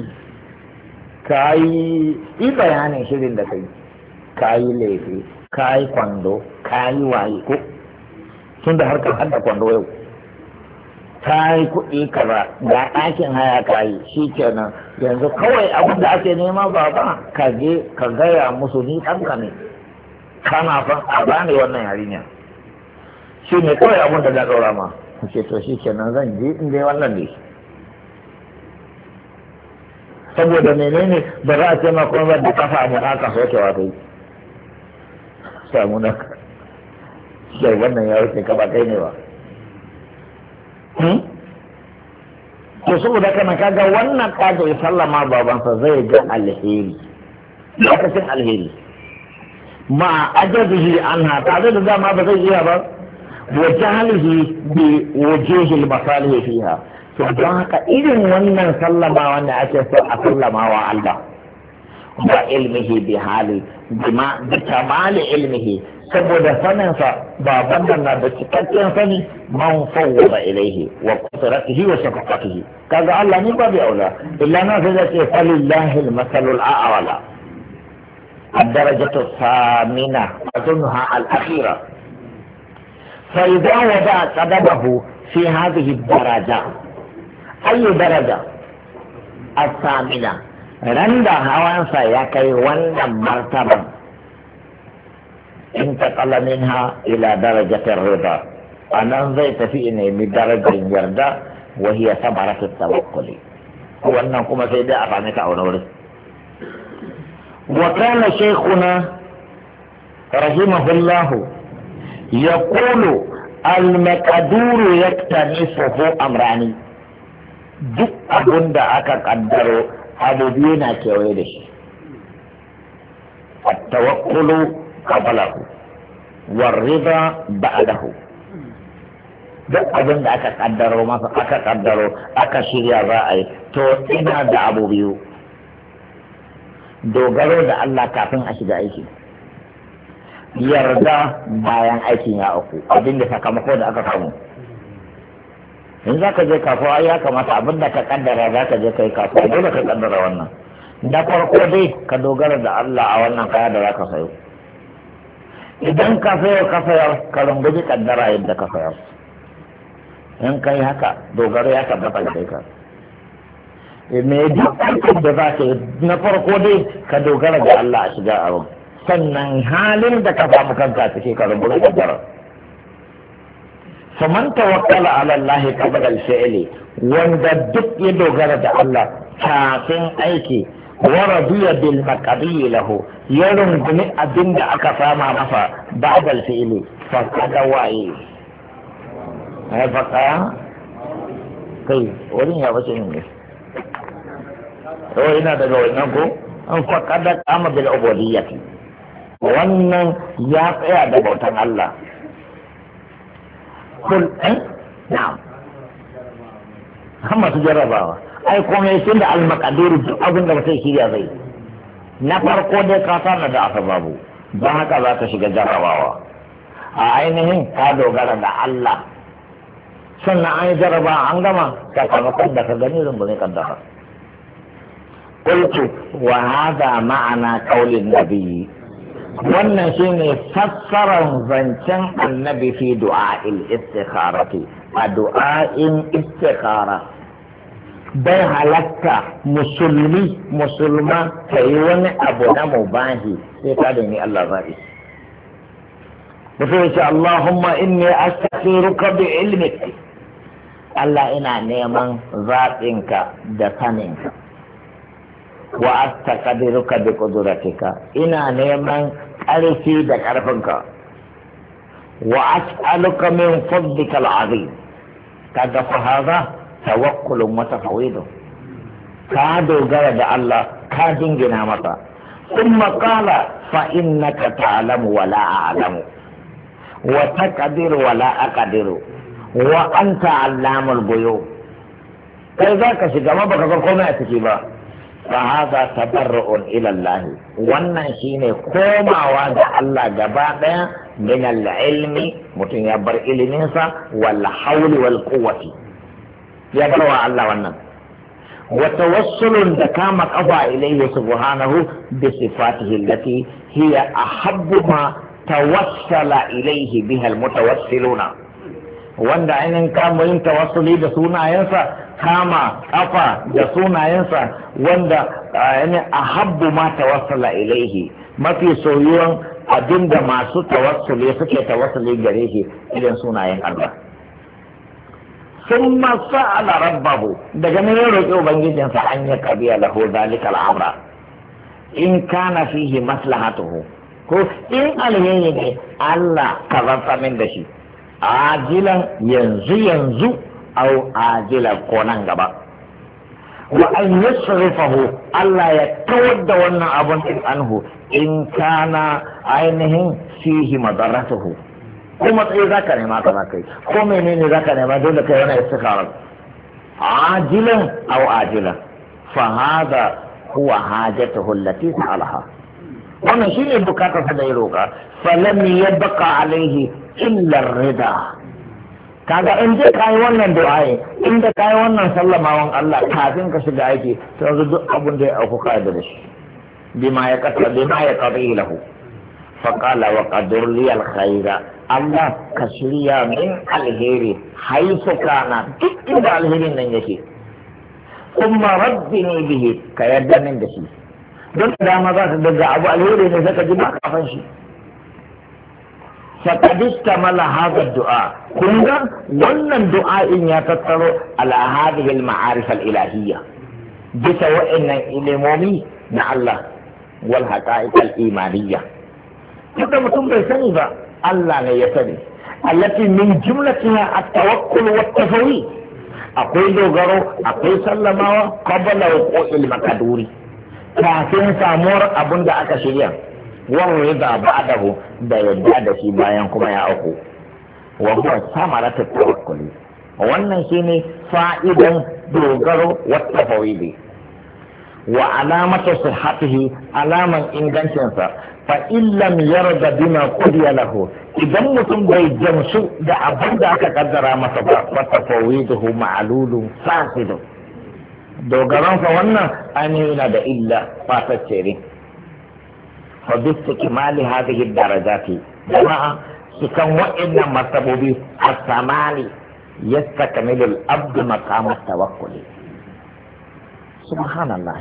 ka yi yi bayanin shirin da kai ka yi laifi ka yi kwando ka yi waye ko tun da harkar hada kwando yau ka yi kuɗi kaza ga ɗakin haya ka yi shi kenan yanzu kawai abin da ake nema baba ka je ka gaya musu ni ɗanka ne kana son a bani wannan yarinya shi ne kawai abin da na ɗora ma ce to shi nan zan je in dai wannan ne saboda menene ba za a ce ma kuma da kafa a munaka soke wa kai sai munaka shi wannan ya wuce ka ba kai ne ba hmm? to saboda kana kaga wannan kaga ya sallama babansa zai ga alheri lokacin alheri ma ajabihi anha tare da dama ba zai iya ba وجعله بوجوه المصالح فيها فبعك إذن من صلى ما وانا أشهد وعلا وعلمه بحال بما بكمال علمه سبب فننسى بابننا بتكتن فني من فوض إليه وقدرته وشفقته قال الله نبا بأولا إلا ما فلت فلله المثل الأعلى الدرجة الثامنة أظنها الأخيرة فإذا وضع قدمه في هذه الدرجة أي درجة الثامنة رند هوانسا يكي وند مرتبة انتقل منها إلى درجة الرضا أنا زيت فيني بدرجة يرضى وهي ثمرة التوكل وأنا كما سيدي أفعلك أو نوري وكان شيخنا رحمه الله Ya yaqulu al-maqduru yaktanifuhu amrani duk abun da aka kaddaro abu biyu na kewaye da shi التوكل قبله والرضا dahu. duk abin da aka kaddaro masa aka kaddaro aka shirya za a yi to ina da abu biyu dogaro da Allah kafin a shiga aiki yarda bayan aikin ya auku abinda sakamako da aka samu in za ka je kasuwa ya kamata abinda ka kaddara za ka je kai kasuwa dole ka kaddara wannan da farko dai ka dogara da Allah a wannan kaya da za ka sayo idan ka sayo ka sayar ka rungumi kaddara yadda ka sayar in ka yi haka dogara ya tabbata da ka eh, me duk aikin da za ka yi na farko dai ka dogara da Allah a shiga abin sannan halin da ka samu kanka cikin karin burin kaddara faman tawakkala ala Allah ya qabla da fili wanda duk ya dogara da Allah kafin aiki wa radiya bil maqdi lahu ya rungumi abin da aka fama masa ba'da al-fi'li fa kada wa'i ai fa kai wurin ya bace ne ko oh, ina daga wannan ko an fa kada kama bil ubudiyyati wannan ya tsaya da bautan Allah kul ɗin eh? na. amma masu jarrabawa ai kome tun da almakadiru duk abin da mutum shirya zai na farko dai ka tana da babu, don haka za ka shiga jarrabawa a ainihin ka dogara da Allah sannan an yi jarraba an gama sakamakon da ka gani rumbuni kaddara قلت وهذا معنى قول النبي wannan shi ne fassarar zancen annabi fi du'a'il istikharati a du'a'in istikhara bai halatta musulmi musulma ta yi wani abu na mubahi sai ta ni Allah zaɓi mutum ce Allahumma inni astaghfiruka bi ilmik Allah ina neman zaɓinka da saninka wa astaqdiruka bi qudratika ina neman ƙarfi da ƙarfinka wa as'aluka min fadlika al'azim kaga fa hada tawakkulun wa tafawidun ka dogara da Allah ka dingina masa thumma qala fa innaka ta'lamu wa la a'lamu wa taqdiru wa la aqdiru wa anta allamul ghuyub kai zaka shiga ma baka ga komai a ciki ba fa hadha tabarru'un ila Allah wannan shine komawa ga Allah gaba daya min al-ilmi mutum ya bar ilimin sa wal hawli wal quwwati ya bar wa Allah wannan wa tawassulun da kama kafa ilayhi subhanahu bi sifatihi allati hiya ahabbu ma tawassala ilayhi biha al-mutawassiluna wanda ainihin kama yin tawassuli da sunayensa kama kafa da sunayensa wanda ainihin ahabbu ma tawassala ilaihi mafi soyuwan abinda masu tawassuli suke tawassuli gare shi idan sunayen Allah ثم سأل ربه daga nan ya roƙi ubangijinsa an ya kabiya lahu zalikal amra in kana fihi maslahatuhu ko in alheri ne Allah ka zanta min da shi ajilan yanzu yanzu au ajilan ko nan gaba wa an yasrifahu Allah ya kawar da wannan abun din anhu in kana ainihin fihi madarratuhu ko matsayi zaka nema ka zaka yi ko menene zaka nema dole kai wani istikharar ajilan au ajilan fa hada huwa hajatuhu allati sa'alaha wannan shine bukatar sa da ya roka falam yabqa alaihi illar rida kaga in je wannan du'ai inda kayi wannan sallamawan Allah kafin ka shiga aiki to wanzu duk abun da ya auku kai da shi bima ya kasa bima ya qadi lahu fa wa qadir li khaira Allah ka shirya min alheri haisu kana duk inda alherin nan yake kuma ne bihe, ka yarda min da shi don da dama za ka daga abu alheri ne zaka ji ba kafan shi fakadista mala haza du'a kun wannan wannan du'a'in ya tattaro ala hadhihi al-ma'arif al-ilahiyya bisa wa'annan ilimomi na Allah wal haqa'iq al-imaniyya kada mutum bai sani ba Allah ne ya sani allati min jumlatiha at-tawakkul wat tafawi akwai dogaro akwai sallamawa qabla wuqu'il maqduri kafin samuwar abin da aka shirya wani riba ba da da yadda da shi bayan kuma ya auku wa huwa samaratu wannan shine fa'idan dogaro wa tafawidi wa alamatu sihhatihi alaman ingancinsa fa illam yarda bima qudiya lahu idan mutum bai jamsu da abin da aka kaddara masa ba fa tafawiduhu ma'lulun fasidun dogaron fa wannan ainihin yana da illa fatacce ne fa bisu kimali hadhihi darajati jama'a cikan wa'annan martabobi as-samani yastakmilu al-abdu maqama tawakkuli subhanallah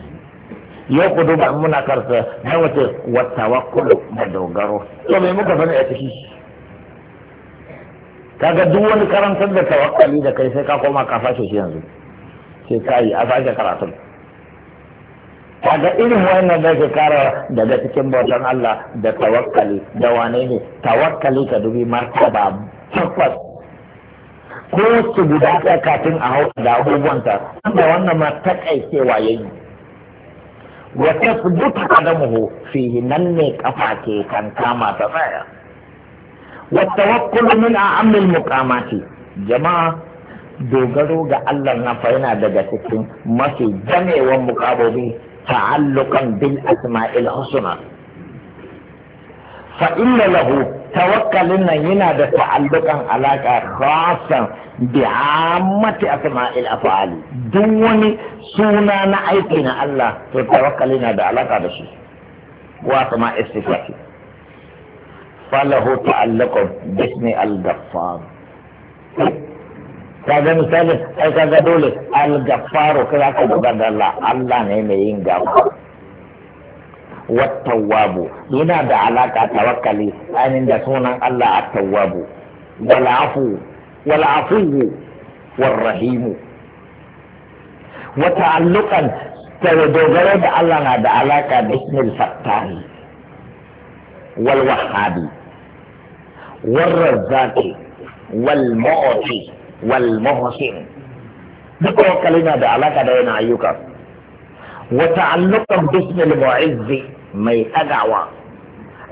yau ku duba muna karsa na wace wa tawakkulu da dogaro to me muka sani a ciki kaga duk wani karantar da tawakkali da kai sai ka koma ka sai ka yi a karatun kaga irin wannan da ke kara daga cikin bautan Allah da tawakkali da wane ne tawakkali ka dubi martaba tabbas ko su guda ɗaya kafin a hau da abubuwanta wanda wannan ma takaicewa ya yi wa tasbutu qadamuhu fihi nan ne kafa ke kan kama ta tsaya wa tawakkulu min a'amil muqamati jama'a dogaro ga Allah na fa yana daga cikin mafi jamewan mukabobi تعلقا بالأسماء الحسنى فإن له توكل إن ينادى تعلقا علاقة خاصة بعامة أسماء الأفعال دون سونا نعيقنا الله تتوكل إن علاقة بشي وأسماء الصفات فله تعلق باسم الغفار kaga misali ai kaga dole al-gaffaru kai aka dogara da Allah Allah ne mai yin gafara wattawabu yana da alaka tawakkali ainihin da sunan Allah at-tawwabu wal afu wal afu wal rahimu wa ta'alluqan dogara da Allah na da alaka da ismil fattahi wal wahhabi wal razzaqi wal mu'ti wal muhsin duk na da alaka da yana ayyuka wa ta'alluqan bismil mu'izzi mai tagawa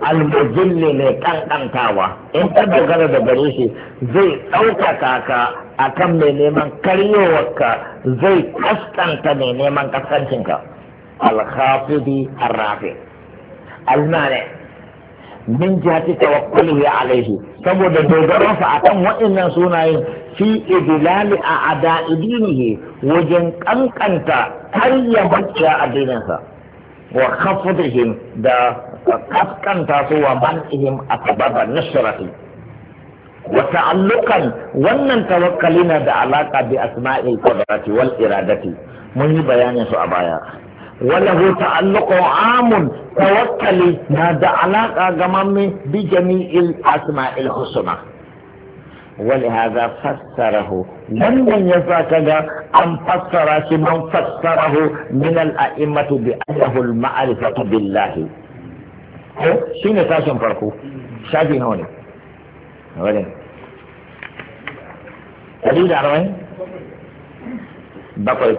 almujilli mai kankantawa in ka dogara da gare shi zai ɗaukaka ka akan mai neman karyowarka zai kaskanta mai neman kaskancinka alhafidi arrafi almane min jihati tawakkulihi alaihi saboda dogaransa akan waɗannan sunayen fi idlali a ada'idinihi wajen kankanta karya makiya addininsa wa khafdihim da kaskanta su wa man'ihim asbaba nusrati wa ta'alluqan wannan tawakkali na da alaka bi asma'il qudrati wal iradati mun yi bayanin su a baya وله تعلق عام توكلي هذا علاقة جمامي بجميع الأسماء الحسنى ولهذا فسره لم لمن يفاكد أن فسر من فسره من الأئمة بأنه المعرفة بالله شين تاشن فرقو شاكين هوني ولين دليل عربي بقيت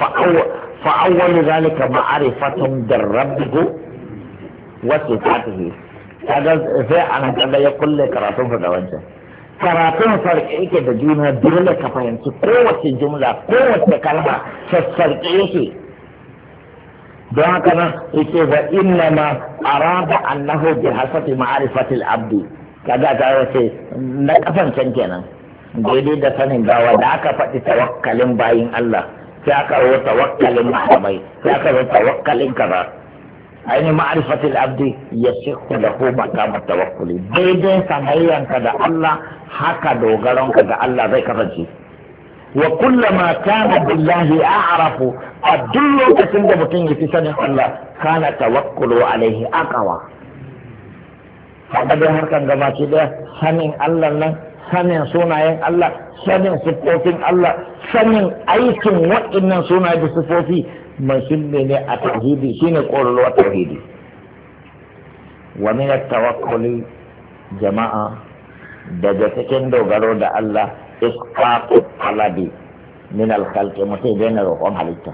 فقال فأول ذلك معرفة بالرب وصفاته kaga sai a nan kaga ya kulle karatun fa karatun farke yake da juna dole ka fahimci kowace jumla kowace kalma sassarke yake don haka nan yake wa inna ma arada annahu bi hasati ma'rifatil abdi kaga ta yace na kafan can kenan daidai da sanin gawa da aka faɗi tawakkalin bayin Allah sai aka rawa tawakkalin malamai sai aka rawa tawakkalin kaza ainihin ma'arifatul abdi ya shehu da ko makamar tawakkuli daidai sanayyanka da Allah haka dogaronka da Allah zai kasance wa kullama kana billahi a'rafu a duk lokacin da mutum ya fi sanin Allah kana tawakkulu alaihi aqwa Haka dai harkan gaba ce da sanin Allah nan sanin sunayen Allah sanin sufofin Allah sanin aikin waɗannan sunaye da siffofi muhimmi ne a tauhidi shine ƙorarwa tauhidi Wani ya tawakkuli jama'a daga cikin dogaro da Allah isqatu talabi min al mutum zai daina roƙon halitta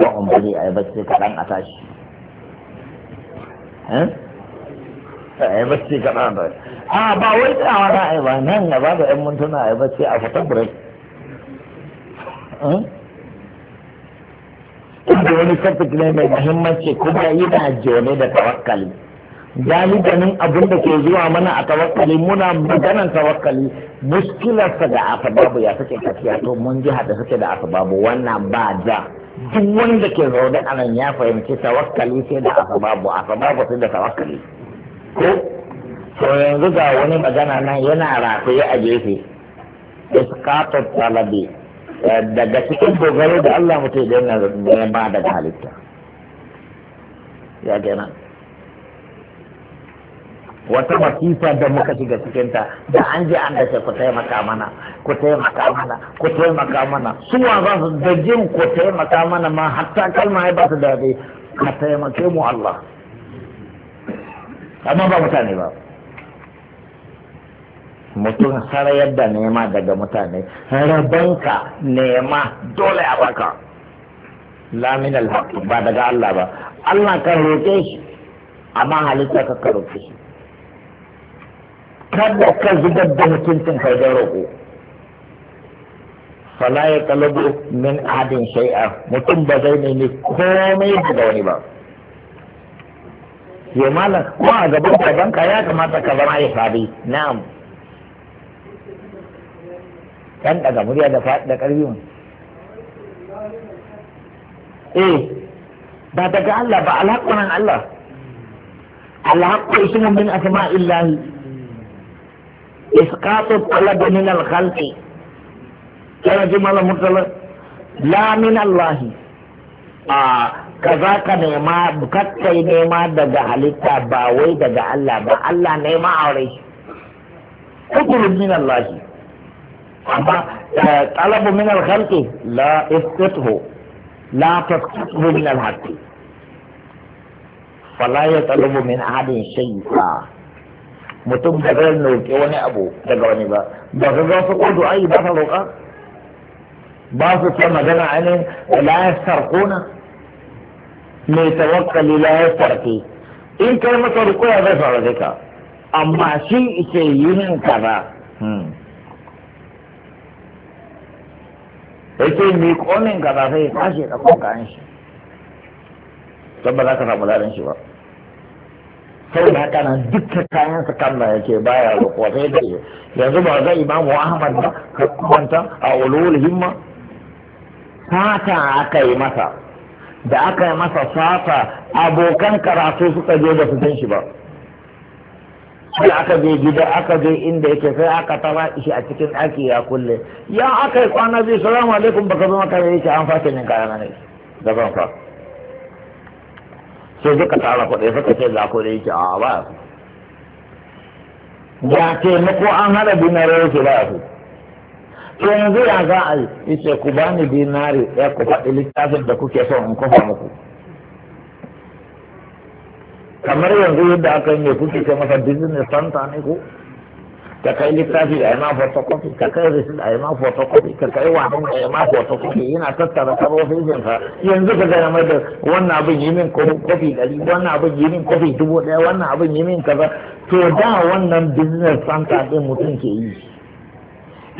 ko umbari ayi bacci kaɗan a tashi eh? ai bacci kaɗan da a ba wai tsawa na ai ba nan gaba da yan mintuna ai bacci a fata break hmm? inda wani tabbata ne mai muhimmanci kuma yana jone da tawakkali galibanin abin da ke zuwa mana a tawakkali muna maganan tawakkali muskilarsa da asababu ya suke tafiya to mun ji hada suke da asababu wannan ba da duk wanda ke zaune a nan ya fahimci tawakkali sai da asababu asababu sai da tawakkali ko to yanzu ga wani magana nan yana rataye a gefe iskatar talabi eh, daga cikin dogaro da Allah mutum idan na ne ba daga halitta ya gina wata masifa da muka shiga cikinta da an ji an dace ku taimaka mana ku taimaka mana ku taimaka mana suwa za su da jin ku taimaka mana ma hatta kalma ya ba su daɗi ka taimake mu Allah amma ba mutane ba mutum sarayar da nema daga mutane rabanka nema dole a baka lamin ba daga Allah ba Allah kan roƙe shi amma halitta ka ka roƙe shi kada ka zubar da mutuncin kai da roƙo fala ya kalabu min adin shai'a mutum ba zai nemi komai daga wani ba ya malam ko a gaban babanka ya kamata ka zama ya fari na'am Kan daga murya da faɗi da ƙarfi mu eh ba daga Allah ba alhaƙunan Allah alhaƙu ismun min asma'illahi isqatu talab min al-khalqi kana ji malam mutala la min Allah a ah, ka za ka nema bukattai nema daga halitta ba wai daga Allah ba Allah nema aure hukumin min Allah amma eh, talabu min al-khalqi la iftithu la tasqutu min al-haqqi fala yatalabu min ahadin shay'a mutum da zai roƙi wani abu daga wani ba ba ka ga su kudu ai ba ka roƙa ba su ce magana ainihin la yasarquna mai tawakka lila ya farke in kai masa rukuya zai faru zai ka amma shi ike yin kaza hmm. yake mi konin kaza sai ya tashi da an shi don ba za ka samu ladan shi ba sau da haka nan dukkan kayan su kan yake baya rukuwa sai da yanzu ba zai imamu ahmad ba ka kwanta a ulul himma fata aka yi masa da aka yi masa safa abokan karatu suka je da su shi ba sai aka je gida aka je inda yake sai aka tara shi a cikin ɗaki ya kulle ya aka yi kwana biyu salamu alaikum baka zo maka yake an fata min kayana ne da ban fa sai duka tara kuɗi suka ce za ku da yake a ba ya taimako an hada dinarai yake ba ya fi yanzu ya za a yi ce ku bani dinari ya ku faɗi littafin da kuke son in kofa muku kamar yanzu yadda aka yi kuke ce masa business center ne ko ka kai littafi a yi ma photocopy ka kai receipt a yi ma photocopy ka kai wani a yi ma photocopy yana tattara karofin sa yanzu ka gana mai da wannan abin yi min kofi ɗari wannan abin yi min kofi dubu ɗaya wannan abin yi min kaza to da wannan business center ɗin mutum ke yi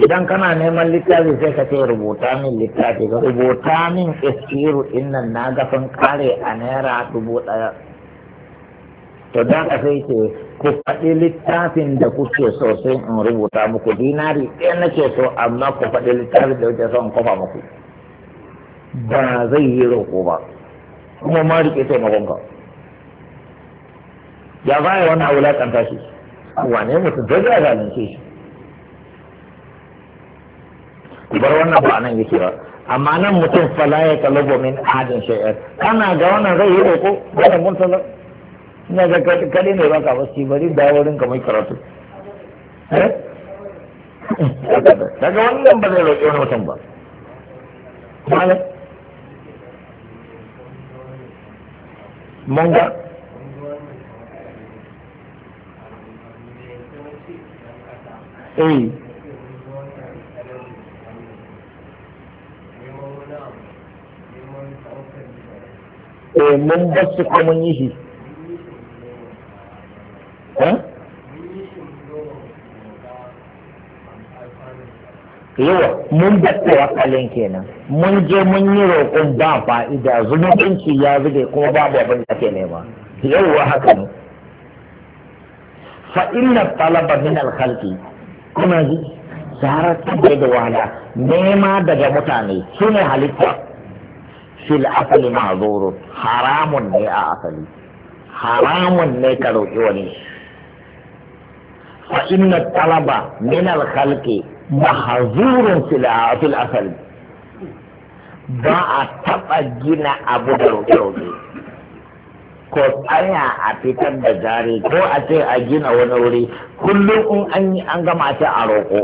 idan kana neman littafi sai ka ce rubuta min littafi ka rubuta min iskiru innan na gafin kare a naira dubu ɗaya to da ka sai ce ku faɗi littafin da kuke so sai in rubuta muku dinari ɗaya nake so amma ku faɗi littafin da kuke so in kofa muku ba zai yi roƙo ba kuma ma riƙe sai ka ya baya wani abu wulaƙanta shi wane mutum zai zalunce shi bar wannan ba nan yake ba amma nan mutum fala ya talabo min ahadin shay'an kana ga wannan zai yi roko wanda mun tala ina ga kade ne baka shi bari da wurin ka mai karatu eh? <laughs> daga wannan ba zai roƙi wani mutum ba mun ga eh Eh, mun bar su mun yi shi yawa mun daɗe wakalin kenan mun je mun yi roƙon ba fa'ida zumunci ya zube kuma babu abin da ke nema yawa haka ne fa'in na talaba min al kuma ji zarar da wahala nema daga mutane Su ne halitta fil asali ma'zurun haramun ne a asali haramun ne ka roƙi wani fa inna talaba min al khalqi mahzurun fil fil asali ba a taɓa gina abu da roƙe-roƙe ko tsaya a fitar da jari ko a ce a gina wani wuri kullum an gama ce a roƙo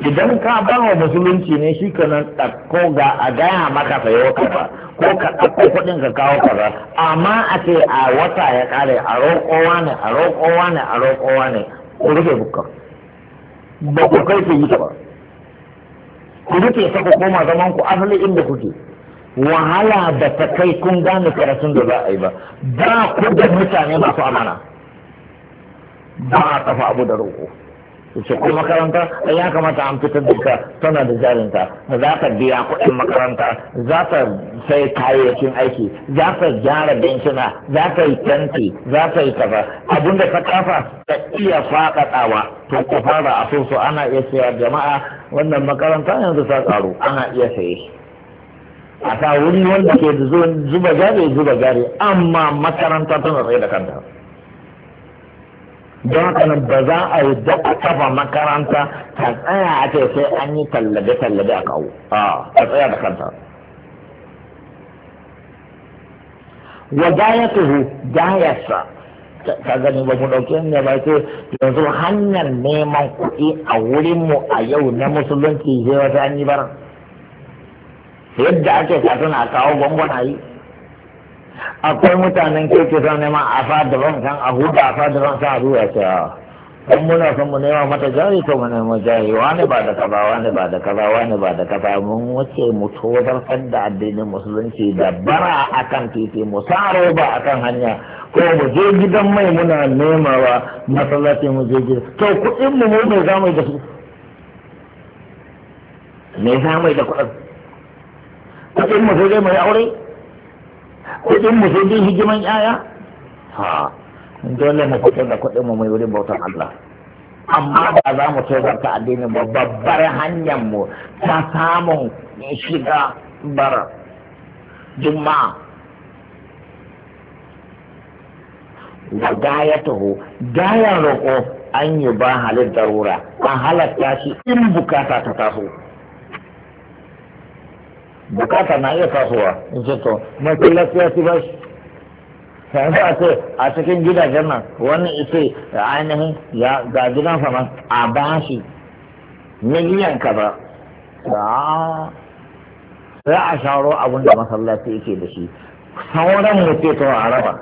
idan ka ba wa musulunci ne shi ka nan ɗauko ga a gaya maka sayo ba ko ka ɗauko kuɗin ka kawo kaza amma a ce a wata ya ƙare a roƙowa ne a roƙowa ne a roƙowa ne ku rufe bukka ba ku kai ku yi ta ba ku rufe ta ku koma zaman ku asali inda kuke wahala da ta kai kun gane karatun da za a yi ba ba ku da mutane masu amana ba a tafi abu da roƙo ce kuma makaranta ya kamata an fitar da tana da jarinta za ta biya kuɗin makaranta za ta sai kayayyakin aiki za ta gyara bincika. za ta yi tanti za ta yi kaza abin da ta kafa ta iya faɗaɗawa to ta fara a soso ana iya saya jama'a wannan makaranta yanzu ta karu ana iya saye a sa wuri wanda ke zuba jari zuba jari amma makaranta tana tsaye da kanta don haka ba za a yi da kafa makaranta ta tsaya a ce sai an yi tallabe-tallabe a kawo a tsaya da kanta wa ta gaya sa ka gani ba mu ɗauki ne ba ce yanzu hanyar neman kuɗi a wurinmu a yau na musulunci sai wata an yi bara yadda ake kasu na kawo gwangwana yi akwai mutanen kirki sun nema a fa daban kan a huda a fa daban kan a ruwa ta ah, in muna son mu nema mata jari to mu nema jari wani ba da kaza wani ba da kaza wani ba da kaza mun wuce mu tozartar da addinin musulunci da bara akan titi mu saro ba akan hanya ko mu je gidan mai muna nemawa masallaci mu je gidan to kuɗin mu mai za mu da su me za mu da kuɗin kuɗin mu sai dai mu yi aure Kuɗin mu sai dai hijiman yaya ha dole mu fitar da kuɗin mu mai wurin bautar Allah amma ba za mu tozarta addinin ba babbar hanyar mu ta samun shiga bar juma'a da gayatahu gayan roƙo an yi ba halin darura a halatta shi in bukata ta taso bukata na iya tasowa in ce to masallaci ya ci bashi yanzu a ce a cikin gidajen nan wani ita da ainihin ya ga gidan sama a bashi miliyan kaza da sai a sharo abin da masallaci yake da shi sauran ce to a raba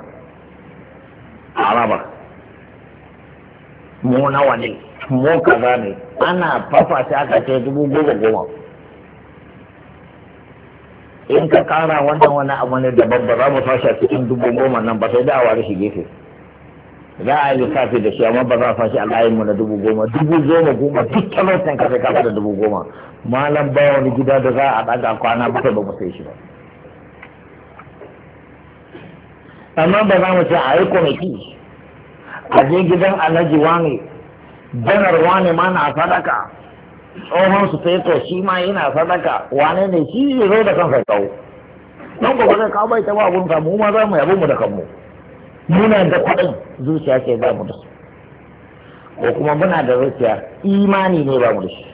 a raba mu nawa ne mu kaza ne ana fafa sai aka ce dubu goma goma in ka kara wannan wani abu ne daban ba za mu fashi a cikin dubu goma nan ba sai da wari shi gefe za a yi lissafi da shi amma ba za a fashi a layin mu na dubu goma dubu goma goma duk talautan ka sai kafa da dubu goma malam ba wani gida da za a daga kwana sai ba mu sai shi ba amma ba za mu ce a yi kwamiti a je gidan alhaji wani janar wani ma na sadaka tsohon su feto shi ma yana sadaka wane ne shi zai zo da kansa kawo don ba zai kawo bai taba abun mu ma za mu yabo mu da kanmu muna da kuɗin zuciya ce ba mu da su ko kuma muna da zuciya imani ne ba mu da shi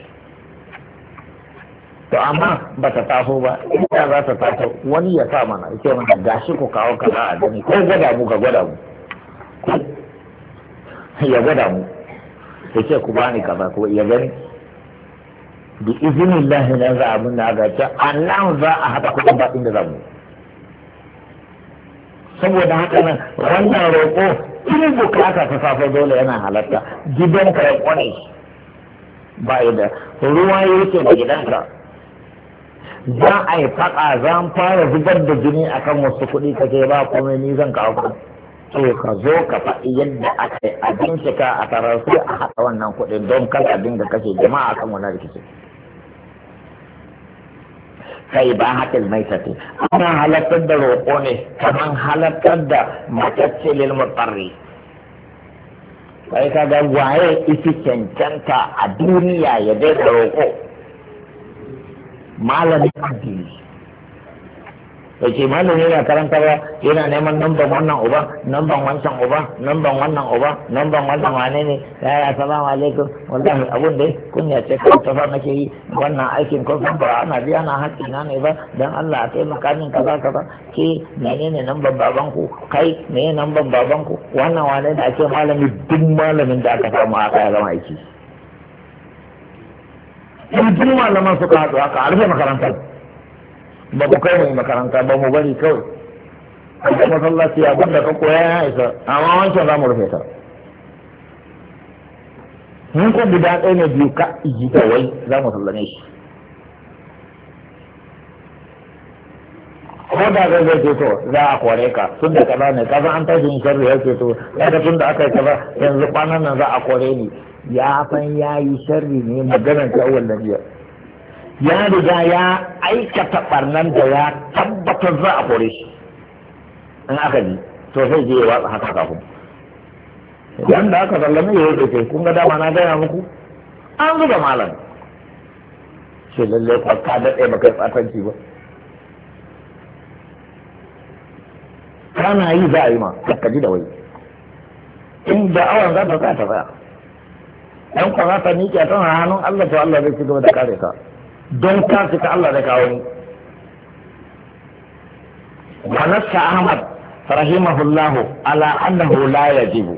to amma ba ta taso ba ita za ta taso wani ya sa mana ya ce mana gashi ku kawo za a gani ko gwada mu ka gwada mu ya gwada mu ya ce ku bani kaza ko ya gani da izinin lahi nan za a muna ga ta Allah za a haɗa kuɗin baɗin da zamu saboda haka nan wannan roƙo in bukata ta safe dole yana halatta gidanka ya ƙware ba da ruwa ya da gidanka za a yi faɗa za fara zubar da jini akan wasu kuɗi kake ba komai ni zan kawo to ka zo ka faɗi yadda aka yi a bincika a tarar sai a haɗa wannan kuɗin don kar a dinga kashe jama'a kan wani rikici. kai ba hatil mai tafi ana halartar da roƙo ne kamar halartar da matacce lil mutarri kai ka ga waye isi cancanta a duniya ya daina roƙo malamin addini da ke malami yana ba yana neman namban wannan uba namban wancan uba namban wannan uba namban wannan wane ne ya ya salamu alaikum wallahi abun da kunya ce ka tafa nake yi wannan aikin ko san ba ana biya na haƙƙi na ne ba dan Allah a taimaka min kaza kaza ke menene namban babanku ku kai menene namban baban wannan wane da ake malami duk malamin da aka samu aka ya zama aiki. Duk malaman suka haɗu aka a rufe makarantar. ba mu kai mu makaranta ba mu bari kawai a ga masallaci abin da ka koya ya isa amma wancan za mu rufe ta mun ko guda ɗaya na biyu ka iji wai za mu sallame shi ko da zai zai ceto za a kore ka tun da kaza ne kaza an tashi in sharri ya ceto to kaga tun da aka yi kaza yanzu kwanan nan za a kore ni ya san ya yi sharri ne maganar ta wanda biyar ya riga ya aikata barnan da ya tabbatar za a kore shi in aka ji to sai je ya watsa haka kafin idan da aka zallame ya yi sai kun ga dama na gaya muku an zuba malam ce lallai kwa ka daɗe baka tsatanci ba kana yi za a yi ma ka ji da wai in da awon za ta tsaya ta tsaya ɗan kwa za ta miƙe tana hannun Allah to Allah zai ci gaba da kare ka don kansu ka Allah da kawo kanasta Ahmad rahimahullahu ala annahu la yajibu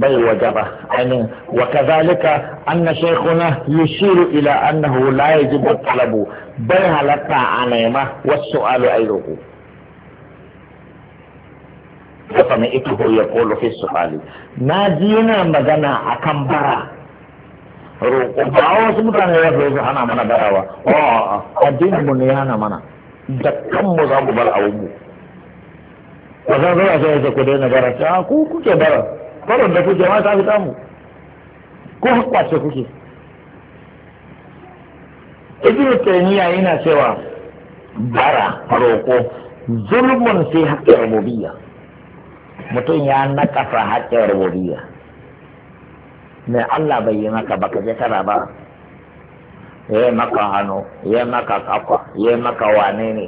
bai wajaba ainihin wa kazalika anna shaykhuna yushiru ila annahu la yajibu talabu bai halatta a nema wasu ya kolo fi su'ali na ji yana magana akan bara roƙo ba wasu mutane ya su su hana mana garawa a addinin mu ne ya hana mana da mu za mu bar abun mu ba za su zai zai ku daina bara ta ku kuke bara barin da kuke ma ta fi tamu ko hakwace kuke ibnu taymiya yana cewa bara roƙo zulmun sai haƙƙin rububiyya mutum ya naƙasa haƙƙin rububiyya mai Allah bai yi maka ba ka je tara ba ya yi maka hannu ya yi maka kafa ya yi maka wane ne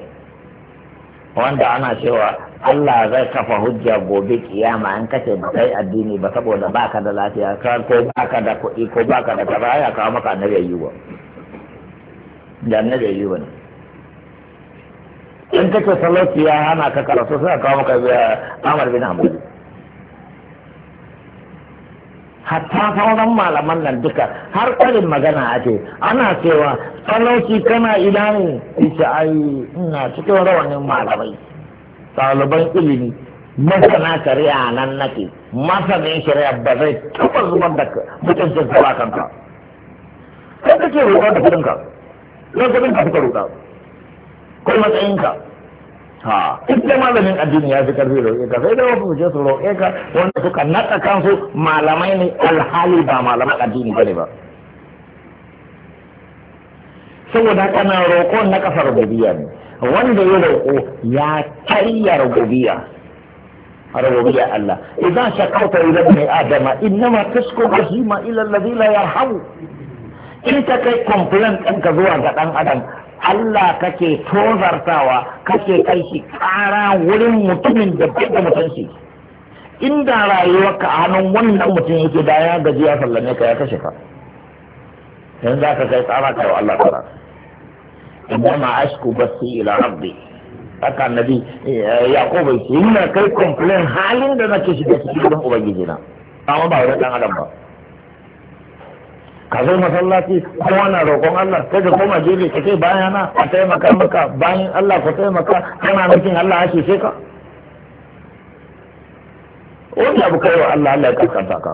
wanda ana cewa Allah zai kafa hujja gobe kiyama an kace ba kai addini ba saboda ba ka da lafiya ko ka da kuɗi ko ba ka da kaza ya kawo maka annabi wa da annabi wa ne in kace salati ya hana ka karatu sai kawo maka eh, Amar bin Hanbali hatta sauran malaman nan duka har karin magana a ana cewa talauci kana ina ne ita ai ina cikin rawanin malamai ɗaliban ilimi masana shari'a nan nake masanin shari'a ba zai taɓa zubar da mutuncin sa ka. kai kake roƙa da kuɗinka lokacin ka suka roƙa kai matsayinka duk da malamin addini ya fi karfi roƙe ka sai da wasu su je su roƙe ka wanda suka naɗa kansu malamai ne alhali ba malaman addini ba ne ba saboda kana roƙon na ƙasar gobiya ne wanda ya roƙo ya karya rububiya rububiya Allah idan shakauta ila mai adama innama tasku bahima ila alladhi la yarhamu in ta kai complaint ɗanka zuwa ga ɗan adam Allah kake tozartawa kake kai shi kara wurin mutumin da bai da mutum shi inda rayuwarka a hannun wannan mutum yake da ya gaji ya sallame ka ya kashe ka yanzu za ka kai tsara kai wa Allah tsara ma ashku basi ila rabbi haka nabi yaqub eh, yace ina kai complain halin da nake shiga cikin ubangiji na amma ba wani dan adam ba ka zo masallaci kowa na roƙon Allah sai ka koma gefe ka ce bayana a taimaka maka bayan Allah ku taimaka kana nufin Allah ya shishe ka wani abu kai wa Allah Allah ya kaskanta ka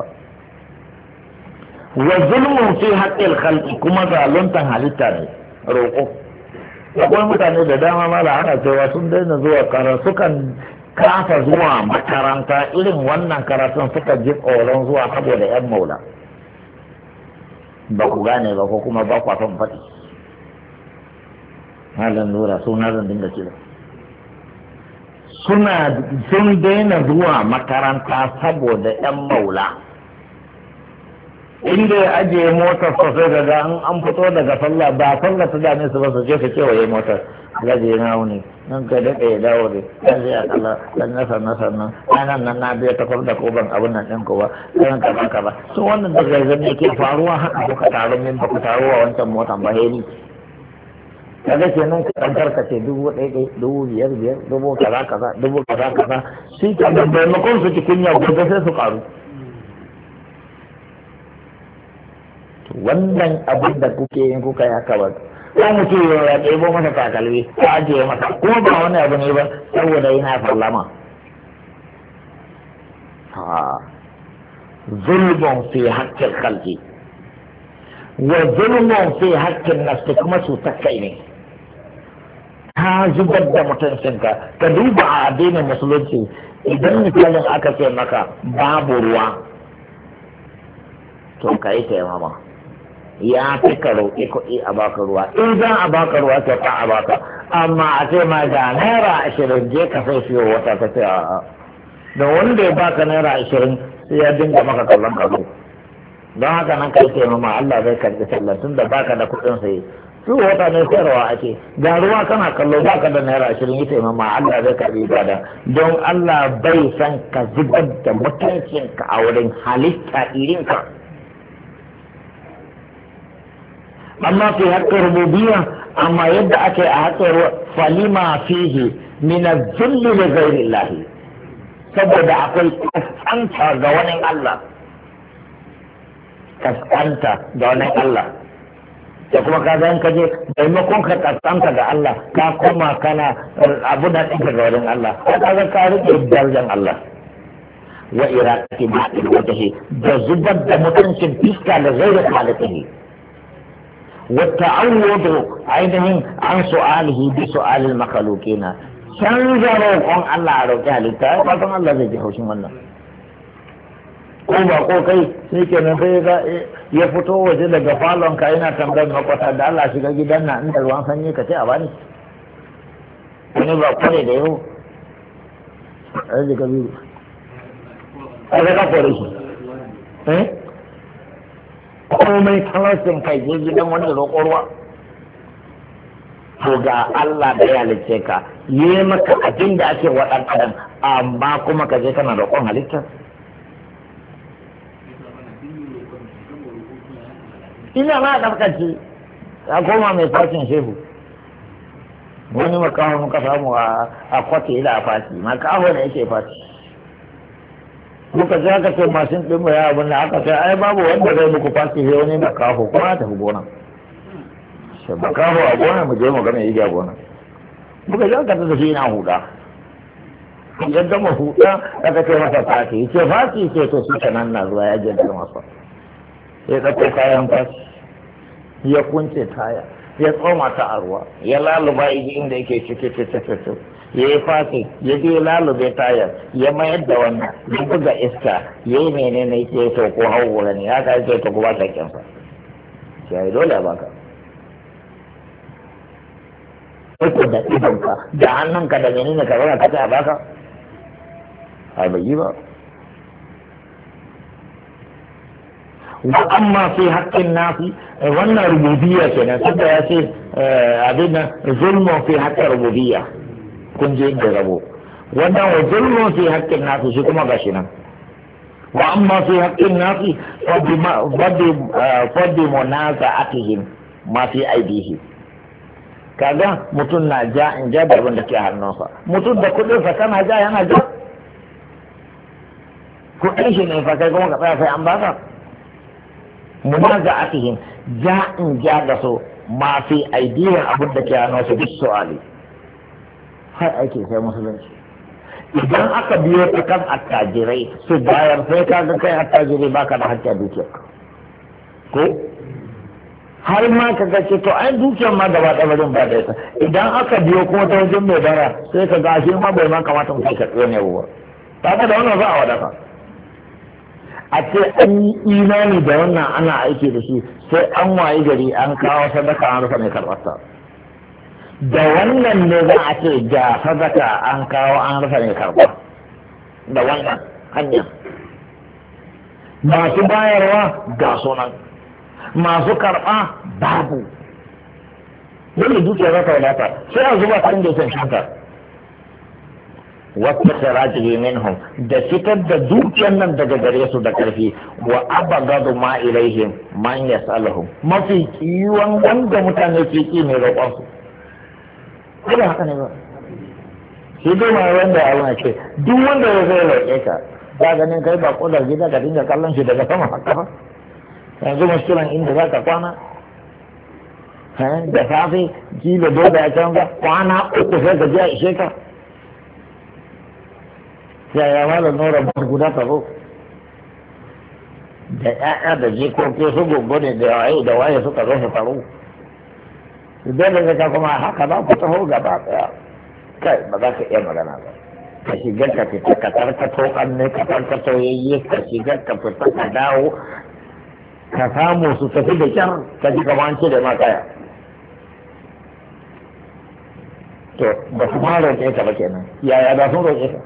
wa zulmun fi haqqil khalqi kuma zaluntan halitta ne roƙo akwai mutane da dama da ana cewa sun daina zuwa kara sukan kafa zuwa makaranta irin wannan karatun suka ji tsoron zuwa saboda yan maula ba ku gane ba ko kuma ba ku son faɗi halin lura na zan dinga kira suna sun daina zuwa makaranta saboda 'yan maula inda ya ajiye motar sa sai daga an an fito daga sallah ba sallah ta dame su ba su je su kewaye motar gaje na wuni nan ka daɗe ya dawo ne dan sai akalla dan nasa nasa nan ranar nan na biya takwas da koban abin nan ɗin kowa ɗan ka ba su wannan da zai ne ke faruwa haka ka taru min ba ka taruwa wancan motar ba heri kaga kenan ka dan ce dubu ɗaya ɗaya dubu biyar biyar dubu kaza kaza dubu kaza kaza shi ka da maimakon su cikin yau gobe sai su ƙaru wannan abin da kuke yin kuka ya kabar za yi wa ya ɗebo masa takalmi ko ajiye masa kuma ba wani abu ne ba saboda yana sallama zulmun fi haƙƙin kalbi wa zulmun fi haƙƙin nafsi kuma su takai ne Ta zubar da mutuncinka ka duba a addinin musulunci idan misalin aka ce maka babu ruwa to ka yi taimama ya fi ka roƙi kuɗi a baka ruwa in zan a baka ruwa ta ta a baka amma a ce ma ga naira ashirin je ka sai siyo wata ka ce a'a da wanda ya baka naira ashirin sai ya dinga maka kallon kazo don haka nan ka ce ma Allah zai karɓi sallah tun da baka da kuɗin sai su wata ne sayarwa ake ga ruwa kana kallo baka da naira ashirin ita ma ma Allah zai karɓi ibada don Allah bai san ka zubar da mutuncinka a wurin halitta irinka. ka amma fi haƙƙar rububiyya amma yadda ake a haƙƙar falima fihi min zulli da ghairi lahi saboda akwai kaskanta ga wani Allah kaskanta ga wani Allah da kuma ka zan kaje maimakon ka kaskanta ga Allah ka koma kana abu da ɗinka ga wani Allah ka ga ka rike daljan Allah wa iraqati ma'il wajhi da zubar da mutuncin fiska da ghairi khaliqihi والتعوض عينه عن سؤاله بسؤال المخلوقين canza kon Allah a roƙi halitta ba kan Allah zai ji haushin wannan ko ba ko kai sai kenan sai ya fito waje daga falon ka yana tambayar makwata da Allah shiga gidan na inda ruwan sanyi ka ce a bani wani ba kore da yau a yanzu ka biyu a zaka kore shi eh komai talancin kai je gidan wani roƙo ruwa to ga Allah da ya lice ka yi maka abin da ake wa adam amma kuma ka je kana roƙon halitta? ina ma ɗarkaci ya koma mai fashin shehu wani makaho muka samu a kwata ila a fati makaho da yake fati muka ji aka ce mashin ɗin mu ya abin da aka ce ai babu wanda zai muku fasi sai wani kafo kuma tafi gona ba kafo a gona mu je mu gane mai a gona muka ji aka tafi ina huda ya gama huda aka ce masa fasi ce fasi ce to su nan na zuwa ya je da masa ya ɗauko kayan fasi ya kunce taya ya tsoma ta a ruwa ya laluba inda yake cike cike cike ya yi fasi ya je lalube tayar ya mayar da wannan ya buga iska ya yi menene ke to ko hau ne ya ka ce to ko ba ta Ya yi dole a ka ko da idonka da hannunka da menene ka zauna ka ce a baka ai bai yi ba wa amma fi haƙƙin fi eh, wannan rububiyya kenan tunda ya ce eh, abin nan zulmun fi haƙƙin rububiyya kun je da rabo wannan wa zulmun fi haƙƙin nasu shi kuma gashi nan wa amma fi haƙƙin nasu faddi ah, munaza atihim ma fi aidihi kaga mutum na ja in ja da abin da ke hannunsa mutum da sa kana ja yana ja kuɗin shi ne fa kai kuma ka tsaya sai an baka munaza atihin ja in ja da so ma fi aidihin abin da ke hannunsa duk su'ali har ake kai musulunci idan aka biyo ta kan attajirai su bayar sai ka ga kai attajirai baka da hakkin dukiyar ko har ma ka ga ce to ai dukiyar ma gaba da barin ba da ita idan aka biyo kuma ta wajen mai bara sai ka ga shi ma bai ma kamata mu ka tsone ba ta da wannan za a wadata a ce an yi imani da wannan ana aiki da shi sai an wayi gari an kawo sadaka an rufe mai karɓarsa. da wannan ne za a ce ga sadaka an kawo an rasa ne karɓa da wannan hanya masu bayarwa ga sunan masu karɓa babu wani dukiya za ta wadata sai a zuba kan da shanka wata sarajibi minhum da fitar da dukiyar nan daga gare su da karfi wa abagadu ma ilaihim man yasaluhum mafi kiwon wanda mutane ke ki ne roƙon su Kada haka ne ba. Shi dai ma wanda abu na ce duk wanda ya zai roƙe ka ba ganin kai ba kodar gida ka dinga kallon shi daga sama haka ba. Yanzu muskilan inda za ka kwana da safe kila dole ya canza kwana uku sai ka je a ishe ka. Yaya da Nora ba guda taro. Da 'ya'ya da jikoki su gungu da waye da waye suka zo su taro? dole ka kuma haka ba ku taho gaba daya kai ba za ka iya magana ba ka shiga ka fita ka tarkato kanne ka tarkato yayye ka shiga ka fita ka dawo ka samu su tafi da kyan ka ji kamar ce da makaya to ba su ma roƙe ka ba kenan yaya ba sun roƙe ka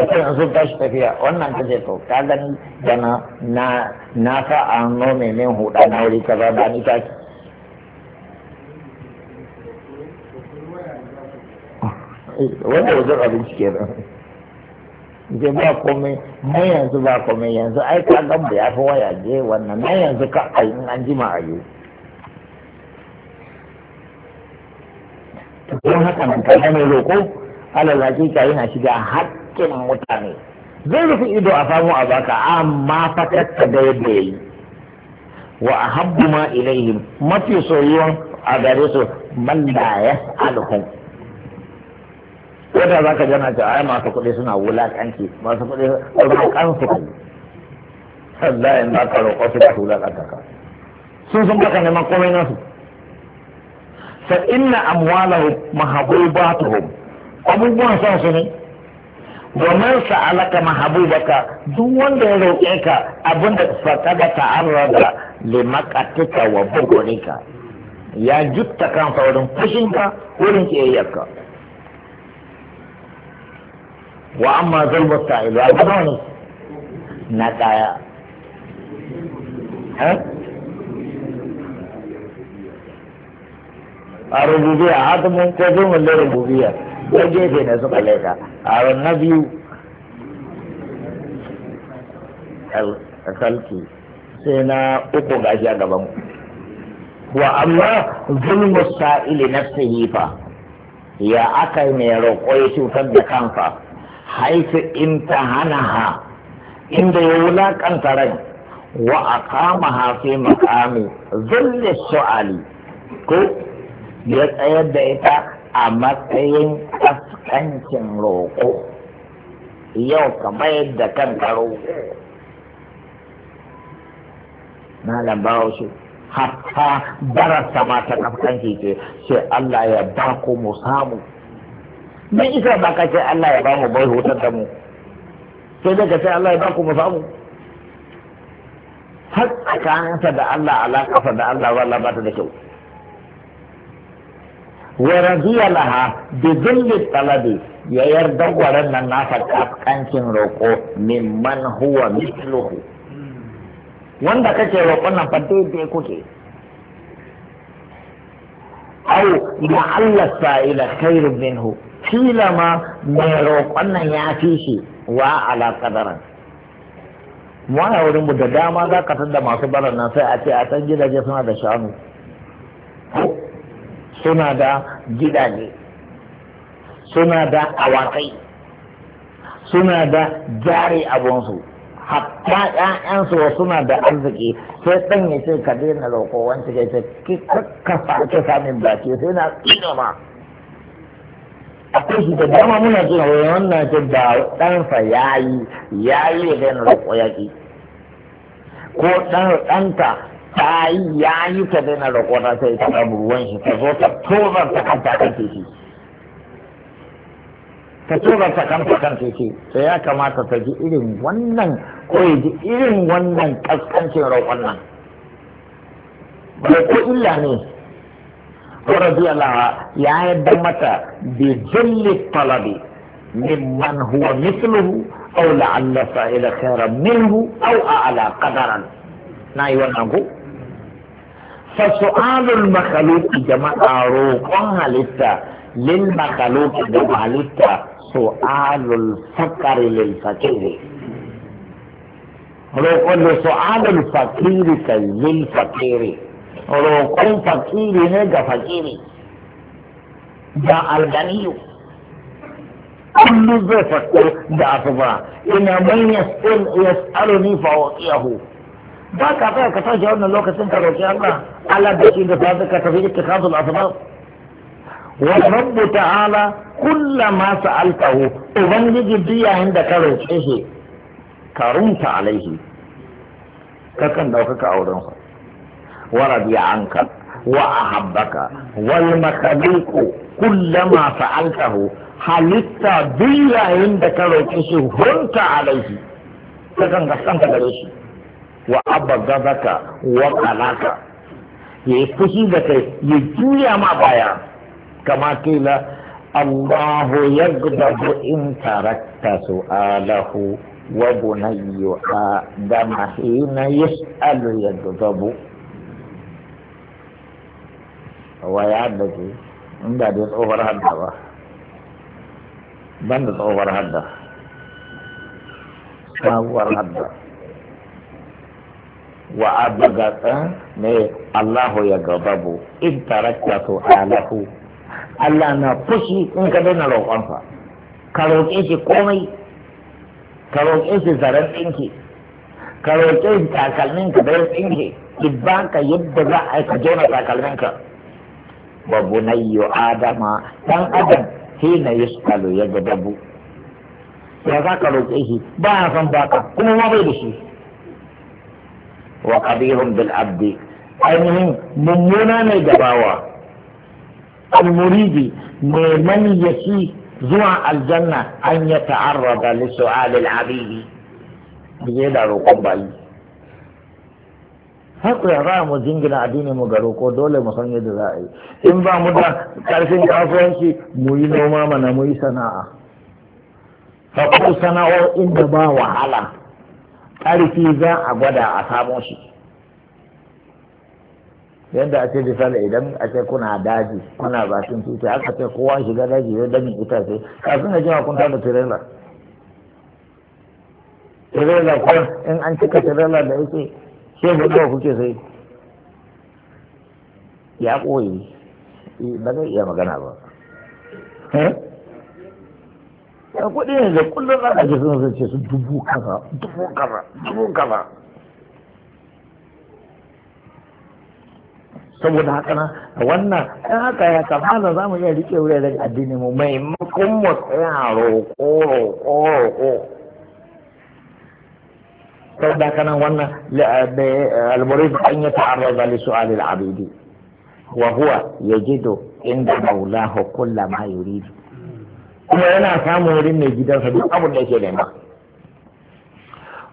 a ce in sun tashi tafiya wannan ta ce to ka gani da na na sa an nome min huɗa na wuri kaza ba ni taki wanda wajen abinci kenan ke ba komai na yanzu ba komai yanzu ai ka ga ya fi waya je wannan na yanzu ka ai in an jima a yi don haka nan ka gane roƙo alal hakika yana shiga haƙƙin mutane zai rufe ido a samu a baka amma fatatta da yadda ya yi wa ahabbu ma ilaihim mafi soyuwan a gare su man ya alhum wata za ka jana ta ai masu kuɗi suna wulaƙanci masu kuɗi wulaƙan su kai sallah in za ka roƙo su ka su wulaƙanta ka sun sun baka neman komai nasu fa inna amwalahu mahabubatuhum abubuwan son su ne wa man sa'alaka baka duk wanda ya roƙe ka abinda faqada ta'arrada limaqatika wa ka. ya jutta kan wurin fushinka wurin kiyayyarka wa amma zalbar sa'ilu a gaba ne na kaya a rububiya mun ko mun da rububiya ko gefe na suka leka a na biyu kalki sai na uku gashi a gaban wa amma zulmu sa'ili na fa ya aka mai roƙo ya cutar da kanfa haifi in ta hana ha inda ya wulaƙanta rai wa a kama hafi makami zulle su'ali ko ya tsayar da ita a matsayin kaskancin roƙo yau ka bayar da kanka roƙo na lambawa shi hatta barasa mata kaskanci ce sai Allah ya ba ku mu samu me isa ba ka ce Allah ya ba mu bai hutar da mu sai daga ce Allah ya ba ku mu samu har tsakaninsa da Allah alaƙasa da Allah wala ba ta da kyau wa radiya laha bi dhilli talabi ya yarda gwaran nan nasa kafkancin roƙo mimman huwa mithluhu wanda kake roƙon nan fa daidai kuke au ma'alla sa'ila khairun minhu kila ma mai roƙon nan ya fi shi wa ala kadaran mu ana wurin mu da dama za ka da masu baran nan sai a ce a san gidaje suna da shanu suna da gidaje suna da awakai suna da jari abunsu hatta ƴaƴansu suna da arziki sai ɗan ya ce ka daina roƙo wancan ya ce ki kakka sake samun baki sai na tsina ma akwai shi da dama muna zuwa wai wannan ce da ɗansa ya yi ya yi ya daina roƙo yaƙi ko ɗan ɗanta ta yi ya yi ta daina roƙo ta sai ta ɗan ruwan shi ta zo ta tozar ta kanta kan teki ta tozar ta kanta kan teki sai ya kamata ta ji irin wannan ko ya ji irin wannan ƙasƙancin roƙon nan ba ko illa ne radiyallahu ya yadda mata bi jalli talabi mimman huwa mithluhu aw la'alla fa'ila khayra minhu aw a'la qadaran nayi wannan ko fa su'alul makhluq jama'a ruqan halitta lil makhluq jama'a halitta su'alul fakari lil fakiri roƙon da su'alul fakiri ka fakiri ولو كن فقيري نجا فقيري جاء الغني كل ضيف جاء فقيري إن من يسأل يسألني فأعطيه ما كفى كفى جاءنا لو كسم تروكي الله على بيت إن فاتك كتفيد اتخاذ الأطباء والرب تعالى كل ما سألته ومن يجي عند كروكيه كرمت عليه ككن دوكك أورنخه ورضي عنك وأحبك والمخلوق كلما فعلته حلت بالله عندك روكيسي هنت عليه تكن قسمت عليه وأبغضك وقلاك يفتشي لك يجوي ما بايا كما قيل الله يغضب إن تركت سؤاله وبني آدم حين يسأل يغضب wa ya haddace inda ba da tsohuwar hadda ba ban da tsohuwar hadda tsohuwar hadda wa abagata ne Allahu ya gababu in tarakta to alahu Allah na fushi in ka daina roƙonsa ka roƙe shi komai ka roƙe shi zaren ɗinki ka roƙe shi takalminka da yin ɗinki ki baka yadda za a yi ka jona takalminka wa bunayyu adama dan adam hina yusalu ya gadabu ya za ka roƙe shi ba ya san baka kuma ma bai da shi wa qabihun bil abdi ainihin mummuna ne gabawa al-muridi neman yaki zuwa aljanna an ya ta'arrada li su'alil abidi bai da roƙon bayi ku za mu jingina addini mu garo ko dole mu san yadda za a yi in ba mu da karfin kasuwanci mu yi noma mana mu yi sana'a haƙu sana'o'in inda ba wahala ƙarfi za a gwada a samo shi yadda a ce misali idan a ce kuna daji kuna bakin titi aka ce kowa shiga daji ya ita itace kafin a jima kun da tirela tirela ko in an cika tirela da yake shehu ɗau kuke sai ya ɓoye, eh, ba zai iya magana ba ya kuɗi ne da kullum za a ji sun sun ce su dubu kaza dubu kaza dubu kaza saboda haka na wannan ɗan haka ya kamata za mu iya riƙe wuri daga addini mu maimakon mu tsaya roƙo roƙo roƙo فإذا كان وانا المريض أن يتعرض لسؤال العبيد وهو يجد عند مولاه كل ما يريد كما انا samun wurin mai gidansa ابو abin لما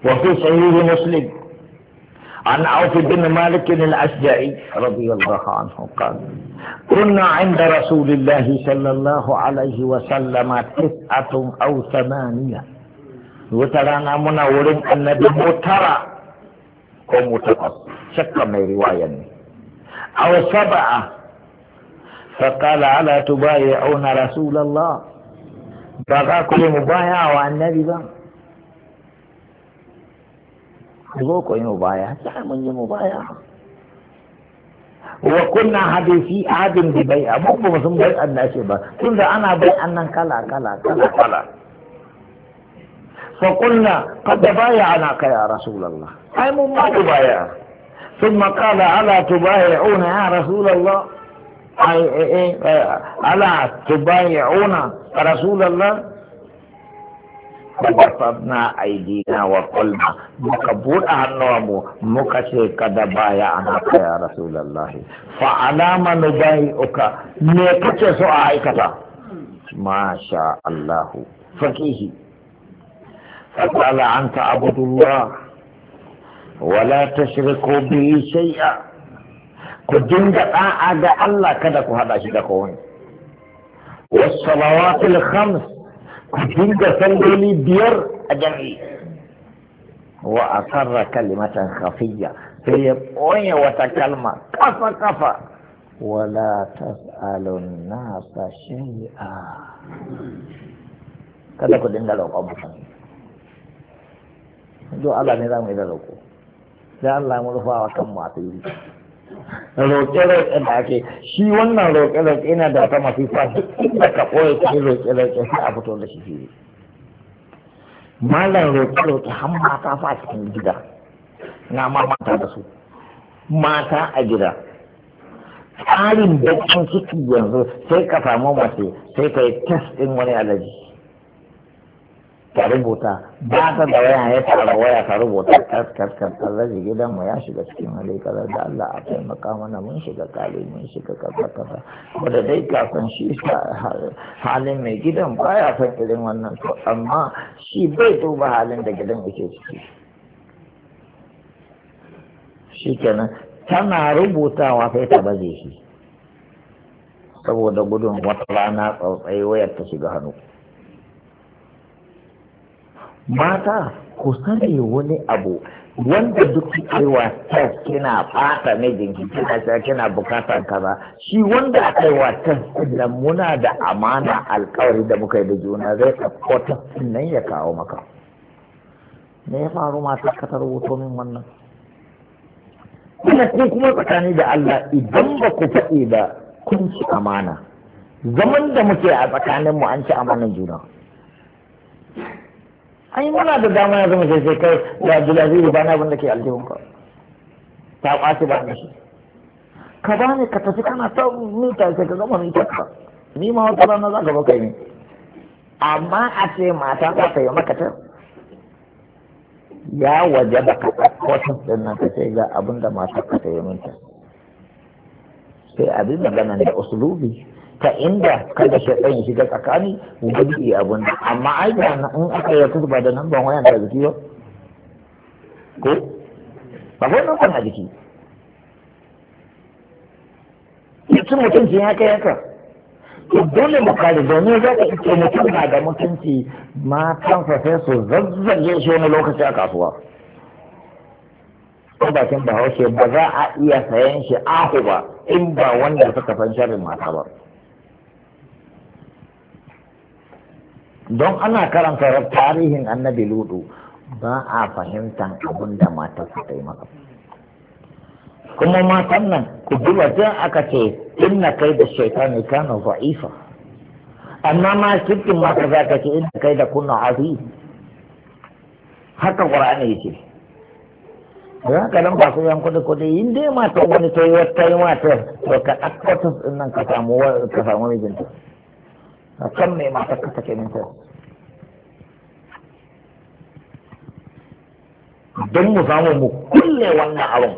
وفي صحيح مسلم عن عوف بن مالك الأشجعي رضي الله عنه قال كنا عند رسول الله صلى الله عليه وسلم تسعة أو ثمانية wata rana muna wurin annabi mu tara ko mu takwas shakka mai riwayan ne aw sab'a fa qala ala auna rasulallah. ba za ku yi mubaya wa annabi ba ko zo ku yi mubaya sai mun yi mubaya wa kunna hadisi adin bi bai'a mun ba mu sun bai nashi ba tunda ana bai'an nan kala kala kala kala فقلنا قد بايعناك يا رسول الله أي ما تبايع ثم قال ألا تبايعون يا رسول الله أي أي أي إيه ألا تبايعون رسول الله فبسطنا أيدينا وقلنا مقبول أهنوامو مكسي قد بايعناك يا رسول الله فعلى ما نبايعك ميكتش سؤالك ما شاء الله فقيه فقال أنت عبد الله ولا تشركوا به شيئا كدين دعاء دعاء الله كدك هذا شدكون والصلوات الخمس كدين دعاء لي بير أجري وأصر كلمة خفية في أي وتكلمة كفى كفى ولا تسأل الناس شيئا كدك دين دعاء do Allah ne za mu yi da roƙo da Allah mu rufa wa kanmu a tsiri roƙe-roƙe da ake shi wannan roƙe-roƙe yana da wata masifa da ka ɓoye ka yi roƙe-roƙe sai a fito da shi fili malam roƙe-roƙe har mata fa cikin gida na ma mata da su mata a gida tsarin bakin suke yanzu sai ka samu mace sai ka yi test ɗin wani alaji ka rubuta ba ta da waya ya tara waya ka rubuta kaskar gidan mu ya shiga cikin hali da Allah a taimaka mana mun shiga kale mun shiga kaza kaza wanda dai san shi halin mai gidan baya son irin wannan to amma shi bai duba halin da gidan yake ciki shi kenan tana rubutawa sai ta baje shi saboda gudun wata rana tsautsai wayar ta shiga hannu mata ku sani wani abu wanda duk kaiwa test kina fata mijinki kina cewa kina bukatar kaza shi wanda kaiwa test da muna da amana alkawari da muka yi da juna zai ɗauko test nan ya kawo maka me ya faru mata ka ta rubuto min wannan kuma ku kuma tsakani da Allah idan ba ku faɗi ba kun ci amana zaman da muke a tsakaninmu an ci amanan juna. ai muna da dama ya mu sai sai kai da Abdulaziz ba na abin da ke ka ta kwace ba na shi ka ba ne ka tafi kana ta mita sai ka gama mita ka ni ma wata rana za ka kai ne amma a ce mata ta ta yi maka ta ya waje da ka kwatan din nan ka ce ga abin da mata ka ta yi minta sai abin da ganan da usulubi ta inda kada shi ya shiga tsakani ubangiji abun amma ai na in aka yi kusa ba da nan ban wayan da jiki ba ko ba ko nan a jiki mutum mutunci ya kai haka to dole mu kare domin za ka ce mutum na da mutunci matan sa sai su zazzage shi wani lokaci a kasuwa ko bakin bahaushe ba za a iya sayan shi ahu ba in ba wanda suka san sharrin mata ba don ana karanta tarihin annabi ludu ba a fahimtar abin da su ta yi maka kuma matan nan ku duba sai aka ce inna kai da shaitani kana za'ifa amma ma cikin mata za ka ce inna kai da kuna azi haka ne ce za ka nan ba su yan kudi kudi in dai mata wani ta yi wata yi mata to ka ɗauko ta nan ka samu mijinta a kan mai matar take min don mu samu mu kulle wannan abin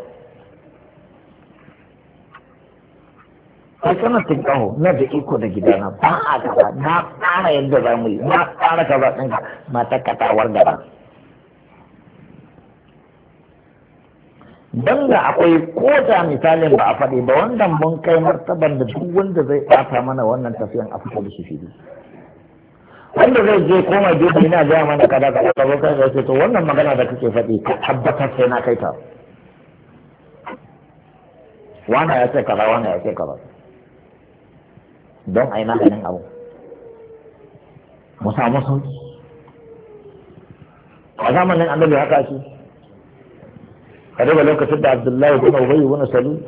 kai kana tinkaho na da iko da gidana ba a gaba na tsara yadda za mu yi na tsara kaza ɗinka matar ta wargaba don da akwai kota misalin ba a faɗi ba wannan mun kai martaban da duk wanda zai ɓata mana wannan tafiyan a fito da shi wanda zai je koma da ina gaya mana kada ka ɗaga bokan da ce to wannan magana da kake faɗi ka tabbatar sai na kai ta wani ya ce kaza wani ya ce kaza don a yi maganin abu mu samu sauki a zamanin annabi haka shi ka daga lokacin da abdullahi bin ubayy wani salul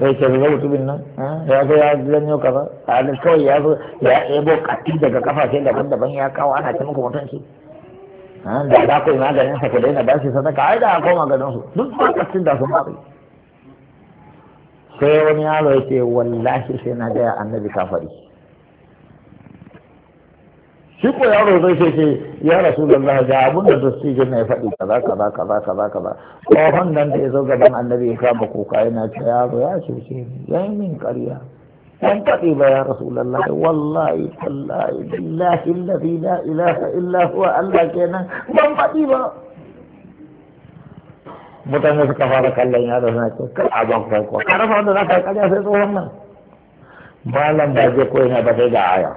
zai ce zai mutumin nan ya zo ya zanyo kaza a da kawai ya zo ya ebo kati daga kafashe daban-daban ya kawo ana ce muku mutunci da da kai maganin sa ku daina ba shi sadaka ai da koma ganin su duk ba cin da sun bari sai wani yaro ya ce wallahi sai na ga annabi kafari shi ko yaro zai ce ce ya rasu da Allah ga abun da dattijan ya faɗi kaza kaza kaza kaza kaza tsohon nan da ya zo gaban annabi ya kama kuka yana ce yaro ya ce ce ya yi min ƙarya ban faɗi ba ya rasu da Allah wallahi tallahi billahi lafi la ilaha illa huwa Allah kenan ban faɗi ba mutane suka fara kallon yaro suna ce kar a ban kai ko ka rafa za ka yi ƙarya sai tsohon nan malam ba je ko yana ba sai ga aya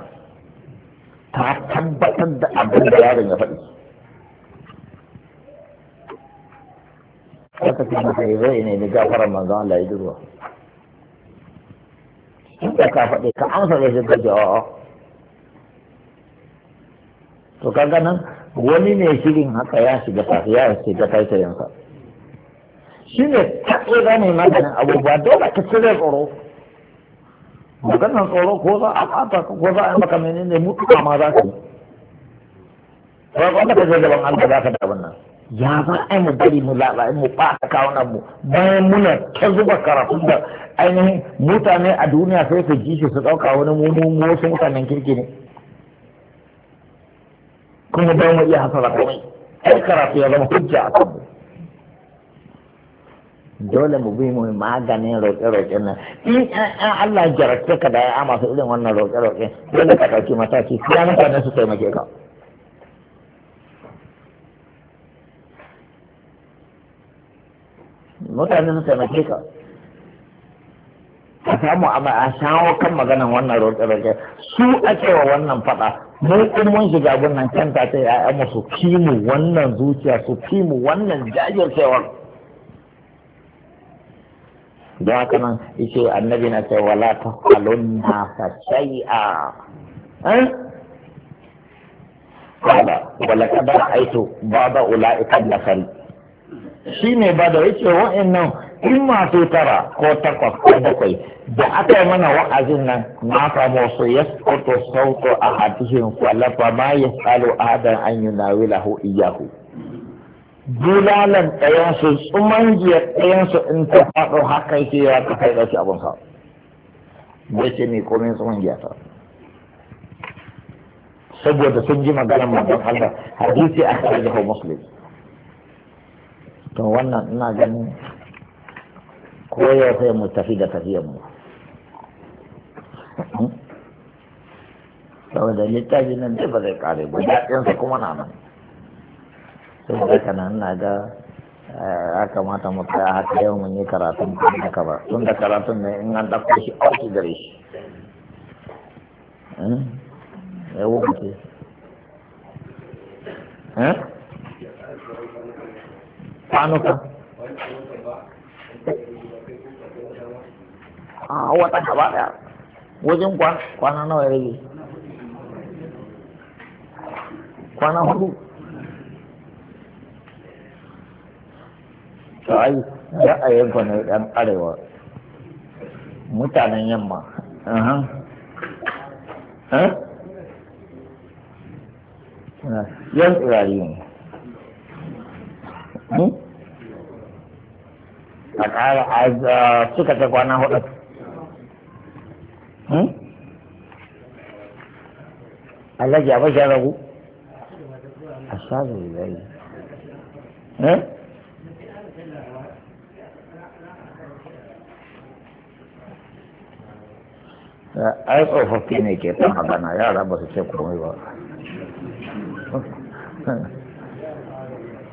ta tabbatar da abin da yaron ya faɗi aka ce masa zai ne da gafarar manzan Allah ya duba inda ka faɗi ka amsa da shi ka jawo to ka nan wani ne shirin haka ya shiga tafi ya shiga taitayensa shi ne kaɗai ne maganin abubuwa dole ka cire tsoro maganar tsoro ko za a fata ko za a yi maka menene mutu ma za ka yi ba ka je gaban Allah za ka da wannan ya za a mu bari mu zaɓa mu ɓata kawunan mu bayan muna ta zuba karatu da ainihin mutane a duniya sai su ji su ɗauka wani mu wasu mutanen kirki ne kuma ba mu iya hasara komai ai karatu ya zama hujja a kanmu dole mu bi mu maganin roƙe-roƙe na. in an Allah jarabce ka da ya su irin wannan roƙe-roƙe dole ka ɗauki mataki ya mutane su taimake ka mutane su taimake ka a samu a shawo kan maganan wannan roƙe-roƙe su a cewa wannan faɗa mu in mun shiga wannan kanta ta ya'ya musu kimu wannan zuciya su kimu wannan jajircewar don haka nan yace annabi na ce wala tafalun nasa a kala eh? wala ba ula baba da nasari shi ne ba da yake nan in masu tara ko takwas ko bakwai da aka yi mana wa'azin nan na samu su ya sauto sauto a hadihin kwallafa ma ya salo adan an yi nawilahu iyahu bulalan ɗayansu tsumangiyar ɗayansu in ta faɗo haka yake ya ta kai ɗauki abin sa da ce mai komai tsumangiya ta saboda sun ji maganar manzon Allah hadisi a kan jihar muslim to wannan ina ganin ko yau sai mu tafi da tafiyar mu hmm? saboda littafin nan dai ba zai kare ba daɗinsa kuma na nan saboda haka nan na ga eh, ya kamata mu tsaya haka yau mun yi karatun tun da ba tun da karatun ne in an ɗauko shi auki gare shi hmm? ya wuce hmm? kwanuka a wata gaba daya wajen kwana nawa ya rage kwana hudu to ai za a ku ne dan arewa mutanen yamma yan tsirari ne hmm? a ƙara a suka ta kwana hudu hmm? Allah ya bashi ragu a shafi zai hmm? Eh, ai tsofaffi ne ke ta magana yara ba su ce komai ba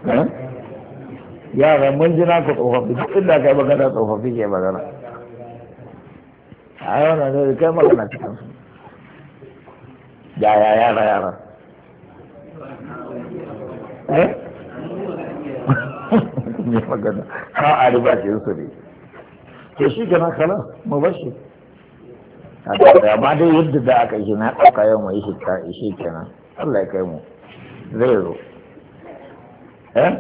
eh? yara mun jina ku tsofaffi duk inda kai magana tsofaffi ke magana a yau na ne kai magana cikin su yaya yara yara eh ne <laughs> magana ka a riba ce su ne ke shi gana kala mu bar shi amma dai yadda za a kai shi na ɗauka yau mai shi ta ishe kenan Allah ya kai mu zai zo eh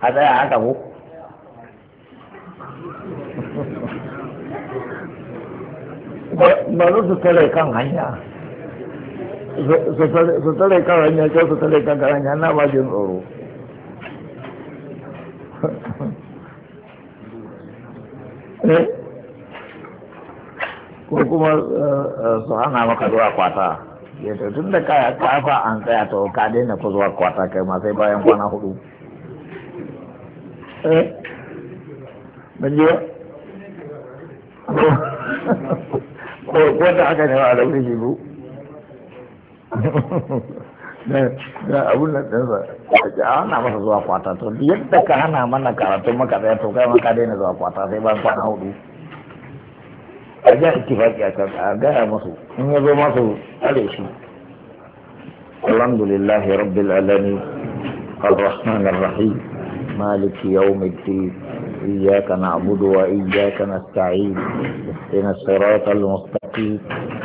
a tsaya haka ko ba su tare kan hanya su tare kan hanya ko su tare kan hanya na ba jin tsoro Eh? ko kuma eh, eh, su hana maka zuwa kwata ya tun da kaya kafa an tsaya to ka daina ku zuwa kwata kai ma sai bayan kwana hudu eh <laughs> ko ko aka ne a da shi <laughs> da eh, eh, abun nan ɗinsa a ana masa zuwa kwata to yadda ka hana mana karatun maka ɗaya to kai maka daina zuwa kwata sai ban kwana hudu a ja a kan a gaya masu in ya zo masu tsare shi alhamdulillah rabbil alamin الرحمن الرحيم مالك يوم الدين إياك نعبد وإياك نستعين اهدنا الصراط المستقيم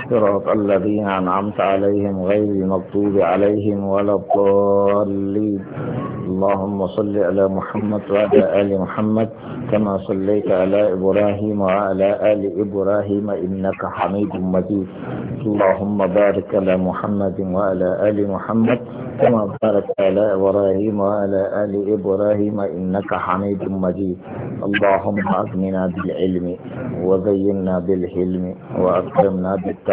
صراط الذين أنعمت عليهم غير المغضوب عليهم ولا الضالين اللهم صل على محمد وعلى آل محمد كما صليت على إبراهيم وعلى آل إبراهيم إنك حميد مجيد اللهم بارك على محمد وعلى آل محمد كما باركت على إبراهيم وعلى آل إبراهيم إنك حميد مجيد اللهم أغننا بالعلم وزينا بالحلم وأكرمنا بالتقوى